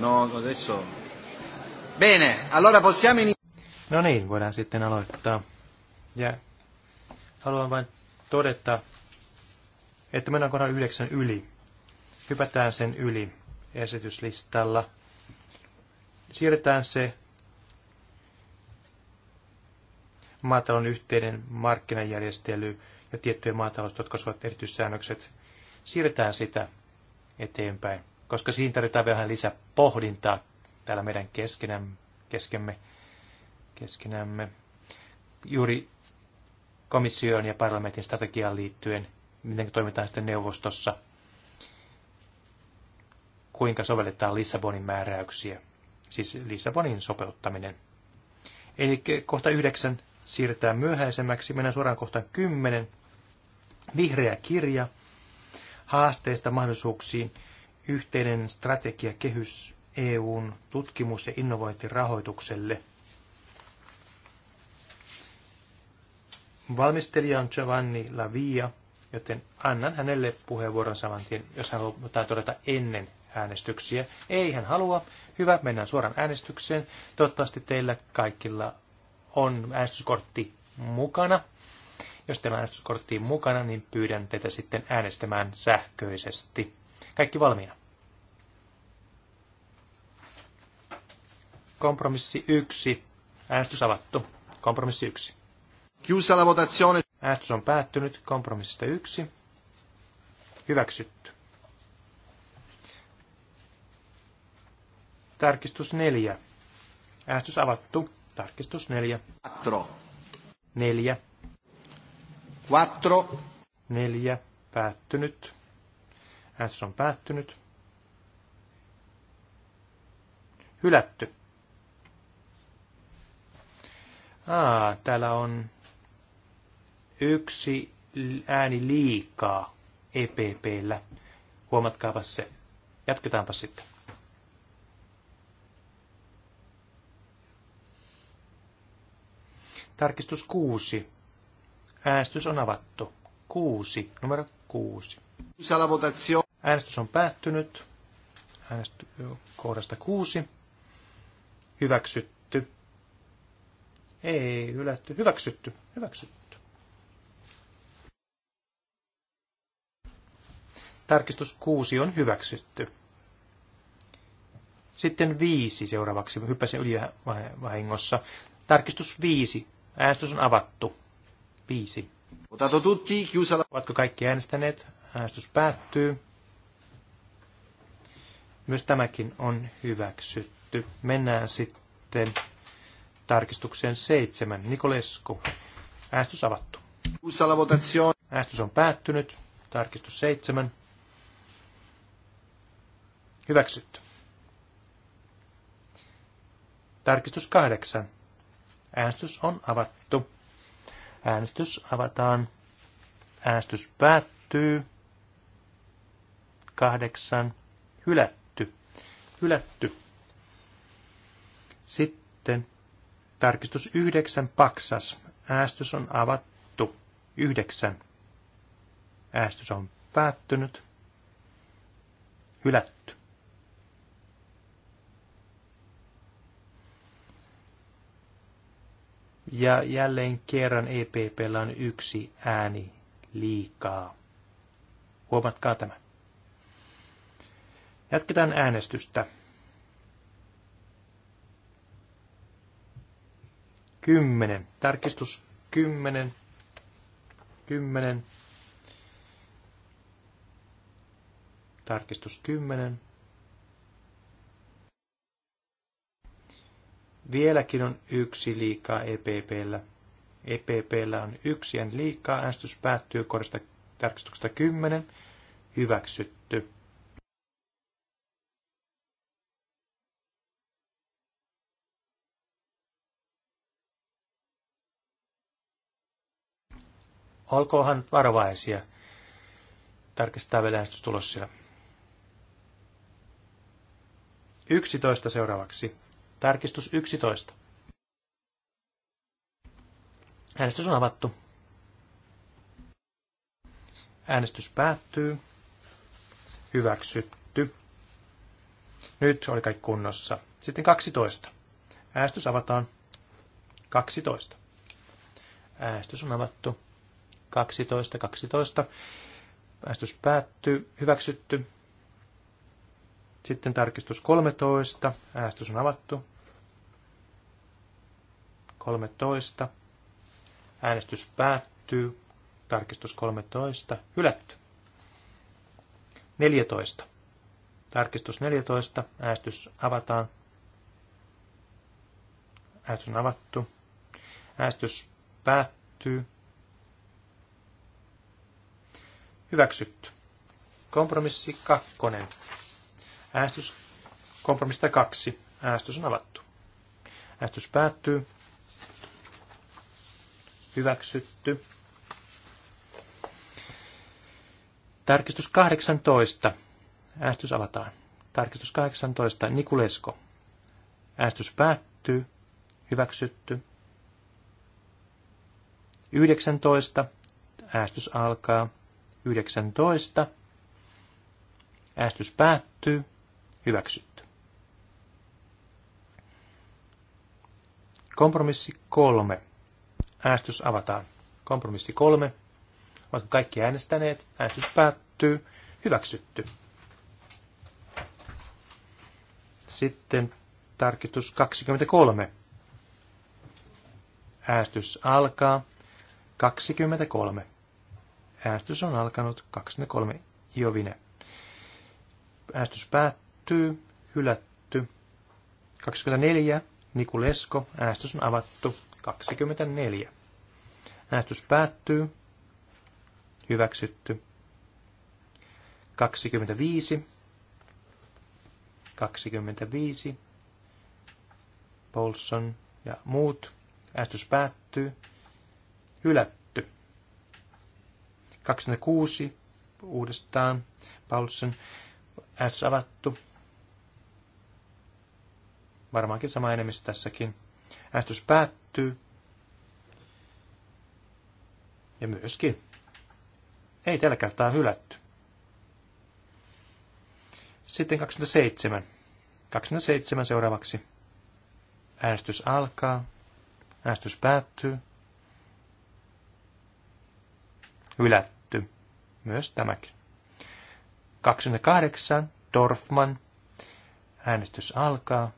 No, adesso... Bene, allora possiamo No niin, voidaan sitten aloittaa. Ja haluan vain todeta, että mennään kohdan yhdeksän yli. Hypätään sen yli esityslistalla. Siirretään se maatalon yhteinen markkinajärjestely ja tiettyjä maataloustuot erityissäännökset. Siirretään sitä eteenpäin koska siinä tarvitaan vähän lisää pohdintaa täällä meidän keskenämme, keskemme, keskenämme juuri komission ja parlamentin strategiaan liittyen, miten toimitaan sitten neuvostossa, kuinka sovelletaan Lissabonin määräyksiä, siis Lissabonin sopeuttaminen. Eli kohta yhdeksän siirretään myöhäisemmäksi, mennään suoraan kohtaan kymmenen. Vihreä kirja haasteista mahdollisuuksiin – yhteinen strategiakehys EUn tutkimus- ja innovointirahoitukselle. Valmistelija on Giovanni Lavia, joten annan hänelle puheenvuoron saman tien, jos hän haluaa todeta ennen äänestyksiä. Ei hän halua. Hyvä, mennään suoraan äänestykseen. Toivottavasti teillä kaikilla on äänestyskortti mukana. Jos teillä on äänestyskortti mukana, niin pyydän teitä sitten äänestämään sähköisesti. Kaikki valmiina. Kompromissi yksi. Äänestys avattu. Kompromissi yksi. Chiusa la votazione. Äänestys on päättynyt. Kompromissista yksi. Hyväksytty. Tarkistus neljä. Äänestys avattu. Tarkistus neljä. Quattro. Neljä. Quattro. Neljä. Päättynyt. S on päättynyt. Hylätty. Aa, täällä on yksi ääni liikaa EPPllä. Huomatkaapa se. Jatketaanpa sitten. Tarkistus kuusi. Äänestys on avattu. Kuusi, numero kuusi. Sala Äänestys on päättynyt. Äänestys kohdasta kuusi. Hyväksytty. Ei, ylätty. Hyväksytty. Hyväksytty. Tarkistus kuusi on hyväksytty. Sitten viisi seuraavaksi. Hyppäsin yli vahingossa. Tarkistus viisi. Äänestys on avattu. Viisi. Ovatko kaikki äänestäneet? Äänestys päättyy. Myös tämäkin on hyväksytty. Mennään sitten tarkistukseen seitsemän. Nikolesku. Äänestys avattu. Äänestys on päättynyt. Tarkistus seitsemän. Hyväksytty. Tarkistus kahdeksan. Äänestys on avattu. Äänestys avataan. Äänestys päättyy. Kahdeksan. Hylätty hylätty. Sitten tarkistus yhdeksän paksas. Äästys on avattu. Yhdeksän. Äästys on päättynyt. Hylätty. Ja jälleen kerran EPP on yksi ääni liikaa. Huomatkaa tämä. Jatketaan äänestystä. Kymmenen. Tarkistus kymmenen. Kymmenen. Tarkistus kymmenen. Vieläkin on yksi liikaa EPPllä. EPPllä on yksi en liikaa. Äänestys päättyy kohdasta tarkistuksesta 10. Hyväksytty. olkoohan varovaisia. Tarkistetaan vielä tulos siellä. 11 seuraavaksi. Tarkistus 11. Äänestys on avattu. Äänestys päättyy. Hyväksytty. Nyt oli kaikki kunnossa. Sitten 12. Äänestys avataan. 12. Äänestys on avattu. 12, 12. Päästys päättyy, hyväksytty. Sitten tarkistus 13, äästys on avattu. 13, äänestys päättyy, tarkistus 13, hylätty. 14, tarkistus 14, äänestys avataan. Äänestys on avattu. Äänestys päättyy. Hyväksytty. Kompromissi kakkonen. Äänestys kompromista kaksi. Äänestys on avattu. Äänestys päättyy. Hyväksytty. Tarkistus 18. Äänestys avataan. Tarkistus 18. Nikulesko. Äänestys päättyy. Hyväksytty. 19. Äänestys alkaa. 19. Äästys päättyy. Hyväksytty. Kompromissi 3. Äästys avataan. Kompromissi 3. Ovatko kaikki äänestäneet? Äästys päättyy. Hyväksytty. Sitten tarkistus 23. Äästys alkaa. 23. Äänestys on alkanut 23 Jovine. Äänestys päättyy, hylätty. 24 Nikulesko, äänestys on avattu 24. Äänestys päättyy, hyväksytty. 25. 25. Paulson ja muut. Äänestys päättyy. Hylätty. 26 uudestaan. Paulsen S avattu. Varmaankin sama enemmistö tässäkin. Äästys päättyy. Ja myöskin. Ei tällä kertaa hylätty. Sitten 27. 27 seuraavaksi. Äänestys alkaa. Äänestys päättyy. Hylätty. Myös tämäkin. 28. Dorfman. Äänestys alkaa.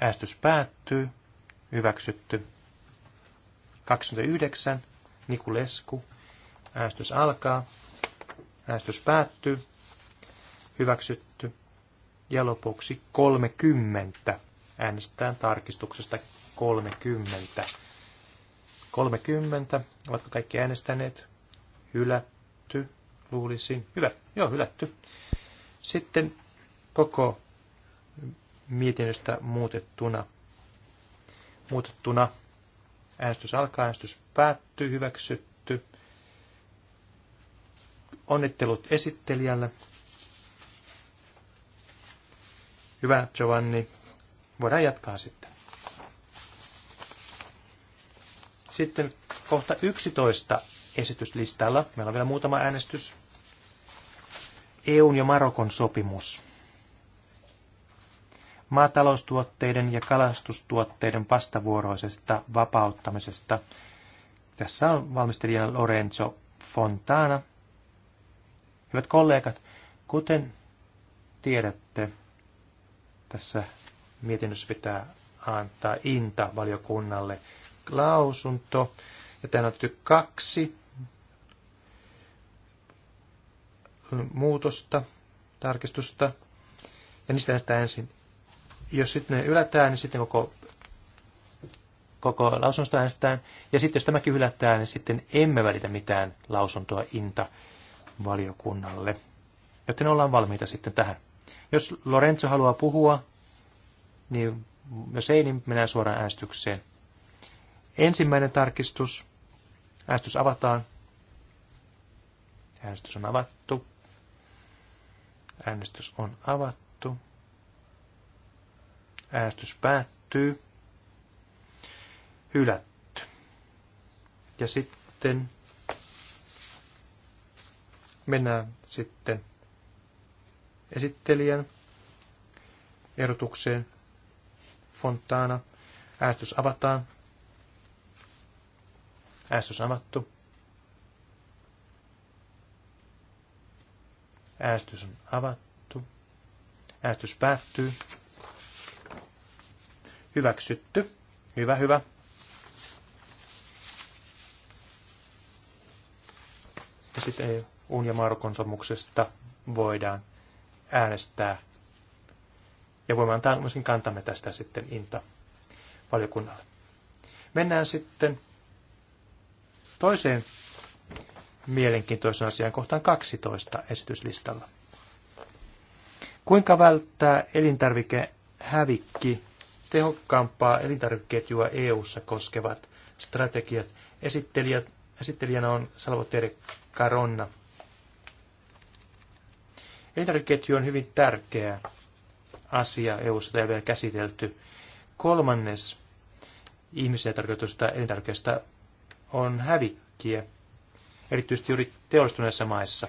Äänestys päättyy. Hyväksytty. 29. Nikulesku. Äänestys alkaa. Äänestys päättyy. Hyväksytty. Ja lopuksi 30. Äänestetään tarkistuksesta 30. 30. Ovatko kaikki äänestäneet? hylätty, luulisin. Hyvä, joo, hylätty. Sitten koko mietinnöstä muutettuna. Muutettuna äänestys alkaa, äänestys päättyy, hyväksytty. Onnittelut esittelijälle. Hyvä, Giovanni. Voidaan jatkaa sitten. Sitten kohta 11 esityslistalla. Meillä on vielä muutama äänestys. EUn ja Marokon sopimus. Maataloustuotteiden ja kalastustuotteiden vastavuoroisesta vapauttamisesta. Tässä on valmistelijana Lorenzo Fontana. Hyvät kollegat, kuten tiedätte, tässä mietinnössä pitää antaa Inta-valiokunnalle lausunto. Ja tähän on otettu kaksi muutosta, tarkistusta, ja niistä näyttää ensin. Jos sitten ne ylätään, niin sitten koko, koko lausunnosta äänestetään. Ja sitten jos tämäkin ylätään, niin sitten emme välitä mitään lausuntoa Inta valiokunnalle. Joten ollaan valmiita sitten tähän. Jos Lorenzo haluaa puhua, niin jos ei, niin mennään suoraan äänestykseen. Ensimmäinen tarkistus. Äänestys avataan. Äänestys on avattu. Äänestys on avattu. Äänestys päättyy. Hylätty. Ja sitten mennään sitten esittelijän erotukseen. Fontana. Äänestys avataan. Äänestys avattu. Äänestys on avattu. Äänestys päättyy. Hyväksytty. Hyvä, hyvä. Ja sitten EUn ja Marokon sopimuksesta voidaan äänestää. Ja voimme antaa myöskin kantamme tästä sitten Inta valiokunnalle. Mennään sitten toiseen mielenkiintoisen asian kohtaan 12 esityslistalla. Kuinka välttää elintarvikehävikki tehokkaampaa elintarvikeketjua EU-ssa koskevat strategiat? Esittelijät, esittelijänä on Salvatore Caronna. Elintarvikeketju on hyvin tärkeä asia EU-ssa, ei vielä käsitelty. Kolmannes ihmisiä tarkoitusta elintarvikeista on hävikkiä erityisesti juuri teollistuneissa maissa.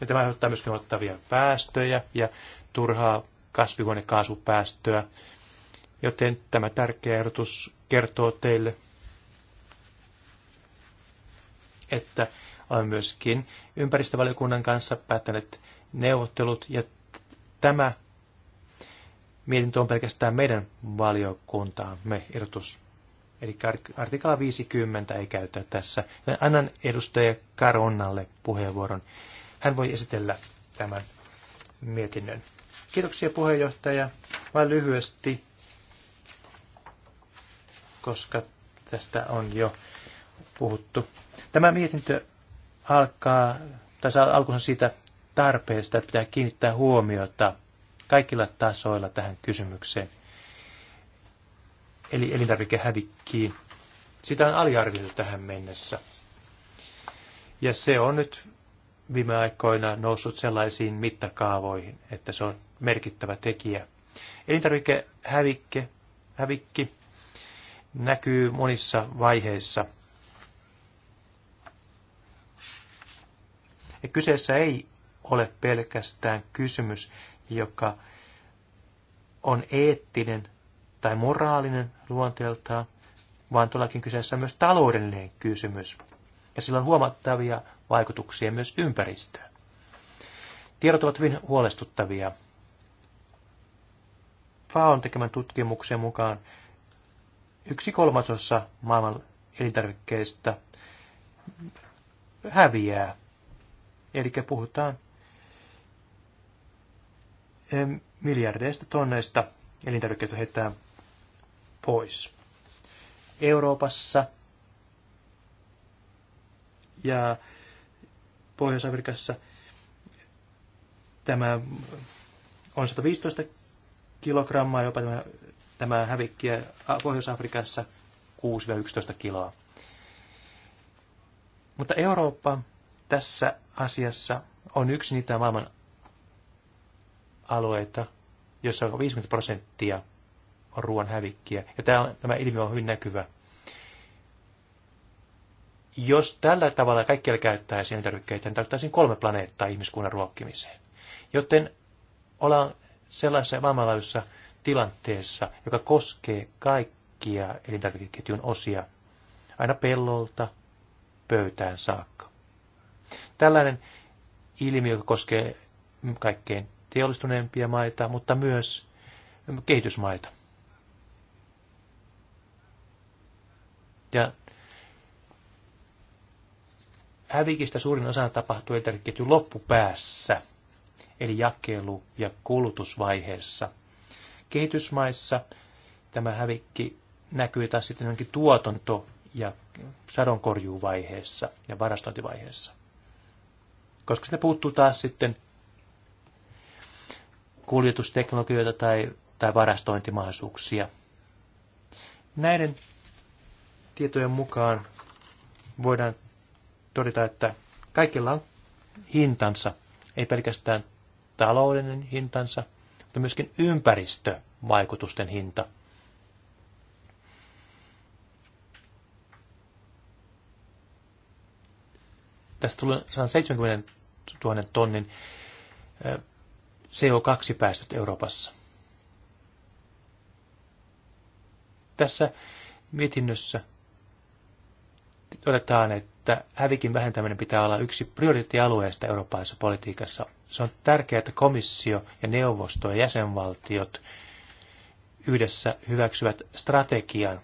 Ja tämä aiheuttaa myöskin ottavia päästöjä ja turhaa kasvihuonekaasupäästöä, joten tämä tärkeä ehdotus kertoo teille, että olen myöskin ympäristövaliokunnan kanssa päättänyt neuvottelut ja tämä mietintö on pelkästään meidän valiokuntaamme ehdotus. Eli artikla 50 ei käytä tässä. Annan edustaja Karonnalle puheenvuoron. Hän voi esitellä tämän mietinnön. Kiitoksia puheenjohtaja. Vain lyhyesti, koska tästä on jo puhuttu. Tämä mietintö alkaa, tai saa alkunsa siitä tarpeesta, että pitää kiinnittää huomiota kaikilla tasoilla tähän kysymykseen eli elintarvikehävikkiin. Sitä on aliarvioitu tähän mennessä. Ja se on nyt viime aikoina noussut sellaisiin mittakaavoihin, että se on merkittävä tekijä. Elintarvikehävikki näkyy monissa vaiheissa. Ja kyseessä ei ole pelkästään kysymys, joka on eettinen tai moraalinen luonteeltaan, vaan tuollakin kyseessä on myös taloudellinen kysymys, ja sillä on huomattavia vaikutuksia myös ympäristöön. Tiedot ovat hyvin huolestuttavia. FAON tekemän tutkimuksen mukaan yksi kolmasosa maailman elintarvikkeista häviää. Eli puhutaan miljardeista tonneista elintarvikkeita heittää pois Euroopassa ja Pohjois-Afrikassa. Tämä on 115 kilogrammaa, jopa tämä, tämä hävikki Pohjois-Afrikassa 6-11 kiloa. Mutta Eurooppa tässä asiassa on yksi niitä maailman alueita, jossa on 50 prosenttia ruoan hävikkiä. Ja tämä, tämä ilmiö on hyvin näkyvä. Jos tällä tavalla kaikkialla käyttäisiin elintarvikkeita, niin tarvittaisiin kolme planeettaa ihmiskunnan ruokkimiseen. Joten ollaan sellaisessa maailmanlaajuisessa tilanteessa, joka koskee kaikkia elintarvikeketjun osia, aina pellolta pöytään saakka. Tällainen ilmiö, joka koskee kaikkein teollistuneempia maita, mutta myös kehitysmaita. Ja hävikistä suurin osa tapahtuu elintarvikeketjun loppupäässä, eli jakelu- ja kulutusvaiheessa. Kehitysmaissa tämä hävikki näkyy taas sitten jonkin tuotanto- ja sadonkorjuuvaiheessa ja varastointivaiheessa. Koska sitä puuttuu taas sitten kuljetusteknologioita tai, tai varastointimahdollisuuksia. Näiden tietojen mukaan voidaan todeta, että kaikilla on hintansa, ei pelkästään taloudellinen hintansa, mutta myöskin ympäristövaikutusten hinta. Tästä tulee 170 000 tonnin CO2-päästöt Euroopassa. Tässä mietinnössä todetaan, että hävikin vähentäminen pitää olla yksi prioriteettialueesta eurooppalaisessa politiikassa. Se on tärkeää, että komissio ja neuvosto ja jäsenvaltiot yhdessä hyväksyvät strategian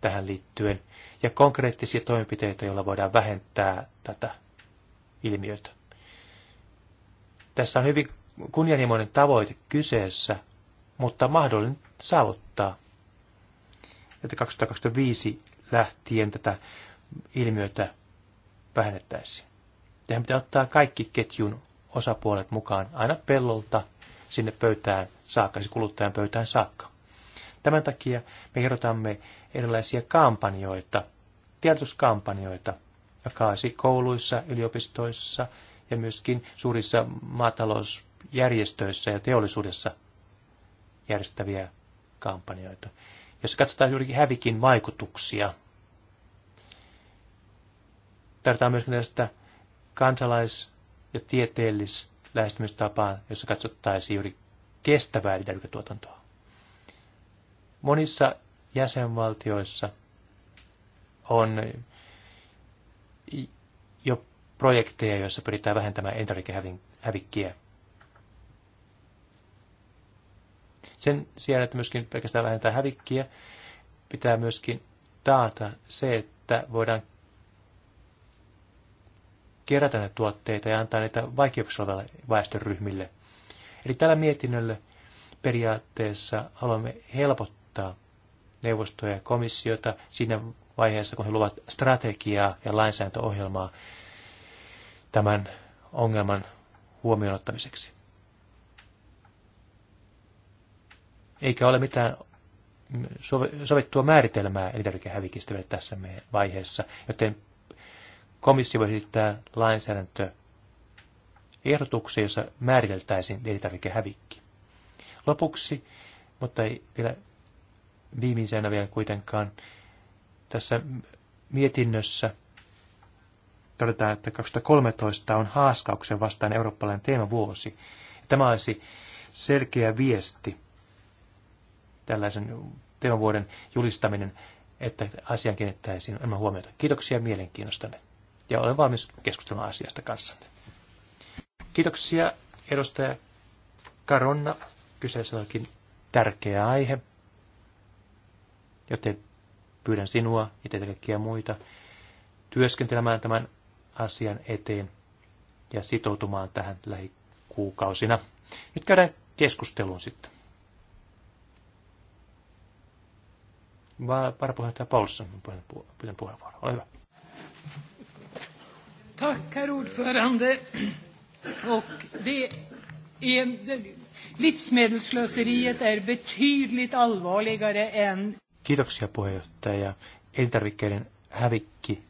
tähän liittyen ja konkreettisia toimenpiteitä, joilla voidaan vähentää tätä ilmiötä. Tässä on hyvin kunnianhimoinen tavoite kyseessä, mutta mahdollinen saavuttaa, että 2025 lähtien tätä ilmiötä vähennettäisiin. Tähän pitää ottaa kaikki ketjun osapuolet mukaan, aina pellolta sinne pöytään saakka, siis kuluttajan pöytään saakka. Tämän takia me kerrotamme erilaisia kampanjoita, tiedotuskampanjoita, kaasi siis kouluissa, yliopistoissa ja myöskin suurissa maatalousjärjestöissä ja teollisuudessa järjestäviä kampanjoita, Jos katsotaan juurikin hävikin vaikutuksia tarvitaan myöskin näistä kansalais- ja tieteellistä lähestymistapaa, jossa katsottaisiin juuri kestävää elintarviketuotantoa. Monissa jäsenvaltioissa on jo projekteja, joissa pyritään vähentämään elintarvikehävikkiä. Sen sijaan, että myöskin pelkästään vähentää hävikkiä, pitää myöskin taata se, että voidaan kerätä näitä tuotteita ja antaa niitä vaikeuksilla oleville väestöryhmille. Eli tällä mietinnöllä periaatteessa haluamme helpottaa neuvostoja ja komissiota siinä vaiheessa, kun he luovat strategiaa ja lainsäädäntöohjelmaa tämän ongelman huomioon ottamiseksi. Eikä ole mitään sovittua määritelmää elintarvikehävikistä tässä vaiheessa, joten komissio voi esittää lainsäädäntö ehdotuksia, jossa määriteltäisiin elintarvikehävikki. Lopuksi, mutta ei vielä viimeisenä vielä kuitenkaan, tässä mietinnössä todetaan, että 2013 on haaskauksen vastaan eurooppalainen teemavuosi. Tämä olisi selkeä viesti, tällaisen teemavuoden julistaminen, että asian kiinnittäisiin enemmän huomiota. Kiitoksia mielenkiinnostanne ja olen valmis keskustelemaan asiasta kanssanne. Kiitoksia edustaja Karonna. Kyseessä onkin tärkeä aihe, joten pyydän sinua ja teitä kaikkia muita työskentelemään tämän asian eteen ja sitoutumaan tähän lähikuukausina. Nyt käydään keskusteluun sitten. Varapuheenjohtaja Paulsson, puheenvuoro. Ole hyvä. Tack, herr ordförande. Och det är, livsmedelslöseriet är betydligt allvarligare än... Kiitoksia puheenjohtaja. Elintarvikkeiden hävikki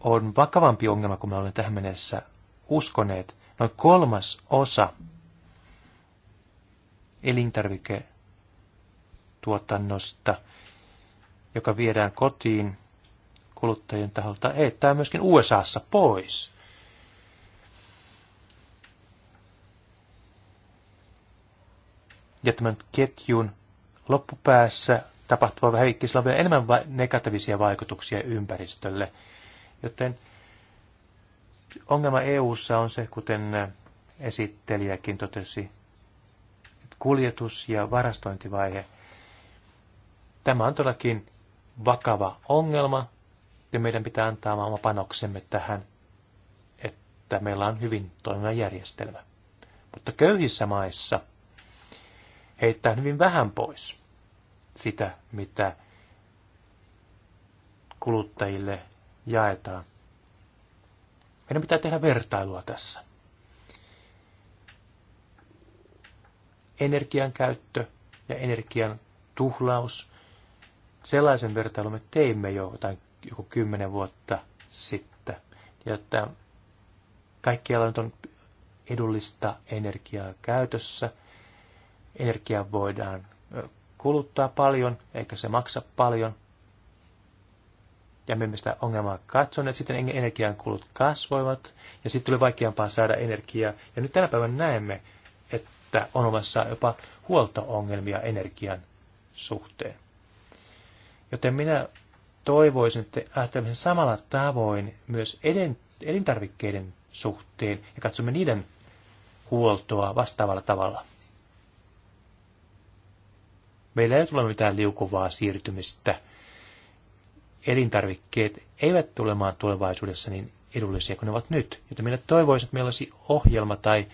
on vakavampi ongelma kuin me olemme tähän mennessä uskoneet. Noin kolmas osa elintarviketuotannosta, joka viedään kotiin – kuluttajien taholta, heittää myöskin USAssa pois. Ja tämän ketjun loppupäässä tapahtuva hävikkisellä on vielä enemmän negatiivisia vaikutuksia ympäristölle. Joten ongelma EU:ssa on se, kuten esittelijäkin totesi, että kuljetus- ja varastointivaihe. Tämä on todellakin vakava ongelma, ja meidän pitää antaa oma panoksemme tähän, että meillä on hyvin toimiva järjestelmä. Mutta köyhissä maissa heittää hyvin vähän pois sitä, mitä kuluttajille jaetaan. Meidän pitää tehdä vertailua tässä. Energian käyttö ja energian tuhlaus. Sellaisen vertailun me teimme jo jotain joku kymmenen vuotta sitten. Ja että kaikkialla nyt on edullista energiaa käytössä. Energiaa voidaan kuluttaa paljon, eikä se maksa paljon. Ja me emme sitä ongelmaa katsoneet. Sitten energian kulut kasvoivat ja sitten tuli vaikeampaa saada energiaa. Ja nyt tänä päivänä näemme, että on olemassa jopa huolto-ongelmia energian suhteen. Joten minä toivoisin, että ajattelemme samalla tavoin myös eden, elintarvikkeiden suhteen ja katsomme niiden huoltoa vastaavalla tavalla. Meillä ei tule mitään liukuvaa siirtymistä. Elintarvikkeet eivät tulemaan tulevaisuudessa niin edullisia kuin ne ovat nyt. Joten minä toivoisin, että meillä olisi ohjelma tai,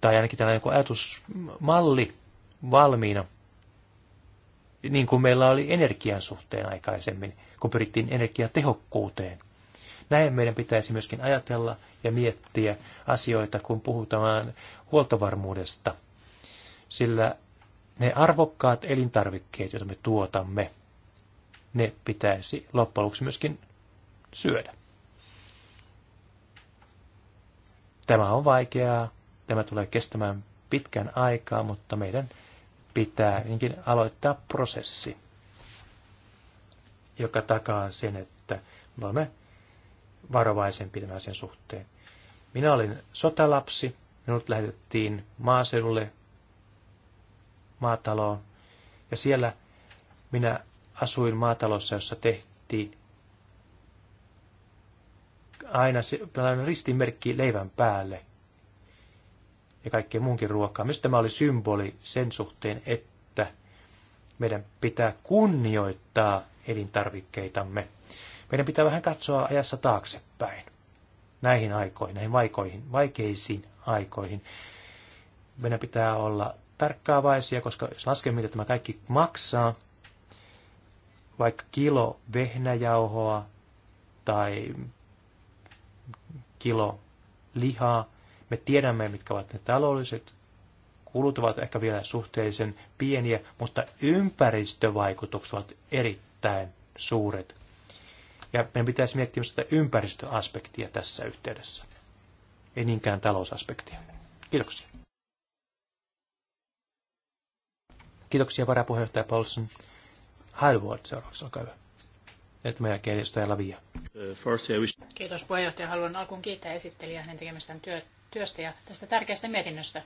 tai ainakin tällainen ajatusmalli valmiina, niin kuin meillä oli energian suhteen aikaisemmin, kun pyrittiin energiatehokkuuteen. Näin meidän pitäisi myöskin ajatella ja miettiä asioita, kun puhutaan huoltovarmuudesta, sillä ne arvokkaat elintarvikkeet, joita me tuotamme, ne pitäisi loppujen myöskin syödä. Tämä on vaikeaa, tämä tulee kestämään pitkän aikaa, mutta meidän pitää niinkin aloittaa prosessi, joka takaa sen, että me olemme varovaisempi tämän sen suhteen. Minä olin sotalapsi, minut lähetettiin maaseudulle, maataloon, ja siellä minä asuin maatalossa, jossa tehtiin aina se ristimerkki leivän päälle, ja kaikkeen muunkin ruokaa. Myös tämä oli symboli sen suhteen, että meidän pitää kunnioittaa elintarvikkeitamme. Meidän pitää vähän katsoa ajassa taaksepäin näihin aikoihin, näihin vaikoihin, vaikeisiin aikoihin. Meidän pitää olla tarkkaavaisia, koska jos laskemme, mitä tämä kaikki maksaa, vaikka kilo vehnäjauhoa tai kilo lihaa, me tiedämme, mitkä ovat ne taloudelliset kulut ovat ehkä vielä suhteellisen pieniä, mutta ympäristövaikutukset ovat erittäin suuret. Ja meidän pitäisi miettiä myös tätä ympäristöaspektia tässä yhteydessä, ei niinkään talousaspektia. Kiitoksia. Kiitoksia varapuheenjohtaja Paulson. Harvard seuraavaksi, olkaa hyvä. Et meidän jälkeen ja Lavia. Kiitos puheenjohtaja. Haluan alkuun kiittää esittelijää hänen tekemästään työt, työstä ja tästä tärkeästä mietinnöstä.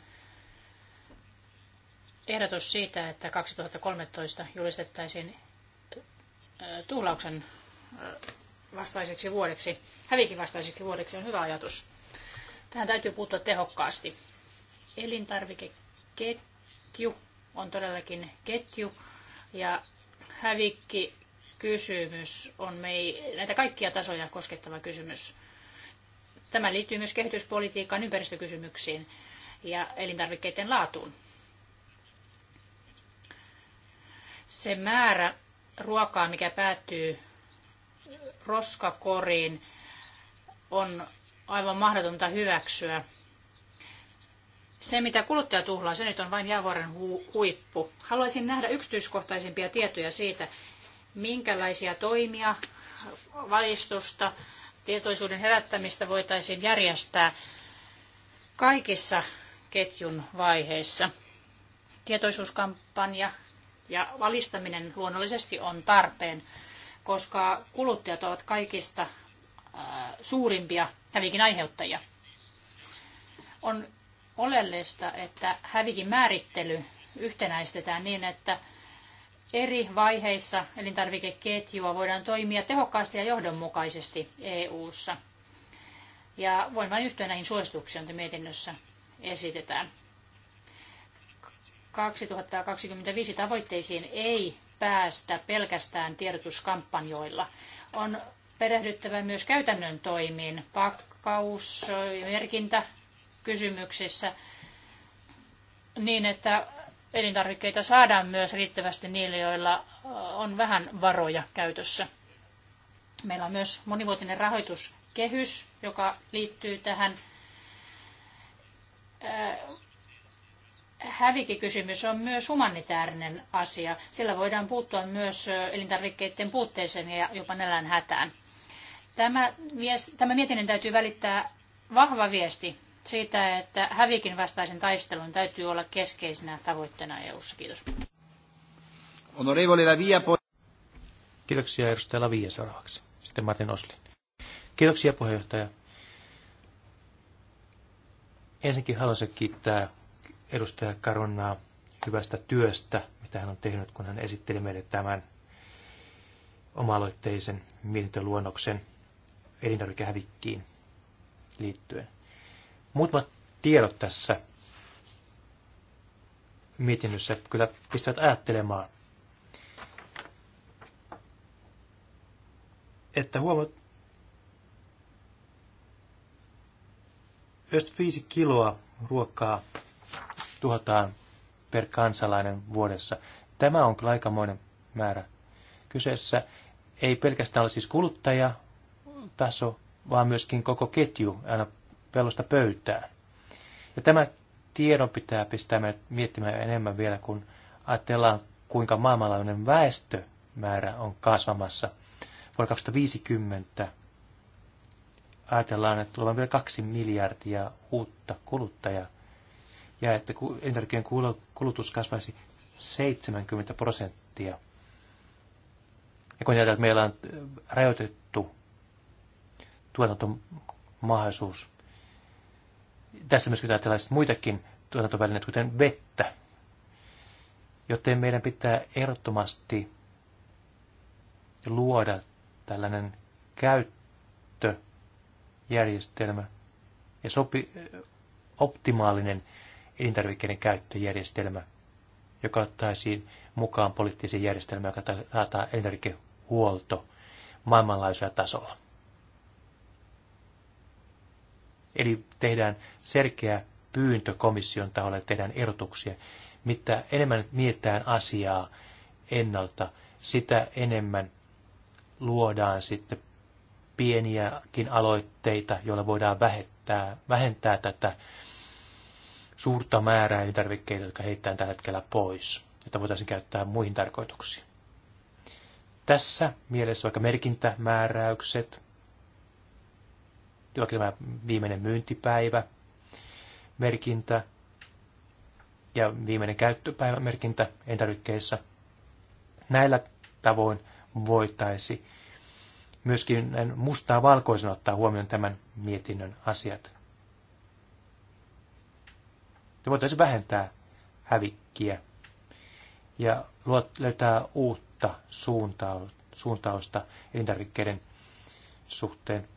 Ehdotus siitä, että 2013 julistettaisiin tuhlauksen vastaiseksi vuodeksi, hävikin vastaiseksi vuodeksi on hyvä ajatus. Tähän täytyy puuttua tehokkaasti. Elintarvikeketju on todellakin ketju ja hävikki kysymys on mei, näitä kaikkia tasoja koskettava kysymys. Tämä liittyy myös kehityspolitiikan ympäristökysymyksiin ja elintarvikkeiden laatuun. Se määrä ruokaa, mikä päätyy roskakoriin, on aivan mahdotonta hyväksyä. Se, mitä kuluttaja tuhlaa, se nyt on vain jäävuoren hu- huippu. Haluaisin nähdä yksityiskohtaisempia tietoja siitä, minkälaisia toimia, valistusta tietoisuuden herättämistä voitaisiin järjestää kaikissa ketjun vaiheissa. Tietoisuuskampanja ja valistaminen luonnollisesti on tarpeen, koska kuluttajat ovat kaikista suurimpia hävikin aiheuttajia. On oleellista, että hävikin määrittely yhtenäistetään niin, että eri vaiheissa elintarvikeketjua voidaan toimia tehokkaasti ja johdonmukaisesti EU-ssa. Ja voin vain yhtyä näihin suosituksiin, joita mietinnössä esitetään. 2025 tavoitteisiin ei päästä pelkästään tiedotuskampanjoilla. On perehdyttävä myös käytännön toimiin pakkaus- ja merkintäkysymyksissä niin, että elintarvikkeita saadaan myös riittävästi niille, joilla äh, on vähän varoja käytössä. Meillä on myös monivuotinen rahoituskehys, joka liittyy tähän äh, hävikikysymys on myös humanitaarinen asia. Sillä voidaan puuttua myös äh, elintarvikkeiden puutteeseen ja jopa nälän hätään. Tämä, tämä mietinnön täytyy välittää vahva viesti siitä, että hävikin vastaisen taistelun täytyy olla keskeisenä tavoitteena EU:ssa. Kiitos. Onorevole Kiitoksia edustaja Lavia seuraavaksi. Sitten Martin Oslin. Kiitoksia puheenjohtaja. Ensinnäkin haluaisin kiittää edustaja Karonnaa hyvästä työstä, mitä hän on tehnyt, kun hän esitteli meille tämän oma-aloitteisen mietintöluonnoksen elintarvikehävikkiin liittyen. Muutamat tiedot tässä mietinnössä kyllä pistävät ajattelemaan. Että huomaat, jos viisi kiloa ruokaa tuhotaan per kansalainen vuodessa. Tämä on kyllä aikamoinen määrä. Kyseessä ei pelkästään ole siis kuluttajataso, vaan myöskin koko ketju aina pellosta pöytään. Ja tämä tiedon pitää pistää meidät miettimään enemmän vielä, kun ajatellaan, kuinka maailmanlaajuinen väestömäärä on kasvamassa. Vuonna 2050 ajatellaan, että tulee vielä kaksi miljardia uutta kuluttajaa, ja että energian kulutus kasvaisi 70 prosenttia. Ja kun ajatellaan, että meillä on rajoitettu tuotantomahdollisuus, tässä myös pitää tällaiset muitakin tuotantovälineet, kuten vettä. Joten meidän pitää ehdottomasti luoda tällainen käyttöjärjestelmä ja sopi, optimaalinen elintarvikkeiden käyttöjärjestelmä, joka ottaisiin mukaan poliittisen järjestelmän, joka taataan elintarvikehuolto maailmanlaajuisella tasolla. Eli tehdään selkeä pyyntö komission taholle, tehdään erotuksia. Mitä enemmän mietitään asiaa ennalta, sitä enemmän luodaan sitten pieniäkin aloitteita, joilla voidaan vähentää, vähentää tätä suurta määrää elintarvikkeita, jotka heittää tällä hetkellä pois, että voitaisiin käyttää muihin tarkoituksiin. Tässä mielessä vaikka merkintämääräykset, vaikka tämä viimeinen myyntipäivä, merkintä ja viimeinen käyttöpäivä merkintä entarykkeissä. Näillä tavoin voitaisi myöskin mustaa valkoisen ottaa huomioon tämän mietinnön asiat. Ja voitaisiin vähentää hävikkiä ja löytää uutta suuntausta elintarvikkeiden suhteen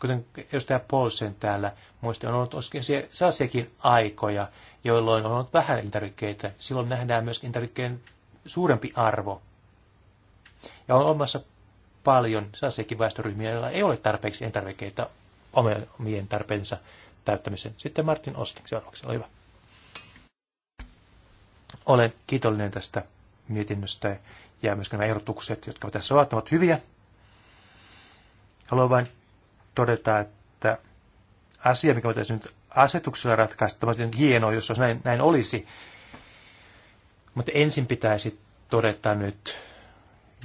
kuten edustaja Paulsen täällä muisti, on ollut sellaisiakin aikoja, jolloin on ollut vähän elintarvikkeita. Silloin nähdään myös elintarvikkeen suurempi arvo. Ja on omassa paljon sellaisiakin väestöryhmiä, joilla ei ole tarpeeksi elintarvikkeita omien tarpeensa täyttämiseen. Sitten Martin Osting seuraavaksi, ole hyvä. Olen kiitollinen tästä mietinnöstä ja myös nämä ehdotukset, jotka tässä ovat, ovat hyviä. Haluan vain todeta, että asia, mikä voitaisiin nyt asetuksella ratkaista, tämä on hienoa, jos näin, näin olisi. Mutta ensin pitäisi todeta nyt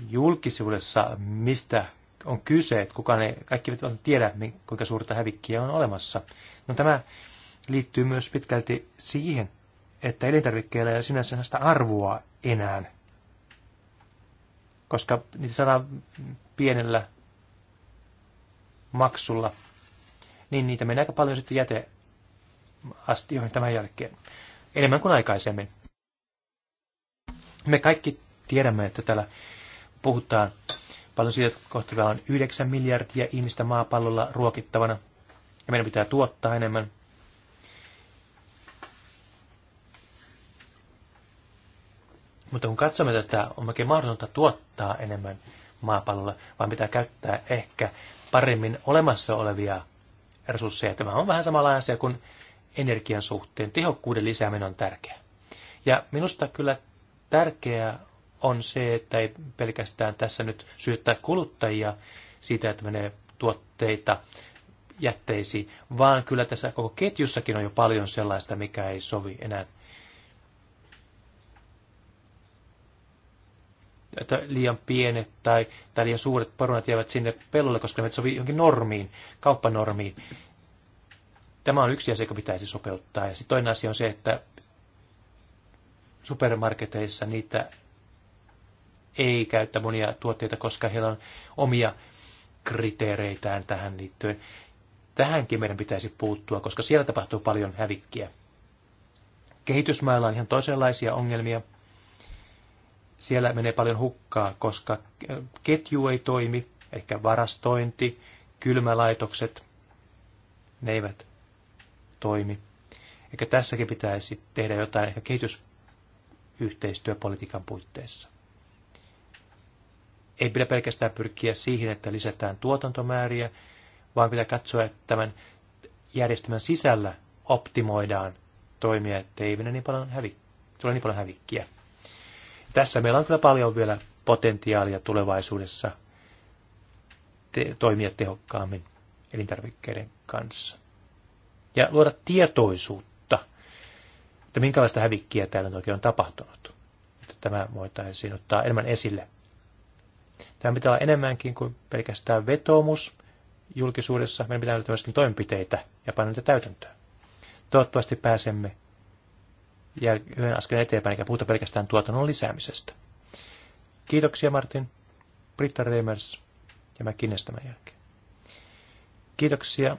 julkisuudessa, mistä on kyse, että kukaan ei, kaikki ei tiedä, kuinka suurta hävikkiä on olemassa. No tämä liittyy myös pitkälti siihen, että elintarvikkeilla ei ole sinänsä sitä arvoa enää, koska niitä saadaan pienellä maksulla, niin niitä menee aika paljon sitten jäteastioihin tämän jälkeen. Enemmän kuin aikaisemmin. Me kaikki tiedämme, että täällä puhutaan paljon siitä, että kohta vielä on 9 miljardia ihmistä maapallolla ruokittavana, ja meidän pitää tuottaa enemmän. Mutta kun katsomme tätä, on oikein mahdotonta tuottaa enemmän maapallolla, vaan pitää käyttää ehkä paremmin olemassa olevia resursseja. Tämä on vähän samanlainen asia kuin energian suhteen. Tehokkuuden lisääminen on tärkeää. Ja minusta kyllä tärkeää on se, että ei pelkästään tässä nyt syyttää kuluttajia siitä, että menee tuotteita jätteisiin, vaan kyllä tässä koko ketjussakin on jo paljon sellaista, mikä ei sovi enää että liian pienet tai, tai liian suuret parunat jäävät sinne pellolle, koska ne sovi johonkin normiin, kauppanormiin. Tämä on yksi asia, joka pitäisi sopeuttaa. Ja sitten toinen asia on se, että supermarketeissa niitä ei käyttä monia tuotteita, koska heillä on omia kriteereitään tähän liittyen. Tähänkin meidän pitäisi puuttua, koska siellä tapahtuu paljon hävikkiä. Kehitysmailla on ihan toisenlaisia ongelmia – siellä menee paljon hukkaa, koska ketju ei toimi, ehkä varastointi, kylmälaitokset, ne eivät toimi. Ehkä tässäkin pitäisi tehdä jotain ehkä kehitysyhteistyöpolitiikan puitteissa. Ei pidä pelkästään pyrkiä siihen, että lisätään tuotantomääriä, vaan pitää katsoa, että tämän järjestelmän sisällä optimoidaan toimia, ettei mene niin paljon hävi, tule niin paljon hävikkiä tässä meillä on kyllä paljon vielä potentiaalia tulevaisuudessa te- toimia tehokkaammin elintarvikkeiden kanssa. Ja luoda tietoisuutta, että minkälaista hävikkiä täällä nyt oikein on tapahtunut. Että tämä voitaisiin ottaa enemmän esille. Tämä pitää olla enemmänkin kuin pelkästään vetoomus julkisuudessa. Meidän pitää olla myöskin toimenpiteitä ja panna niitä täytäntöön. Toivottavasti pääsemme yhden askeleen eteenpäin, eikä puhuta pelkästään tuotannon lisäämisestä. Kiitoksia Martin, Britta Reimers ja McKinnes tämän jälkeen. Kiitoksia.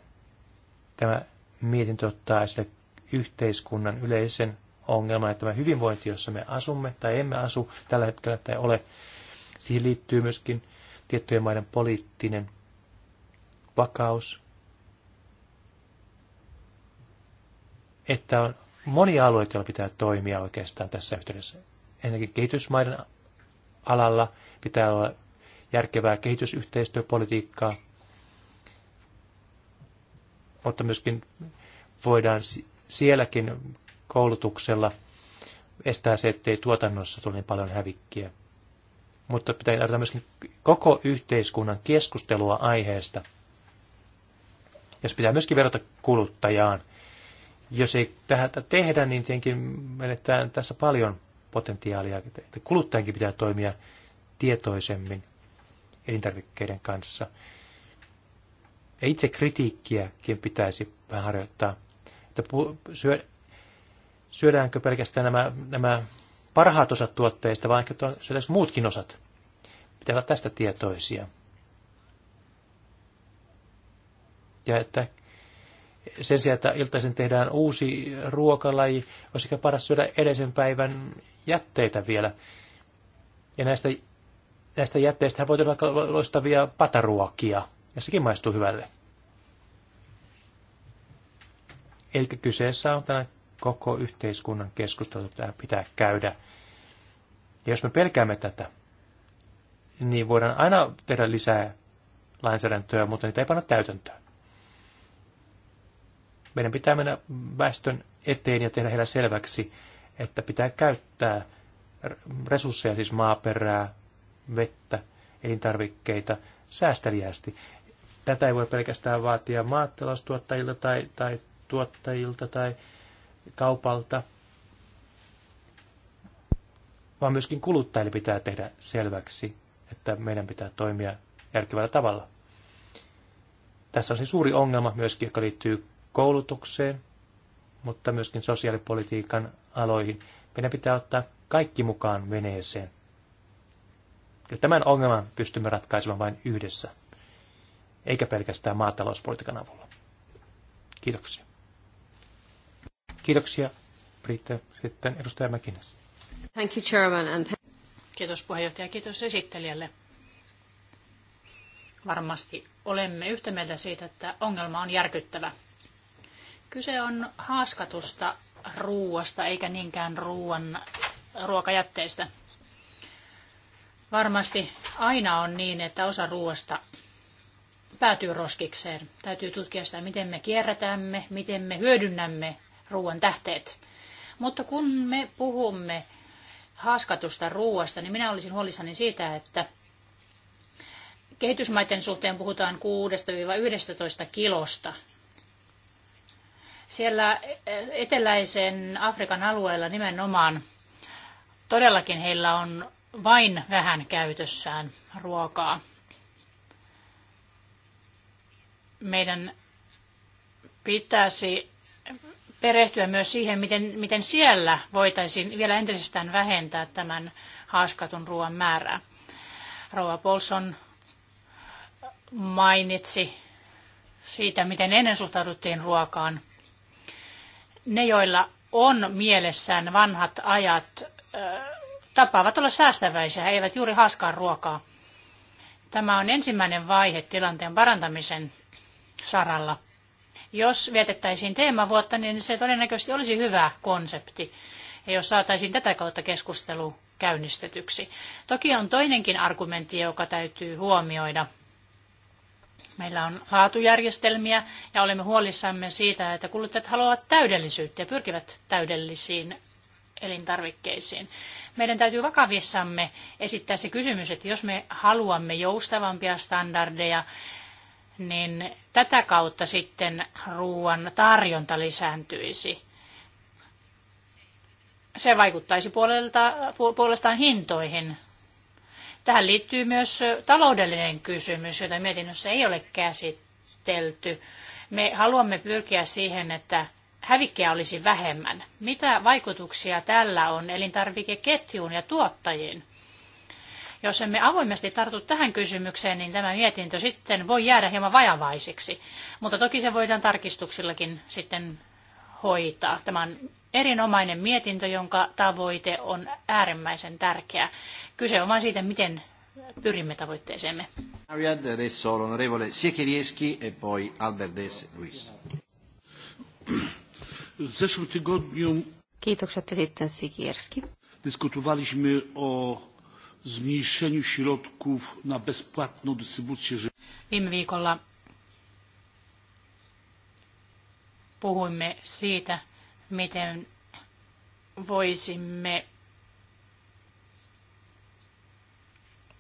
Tämä mietintö ottaa esille yhteiskunnan yleisen ongelman, että tämä hyvinvointi, jossa me asumme tai emme asu tällä hetkellä tai ole, siihen liittyy myöskin tiettyjen maiden poliittinen vakaus, että on monia alueita, joilla pitää toimia oikeastaan tässä yhteydessä. Ennenkin kehitysmaiden alalla pitää olla järkevää kehitysyhteistyöpolitiikkaa, mutta myöskin voidaan sielläkin koulutuksella estää se, ettei tuotannossa tule niin paljon hävikkiä. Mutta pitää tarvita myöskin koko yhteiskunnan keskustelua aiheesta. Ja se pitää myöskin verrata kuluttajaan – jos ei tätä tehdä, niin tietenkin menettää tässä paljon potentiaalia. Että kuluttajankin pitää toimia tietoisemmin elintarvikkeiden kanssa. Ja itse kritiikkiäkin pitäisi vähän harjoittaa. Että syö, syödäänkö pelkästään nämä, nämä parhaat osat tuotteista, vai ehkä syödäänkö muutkin osat? Pitää olla tästä tietoisia. Ja että sen sijaan, että iltaisin tehdään uusi ruokalaji, olisi paras syödä edellisen päivän jätteitä vielä. Ja näistä, näistä jätteistä voi tehdä vaikka loistavia pataruokia, ja sekin maistuu hyvälle. Eli kyseessä on tämä koko yhteiskunnan keskustelu, jota pitää käydä. Ja jos me pelkäämme tätä, niin voidaan aina tehdä lisää lainsäädäntöä, mutta niitä ei panna täytäntöön. Meidän pitää mennä väestön eteen ja tehdä heillä selväksi, että pitää käyttää resursseja, siis maaperää, vettä, elintarvikkeita säästeliästi. Tätä ei voi pelkästään vaatia maataloustuottajilta tai, tai tuottajilta tai kaupalta, vaan myöskin kuluttajille pitää tehdä selväksi, että meidän pitää toimia järkevällä tavalla. Tässä on se suuri ongelma myöskin, joka liittyy koulutukseen, mutta myöskin sosiaalipolitiikan aloihin. Meidän pitää ottaa kaikki mukaan veneeseen. Ja tämän ongelman pystymme ratkaisemaan vain yhdessä, eikä pelkästään maatalouspolitiikan avulla. Kiitoksia. Kiitoksia, Britte. Sitten edustaja Mäkinäs. Thank you, Chairman, and Kiitos puheenjohtaja, kiitos esittelijälle. Varmasti olemme yhtä mieltä siitä, että ongelma on järkyttävä. Kyse on haaskatusta ruuasta eikä niinkään ruuan ruokajätteistä. Varmasti aina on niin, että osa ruoasta päätyy roskikseen. Täytyy tutkia sitä, miten me kierrätämme, miten me hyödynnämme ruoan tähteet. Mutta kun me puhumme haaskatusta ruoasta, niin minä olisin huolissani siitä, että kehitysmaiden suhteen puhutaan 6-11 kilosta siellä eteläisen Afrikan alueella nimenomaan todellakin heillä on vain vähän käytössään ruokaa. Meidän pitäisi perehtyä myös siihen, miten, miten siellä voitaisiin vielä entisestään vähentää tämän haaskatun ruoan määrää. Rova Polson mainitsi siitä, miten ennen suhtauduttiin ruokaan ne, joilla on mielessään vanhat ajat, tapaavat olla säästäväisiä, he eivät juuri haaskaa ruokaa. Tämä on ensimmäinen vaihe tilanteen parantamisen saralla. Jos vietettäisiin teemavuotta, niin se todennäköisesti olisi hyvä konsepti, ja jos saataisiin tätä kautta keskustelu käynnistetyksi. Toki on toinenkin argumentti, joka täytyy huomioida. Meillä on laatujärjestelmiä ja olemme huolissamme siitä, että kuluttajat haluavat täydellisyyttä ja pyrkivät täydellisiin elintarvikkeisiin. Meidän täytyy vakavissamme esittää se kysymys, että jos me haluamme joustavampia standardeja, niin tätä kautta sitten ruoan tarjonta lisääntyisi. Se vaikuttaisi puolelta, puolestaan hintoihin. Tähän liittyy myös taloudellinen kysymys, jota mietinnössä ei ole käsitelty. Me haluamme pyrkiä siihen, että hävikkiä olisi vähemmän. Mitä vaikutuksia tällä on elintarvikeketjuun ja tuottajiin? Jos emme avoimesti tartu tähän kysymykseen, niin tämä mietintö sitten voi jäädä hieman vajavaisiksi. Mutta toki se voidaan tarkistuksillakin sitten hoitaa. Tämä on erinomainen mietintö, jonka tavoite on äärimmäisen tärkeä. Kyse on vain siitä, miten pyrimme tavoitteeseemme. Adesso l'onorevole Siekierski e poi Albert Luis. W zeszłym tygodniu Kiitokset ja sitten Sikierski. Dyskutowaliśmy o zmniejszeniu środków na bezpłatną dystrybucję Viime viikolla puhuimme siitä, miten voisimme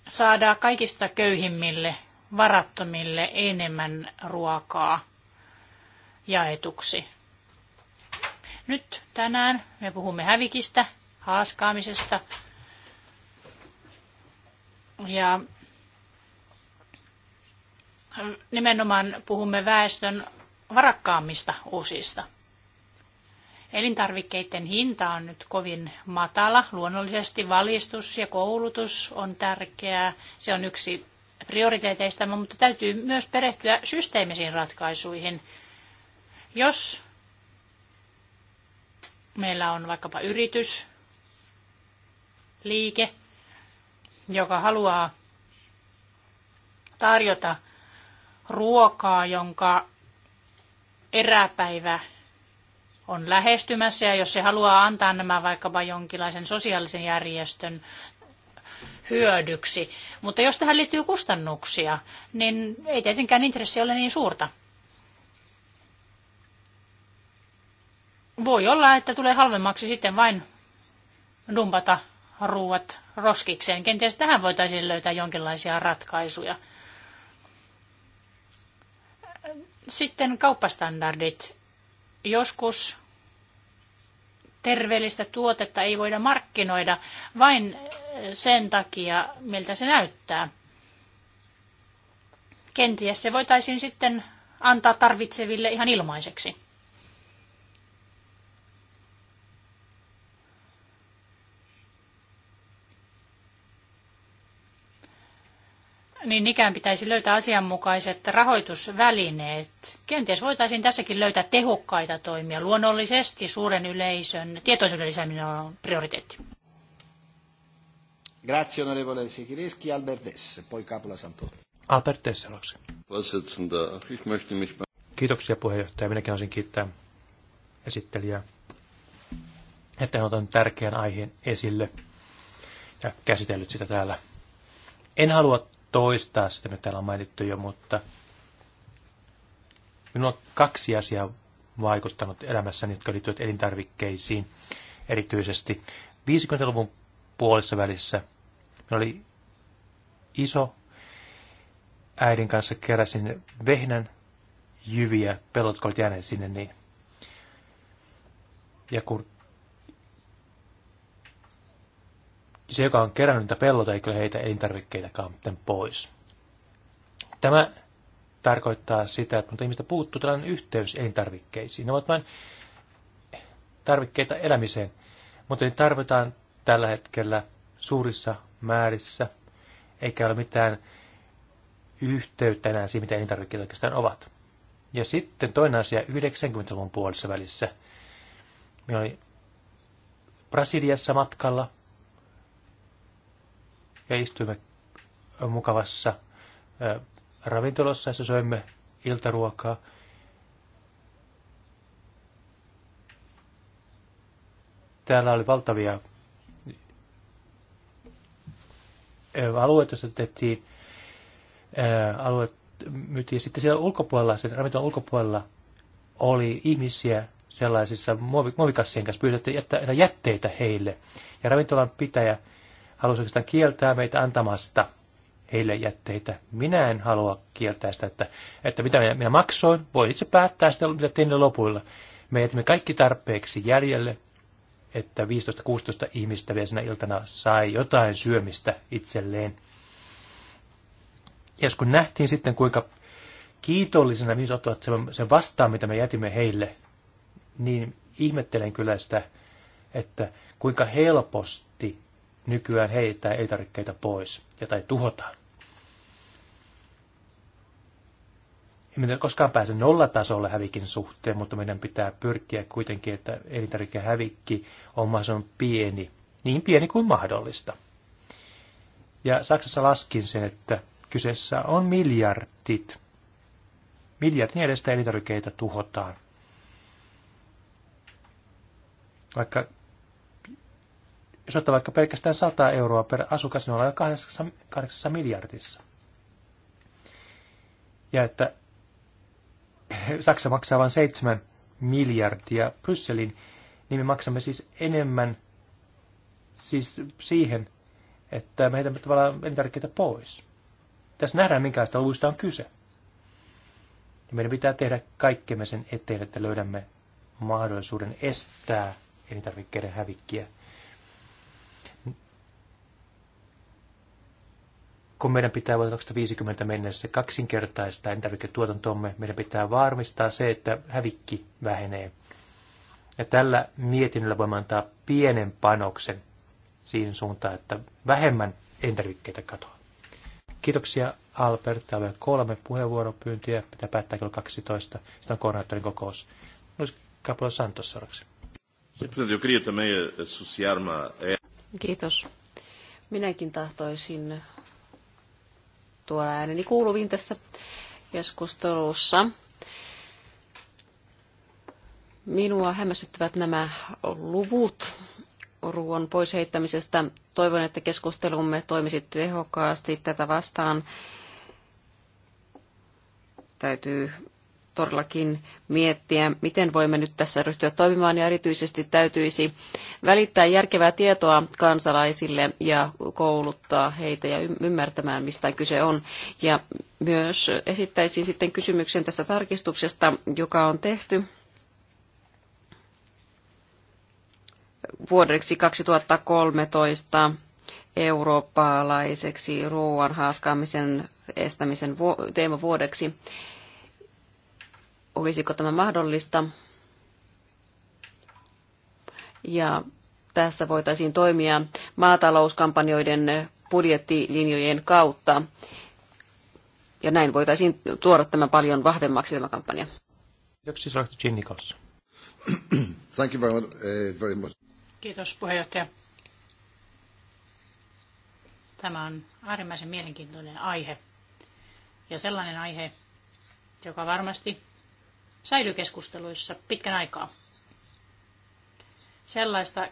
saada kaikista köyhimmille, varattomille enemmän ruokaa jaetuksi. Nyt tänään me puhumme hävikistä, haaskaamisesta ja nimenomaan puhumme väestön varakkaammista osista. Elintarvikkeiden hinta on nyt kovin matala. Luonnollisesti valistus ja koulutus on tärkeää. Se on yksi prioriteeteista, mutta täytyy myös perehtyä systeemisiin ratkaisuihin. Jos meillä on vaikkapa yritys, liike, joka haluaa tarjota ruokaa, jonka eräpäivä on lähestymässä ja jos se haluaa antaa nämä vaikkapa jonkinlaisen sosiaalisen järjestön hyödyksi. Mutta jos tähän liittyy kustannuksia, niin ei tietenkään intressi ole niin suurta. Voi olla, että tulee halvemmaksi sitten vain dumpata ruuat roskikseen. Kenties tähän voitaisiin löytää jonkinlaisia ratkaisuja. Sitten kauppastandardit. Joskus terveellistä tuotetta ei voida markkinoida vain eh, sen takia, miltä se näyttää. Kenties se voitaisiin sitten antaa tarvitseville ihan ilmaiseksi. niin ikään pitäisi löytää asianmukaiset rahoitusvälineet. Kenties voitaisiin tässäkin löytää tehokkaita toimia. Luonnollisesti suuren yleisön tietoisuuden lisääminen on prioriteetti. Grazie onorevole Sikireski, Albertes, poi Capola Albertes Kiitoksia puheenjohtaja. Minäkin haluaisin kiittää esittelijää, että hän otan tärkeän aiheen esille ja käsitellyt sitä täällä en halua toistaa sitä, mitä täällä on mainittu jo, mutta minulla on kaksi asiaa vaikuttanut elämässäni, jotka liittyvät elintarvikkeisiin erityisesti. 50-luvun puolessa välissä minulla oli iso äidin kanssa keräsin vehnän jyviä, pelot, jotka olivat jääneet sinne, niin ja kun se, joka on kerännyt niitä pellota, ei kyllä heitä elintarvikkeitakaan pois. Tämä tarkoittaa sitä, että ihmistä puuttuu tällainen yhteys elintarvikkeisiin. Ne ovat vain tarvikkeita elämiseen, mutta niitä tarvitaan tällä hetkellä suurissa määrissä, eikä ole mitään yhteyttä enää siihen, mitä elintarvikkeet oikeastaan ovat. Ja sitten toinen asia 90-luvun puolessa välissä. Me olin Brasiliassa matkalla ja istuimme mukavassa ravintolassa, jossa söimme iltaruokaa. Täällä oli valtavia alueita, joissa tehtiin alueet, myytiin. Sitten siellä ulkopuolella, sen ravintolan ulkopuolella oli ihmisiä sellaisissa muovikassien kanssa pyydettiin jätteitä heille. Ja ravintolan pitäjä halusi oikeastaan kieltää meitä antamasta heille jätteitä. Minä en halua kieltää sitä, että, että mitä minä, minä maksoin, voi itse päättää sitä, mitä tein lopuilla. Me jätimme kaikki tarpeeksi jäljelle, että 15-16 ihmistä vielä sinä iltana sai jotain syömistä itselleen. Ja kun nähtiin sitten, kuinka kiitollisena ihmiset ottavat sen vastaan, mitä me jätimme heille, niin ihmettelen kyllä sitä, että kuinka helposti nykyään heittää elintarvikkeita pois ja tai tuhotaan. Emme koskaan pääse nollatasolle hävikin suhteen, mutta meidän pitää pyrkiä kuitenkin, että elintarvikehävikki on mahdollisimman pieni, niin pieni kuin mahdollista. Ja Saksassa laskin sen, että kyseessä on miljardit. Miljardin edestä elintarvikeita tuhotaan. Vaikka jos ottaa vaikka pelkästään 100 euroa per asukas, niin ollaan jo 8, 8 miljardissa. Ja että Saksa maksaa vain 7 miljardia Brysselin, niin me maksamme siis enemmän siis siihen, että me heitämme tavallaan elintarvikkeita pois. Tässä nähdään, minkälaista luvuista on kyse. Ja meidän pitää tehdä kaikkemme sen eteen, että löydämme mahdollisuuden estää elintarvikkeiden hävikkiä kun meidän pitää vuonna 2050 mennessä kaksinkertaista elintarviketuotantomme, meidän pitää varmistaa se, että hävikki vähenee. Ja tällä mietinnöllä voimme antaa pienen panoksen siihen suuntaan, että vähemmän elintarvikkeita katoaa. Kiitoksia Albert. Täällä on kolme puheenvuoropyyntiä, pitää päättää kello 12. Sitten on koordinaattorin kokous. Luis Capolo Santos seuraavaksi. E- Kiitos. Minäkin tahtoisin tuolla ääneni kuuluviin tässä keskustelussa. Minua hämmästyttävät nämä luvut ruoan pois heittämisestä. Toivon, että keskustelumme toimisi tehokkaasti tätä vastaan. Täytyy todellakin miettiä, miten voimme nyt tässä ryhtyä toimimaan ja erityisesti täytyisi välittää järkevää tietoa kansalaisille ja kouluttaa heitä ja ymmärtämään, mistä kyse on. Ja myös esittäisin sitten kysymyksen tästä tarkistuksesta, joka on tehty vuodeksi 2013 eurooppalaiseksi ruoan haaskaamisen estämisen teemavuodeksi. vuodeksi olisiko tämä mahdollista. Ja tässä voitaisiin toimia maatalouskampanjoiden budjettilinjojen kautta. Ja näin voitaisiin tuoda tämä paljon vahvemmaksi tämä kampanja. Kiitoksia, Sarahto Jean Thank you eh, very much. Kiitos puheenjohtaja. Tämä on äärimmäisen mielenkiintoinen aihe ja sellainen aihe, joka varmasti säilyy keskusteluissa pitkän aikaa. Sellaista eh,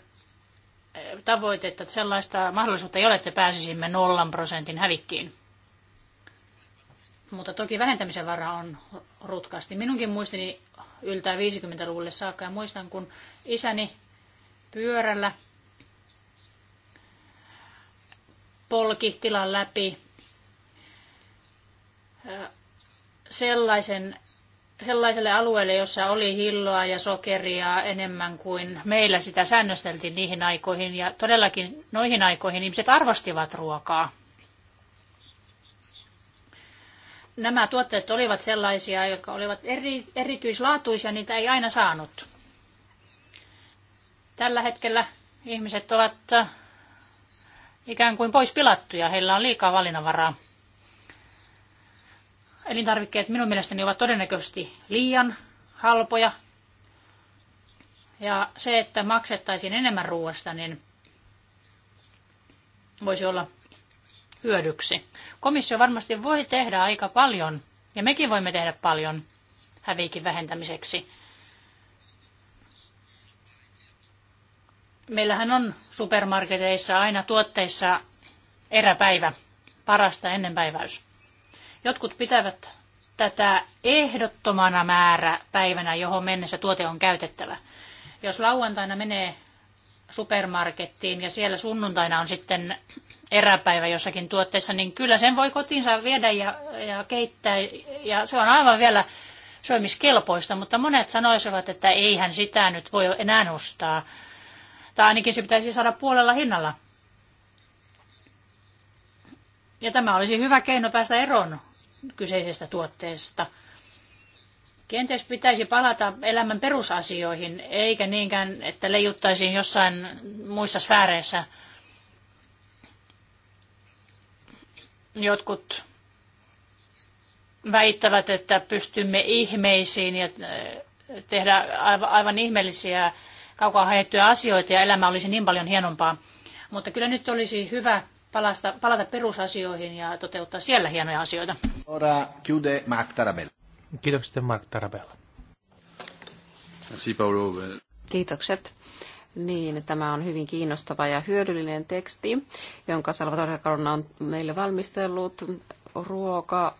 tavoitetta, sellaista mahdollisuutta ei ole, että pääsisimme nollan prosentin hävikkiin. Mutta toki vähentämisen vara on rutkaasti. Minunkin muistini yltää 50-luvulle saakka ja muistan, kun isäni pyörällä polki tilan läpi eh, sellaisen sellaiselle alueelle, jossa oli hilloa ja sokeria enemmän kuin meillä sitä säännösteltiin niihin aikoihin. Ja todellakin noihin aikoihin ihmiset arvostivat ruokaa. Nämä tuotteet olivat sellaisia, jotka olivat eri, erityislaatuisia, niitä ei aina saanut. Tällä hetkellä ihmiset ovat ikään kuin pois pilattuja, heillä on liikaa valinnanvaraa elintarvikkeet minun mielestäni ovat todennäköisesti liian halpoja. Ja se, että maksettaisiin enemmän ruoasta, niin voisi olla hyödyksi. Komissio varmasti voi tehdä aika paljon, ja mekin voimme tehdä paljon häviikin vähentämiseksi. Meillähän on supermarketeissa aina tuotteissa eräpäivä, parasta ennenpäiväys. Jotkut pitävät tätä ehdottomana määräpäivänä, johon mennessä tuote on käytettävä. Jos lauantaina menee supermarkettiin ja siellä sunnuntaina on sitten eräpäivä jossakin tuotteessa, niin kyllä sen voi kotiinsa viedä ja, ja keittää. Ja se on aivan vielä syömiskelpoista, mutta monet sanoisivat, että eihän sitä nyt voi enää ostaa. Tai ainakin se pitäisi saada puolella hinnalla. Ja tämä olisi hyvä keino päästä eroon kyseisestä tuotteesta. Kenties pitäisi palata elämän perusasioihin, eikä niinkään, että leijuttaisiin jossain muissa sfääreissä. Jotkut väittävät, että pystymme ihmeisiin ja äh, tehdä aivan ihmeellisiä kaukaa haettuja asioita ja elämä olisi niin paljon hienompaa. Mutta kyllä nyt olisi hyvä palata perusasioihin ja toteuttaa siellä hienoja asioita. Ora chiude Mark Tarabella. Kiitokset Mark Tarabella. Merci Paolo. Kiitokset. Niin, tämä on hyvin kiinnostava ja hyödyllinen teksti, jonka Salvatore Carona on meille valmistellut. Ruoka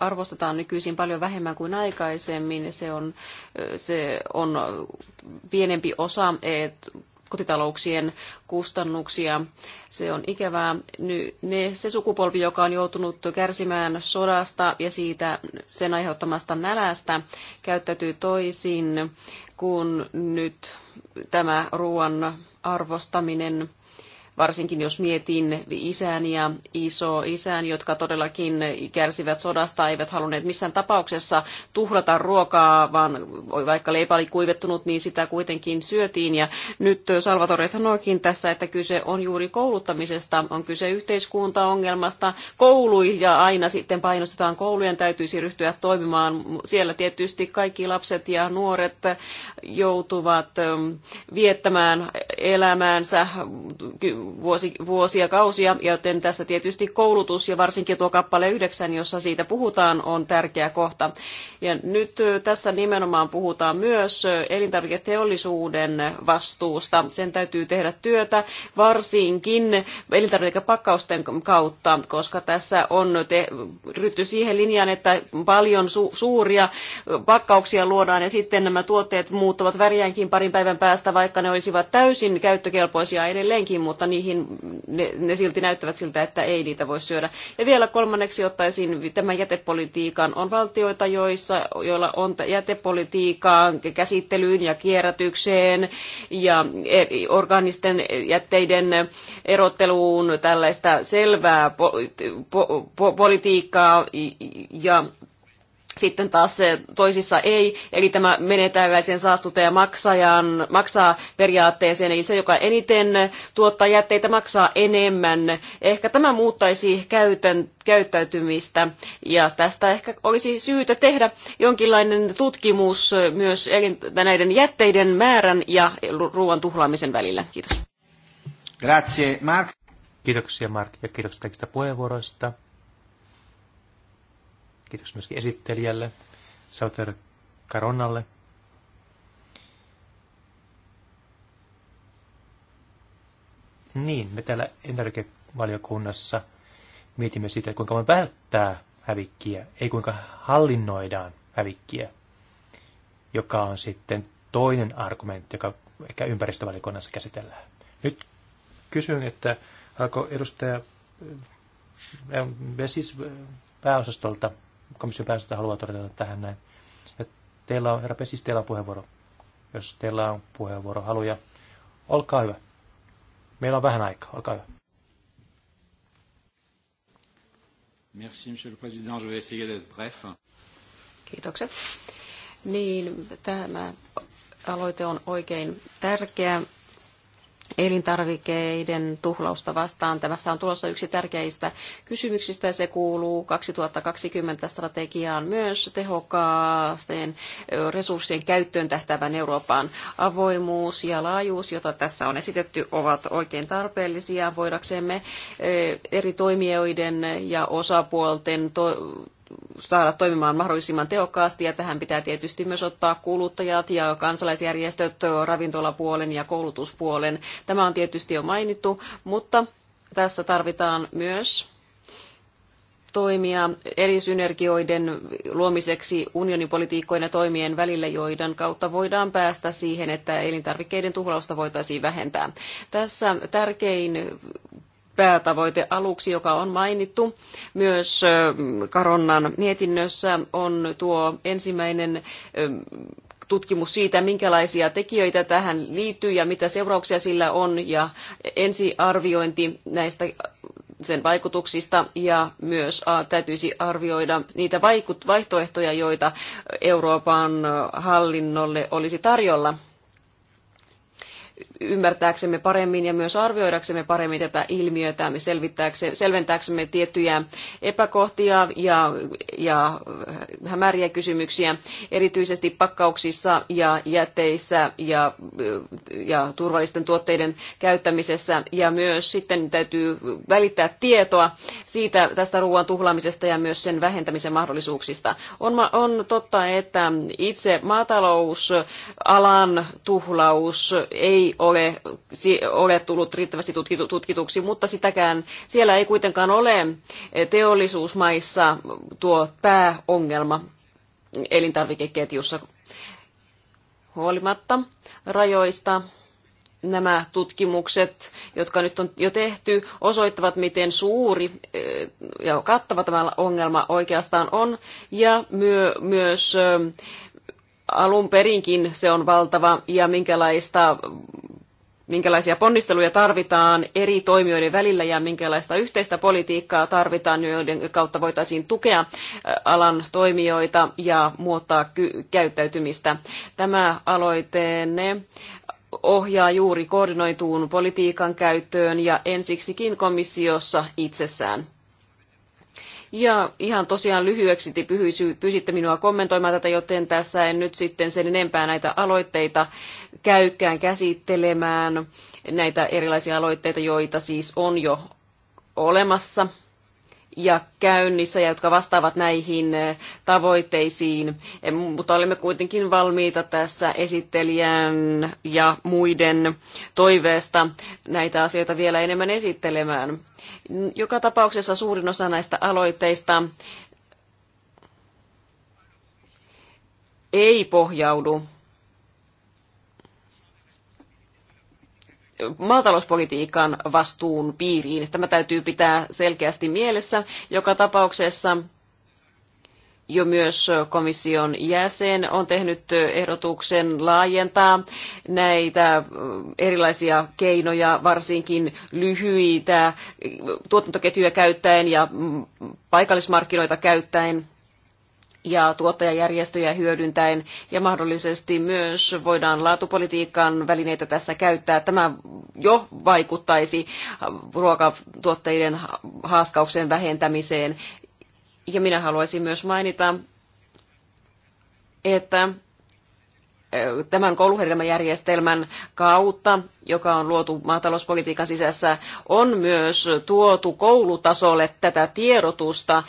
arvostetaan nykyisin paljon vähemmän kuin aikaisemmin. Se on, se on pienempi osa kotitalouksien kustannuksia. Se on ikävää. Ne, se sukupolvi, joka on joutunut kärsimään sodasta ja siitä sen aiheuttamasta nälästä, käyttäytyy toisin kuin nyt tämä ruoan arvostaminen varsinkin jos mietin isän ja iso isän, jotka todellakin kärsivät sodasta, eivät halunneet missään tapauksessa tuhrata ruokaa, vaan vaikka leipä oli kuivettunut, niin sitä kuitenkin syötiin. Ja nyt Salvatore sanoikin tässä, että kyse on juuri kouluttamisesta, on kyse yhteiskuntaongelmasta, kouluihin ja aina sitten painostetaan koulujen täytyisi ryhtyä toimimaan. Siellä tietysti kaikki lapset ja nuoret joutuvat ähm, viettämään elämäänsä vuosi, vuosia kausia, joten tässä tietysti koulutus ja varsinkin tuo kappale 9, jossa siitä puhutaan, on tärkeä kohta. Ja nyt tässä nimenomaan puhutaan myös elintarviketeollisuuden vastuusta. Sen täytyy tehdä työtä varsinkin elintarvikepakkausten kautta, koska tässä on te, siihen linjaan, että paljon su, suuria pakkauksia luodaan ja sitten nämä tuotteet muuttuvat väriäänkin parin päivän päästä, vaikka ne olisivat täysin käyttökelpoisia edelleenkin, mutta niihin, ne, ne silti näyttävät siltä, että ei niitä voi syödä. Ja vielä kolmanneksi ottaisin tämän jätepolitiikan. On valtioita, joissa, joilla on jätepolitiikan käsittelyyn ja kierrätykseen ja organisten jätteiden erotteluun tällaista selvää po, po, po, politiikkaa ja sitten taas se toisissa ei, eli tämä menee tällaiseen saastuttaja maksajan, maksaa periaatteeseen, eli se, joka eniten tuottaa jätteitä, maksaa enemmän. Ehkä tämä muuttaisi käytän, käyttäytymistä, ja tästä ehkä olisi syytä tehdä jonkinlainen tutkimus myös näiden jätteiden määrän ja ruoan tuhlaamisen välillä. Kiitos. Grazie, Mark. Kiitoksia, Mark, ja kiitoksia kaikista puheenvuoroista. Kiitos myöskin esittelijälle, Sauter Karonalle. Niin, me täällä energiavaliokunnassa mietimme sitä, kuinka me välttää hävikkiä, ei kuinka hallinnoidaan hävikkiä, joka on sitten toinen argumentti, joka ehkä ympäristövaliokunnassa käsitellään. Nyt kysyn, että alkoi edustaja Vesis äh, äh, äh, pääosastolta komission pääsyltä haluaa todeta tähän näin. Ja teillä on, herra Pesis, teillä on puheenvuoro. Jos teillä on puheenvuoro haluja, olkaa hyvä. Meillä on vähän aikaa, olkaa hyvä. Merci, monsieur le président. Je vais essayer d'être bref. Kiitokset. Niin, tämä aloite on oikein tärkeä elintarvikeiden tuhlausta vastaan. Tässä on tulossa yksi tärkeistä kysymyksistä. Se kuuluu 2020 strategiaan myös tehokkaaseen resurssien käyttöön tähtävän Euroopan avoimuus ja laajuus, jota tässä on esitetty, ovat oikein tarpeellisia voidaksemme eri toimijoiden ja osapuolten to- saada toimimaan mahdollisimman tehokkaasti ja tähän pitää tietysti myös ottaa kuluttajat ja kansalaisjärjestöt, ravintolapuolen ja koulutuspuolen. Tämä on tietysti jo mainittu, mutta tässä tarvitaan myös toimia eri synergioiden luomiseksi unionin politiikkojen ja toimien välillä, joiden kautta voidaan päästä siihen, että elintarvikkeiden tuhlausta voitaisiin vähentää. Tässä tärkein päätavoite aluksi, joka on mainittu myös Karonnan mietinnössä, on tuo ensimmäinen tutkimus siitä, minkälaisia tekijöitä tähän liittyy ja mitä seurauksia sillä on ja ensiarviointi näistä sen vaikutuksista ja myös täytyisi arvioida niitä vaikut- vaihtoehtoja, joita Euroopan hallinnolle olisi tarjolla ymmärtääksemme paremmin ja myös arvioidaksemme paremmin tätä ilmiötä, me selventääksemme tiettyjä epäkohtia ja, ja hämäriä kysymyksiä, erityisesti pakkauksissa ja jätteissä ja, ja turvallisten tuotteiden käyttämisessä. Ja myös sitten täytyy välittää tietoa siitä tästä ruoan tuhlaamisesta ja myös sen vähentämisen mahdollisuuksista. On, on totta, että itse maatalousalan tuhlaus ei ole, ole tullut riittävästi tutkitu, tutkituksi, mutta sitäkään siellä ei kuitenkaan ole teollisuusmaissa tuo pääongelma elintarvikeketjussa huolimatta rajoista nämä tutkimukset, jotka nyt on jo tehty, osoittavat, miten suuri eh, ja kattava tämä ongelma oikeastaan on, ja myö, myös eh, alun perinkin se on valtava ja minkälaista minkälaisia ponnisteluja tarvitaan eri toimijoiden välillä ja minkälaista yhteistä politiikkaa tarvitaan, joiden kautta voitaisiin tukea alan toimijoita ja muuttaa käyttäytymistä. Tämä aloiteenne ohjaa juuri koordinoituun politiikan käyttöön ja ensiksikin komissiossa itsessään. Ja ihan tosiaan lyhyeksi te minua kommentoimaan tätä, joten tässä en nyt sitten sen enempää näitä aloitteita käykään käsittelemään, näitä erilaisia aloitteita, joita siis on jo olemassa ja käynnissä ja jotka vastaavat näihin eh, tavoitteisiin, eh, mutta olemme kuitenkin valmiita tässä esittelijän ja muiden toiveesta näitä asioita vielä enemmän esittelemään. Joka tapauksessa suurin osa näistä aloitteista ei pohjaudu maatalouspolitiikan vastuun piiriin. Tämä täytyy pitää selkeästi mielessä. Joka tapauksessa jo myös komission jäsen on tehnyt ehdotuksen laajentaa näitä erilaisia keinoja, varsinkin lyhyitä tuotantoketjuja käyttäen ja paikallismarkkinoita käyttäen ja tuottajajärjestöjä hyödyntäen ja mahdollisesti myös voidaan laatupolitiikan välineitä tässä käyttää. Tämä jo vaikuttaisi ruokatuotteiden haaskauksen vähentämiseen. Ja minä haluaisin myös mainita, että eh, tämän kouluhedelmäjärjestelmän kautta joka on luotu maatalouspolitiikan sisässä, on myös tuotu koulutasolle tätä tiedotusta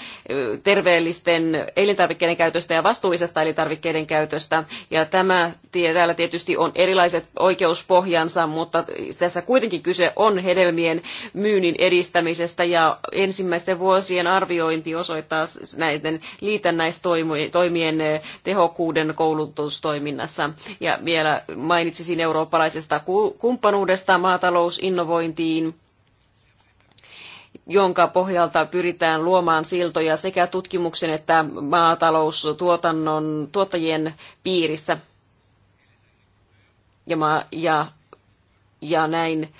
terveellisten elintarvikkeiden käytöstä ja vastuullisesta elintarvikkeiden käytöstä. Ja tämä täällä tietysti on erilaiset oikeuspohjansa, mutta tässä kuitenkin kyse on hedelmien myynnin edistämisestä ja ensimmäisten vuosien arviointi osoittaa näiden liitännäistoimien tehokkuuden koulutustoiminnassa. Ja vielä mainitsisin eurooppalaisesta kumppanuudesta kumppanuudesta maatalousinnovointiin, jonka pohjalta pyritään luomaan siltoja sekä tutkimuksen että maataloustuotannon tuottajien piirissä. Ja, ma- ja, ja näin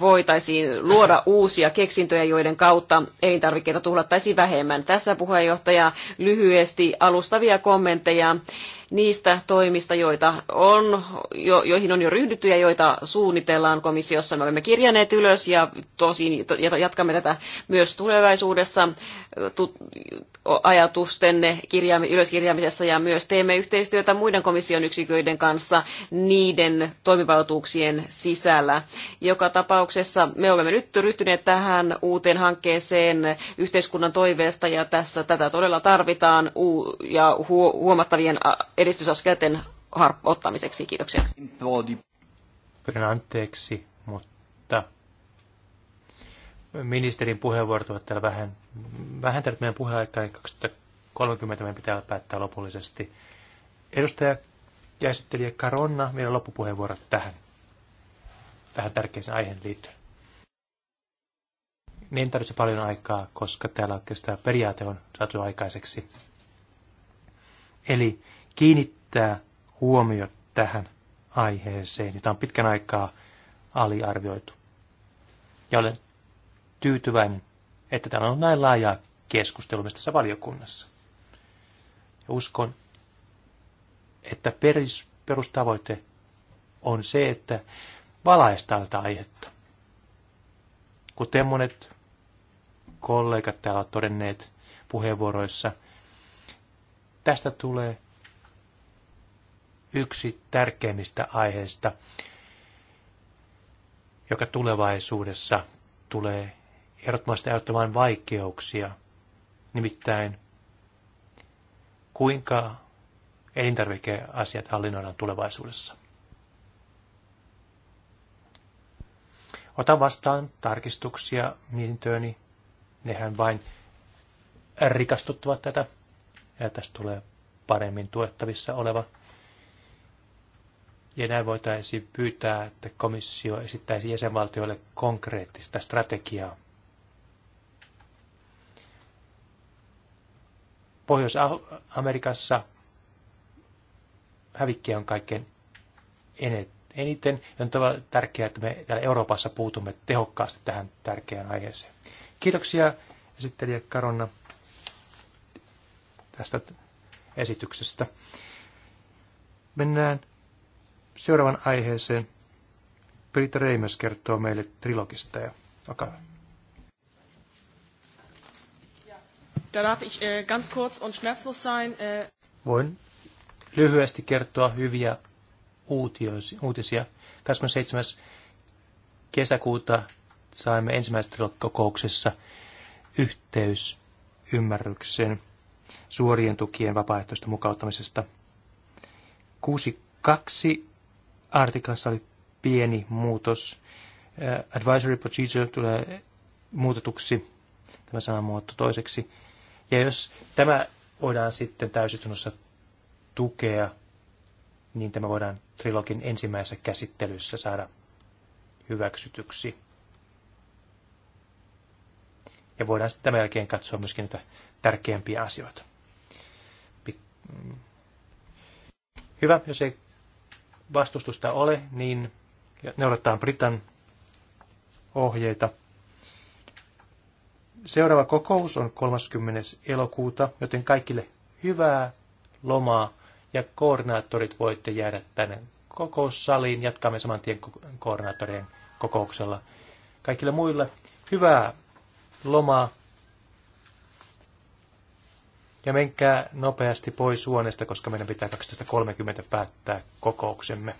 voitaisiin luoda uusia keksintöjä, joiden kautta elintarvikkeita tuhlattaisiin vähemmän. Tässä puheenjohtaja lyhyesti alustavia kommentteja niistä toimista, joita on, jo, joihin on jo ryhdytty ja joita suunnitellaan komissiossa. Me olemme kirjanneet ylös ja tosin jatkamme tätä myös tulevaisuudessa ajatustenne kirjaami, ylöskirjaamisessa ja myös teemme yhteistyötä muiden komission yksiköiden kanssa niiden toimivaltuuksien sisällä. Joka tapauksessa me olemme nyt ryhtyneet tähän uuteen hankkeeseen yhteiskunnan toiveesta ja tässä tätä todella tarvitaan ja huomattavien edistysaskelten ottamiseksi. Kiitoksia. Pyydän anteeksi, mutta ministerin puheenvuorot ovat täällä vähän vähentäneet meidän puheenaikaa, niin 2030 meidän pitää päättää lopullisesti. Edustaja ja esittelijä Karonna, vielä loppupuheenvuorot tähän, tähän tärkeään aiheen liittyen. Niin tarvitse paljon aikaa, koska täällä oikeastaan periaate on saatu aikaiseksi. Eli kiinnittää huomio tähän aiheeseen, jota on pitkän aikaa aliarvioitu. Ja olen tyytyväinen, että täällä on näin laajaa keskustelua tässä valiokunnassa. Ja uskon, että peris, perustavoite on se, että valaistaan tätä aihetta. Kuten monet kollegat täällä ovat todenneet puheenvuoroissa, tästä tulee yksi tärkeimmistä aiheista, joka tulevaisuudessa tulee ehdottomasti aiheuttamaan vaikeuksia. Nimittäin, kuinka elintarvikeasiat hallinnoidaan tulevaisuudessa. Otan vastaan tarkistuksia mietintööni. Nehän vain rikastuttavat tätä ja tästä tulee paremmin tuettavissa oleva ja näin voitaisiin pyytää, että komissio esittäisi jäsenvaltioille konkreettista strategiaa. Pohjois-Amerikassa hävikkiä on kaikkein eniten, ja on tärkeää, että me täällä Euroopassa puutumme tehokkaasti tähän tärkeään aiheeseen. Kiitoksia esittelijä Karonna tästä esityksestä. Mennään seuraavan aiheeseen. Britta Reimers kertoo meille trilogista ja olkaa Da darf ich äh, ganz kurz und schmerzlos sein. Äh, Voin lyhyesti kertoa hyviä uutisia. 27. kesäkuuta saimme ensimmäisessä kokouksessa ymmärryksen suorien tukien vapaaehtoista mukauttamisesta. 6.2 artiklassa oli pieni muutos. Äh, advisory procedure tulee muutetuksi, tämä sanamuoto toiseksi. Ja jos tämä voidaan sitten täysistunnossa tukea, niin tämä voidaan trilogin ensimmäisessä käsittelyssä saada hyväksytyksi. Ja voidaan sitten tämän jälkeen katsoa myöskin niitä tärkeämpiä asioita. Mm. Hyvä, jos ei vastustusta ole, niin noudatetaan Britan ohjeita. Seuraava kokous on 30. elokuuta, joten kaikille hyvää lomaa ja koordinaattorit voitte jäädä tänne kokoussaliin. Jatkamme saman tien koordinaattorien kokouksella. Kaikille muille hyvää lomaa. Ja menkää nopeasti pois huoneesta, koska meidän pitää 12.30 päättää kokouksemme.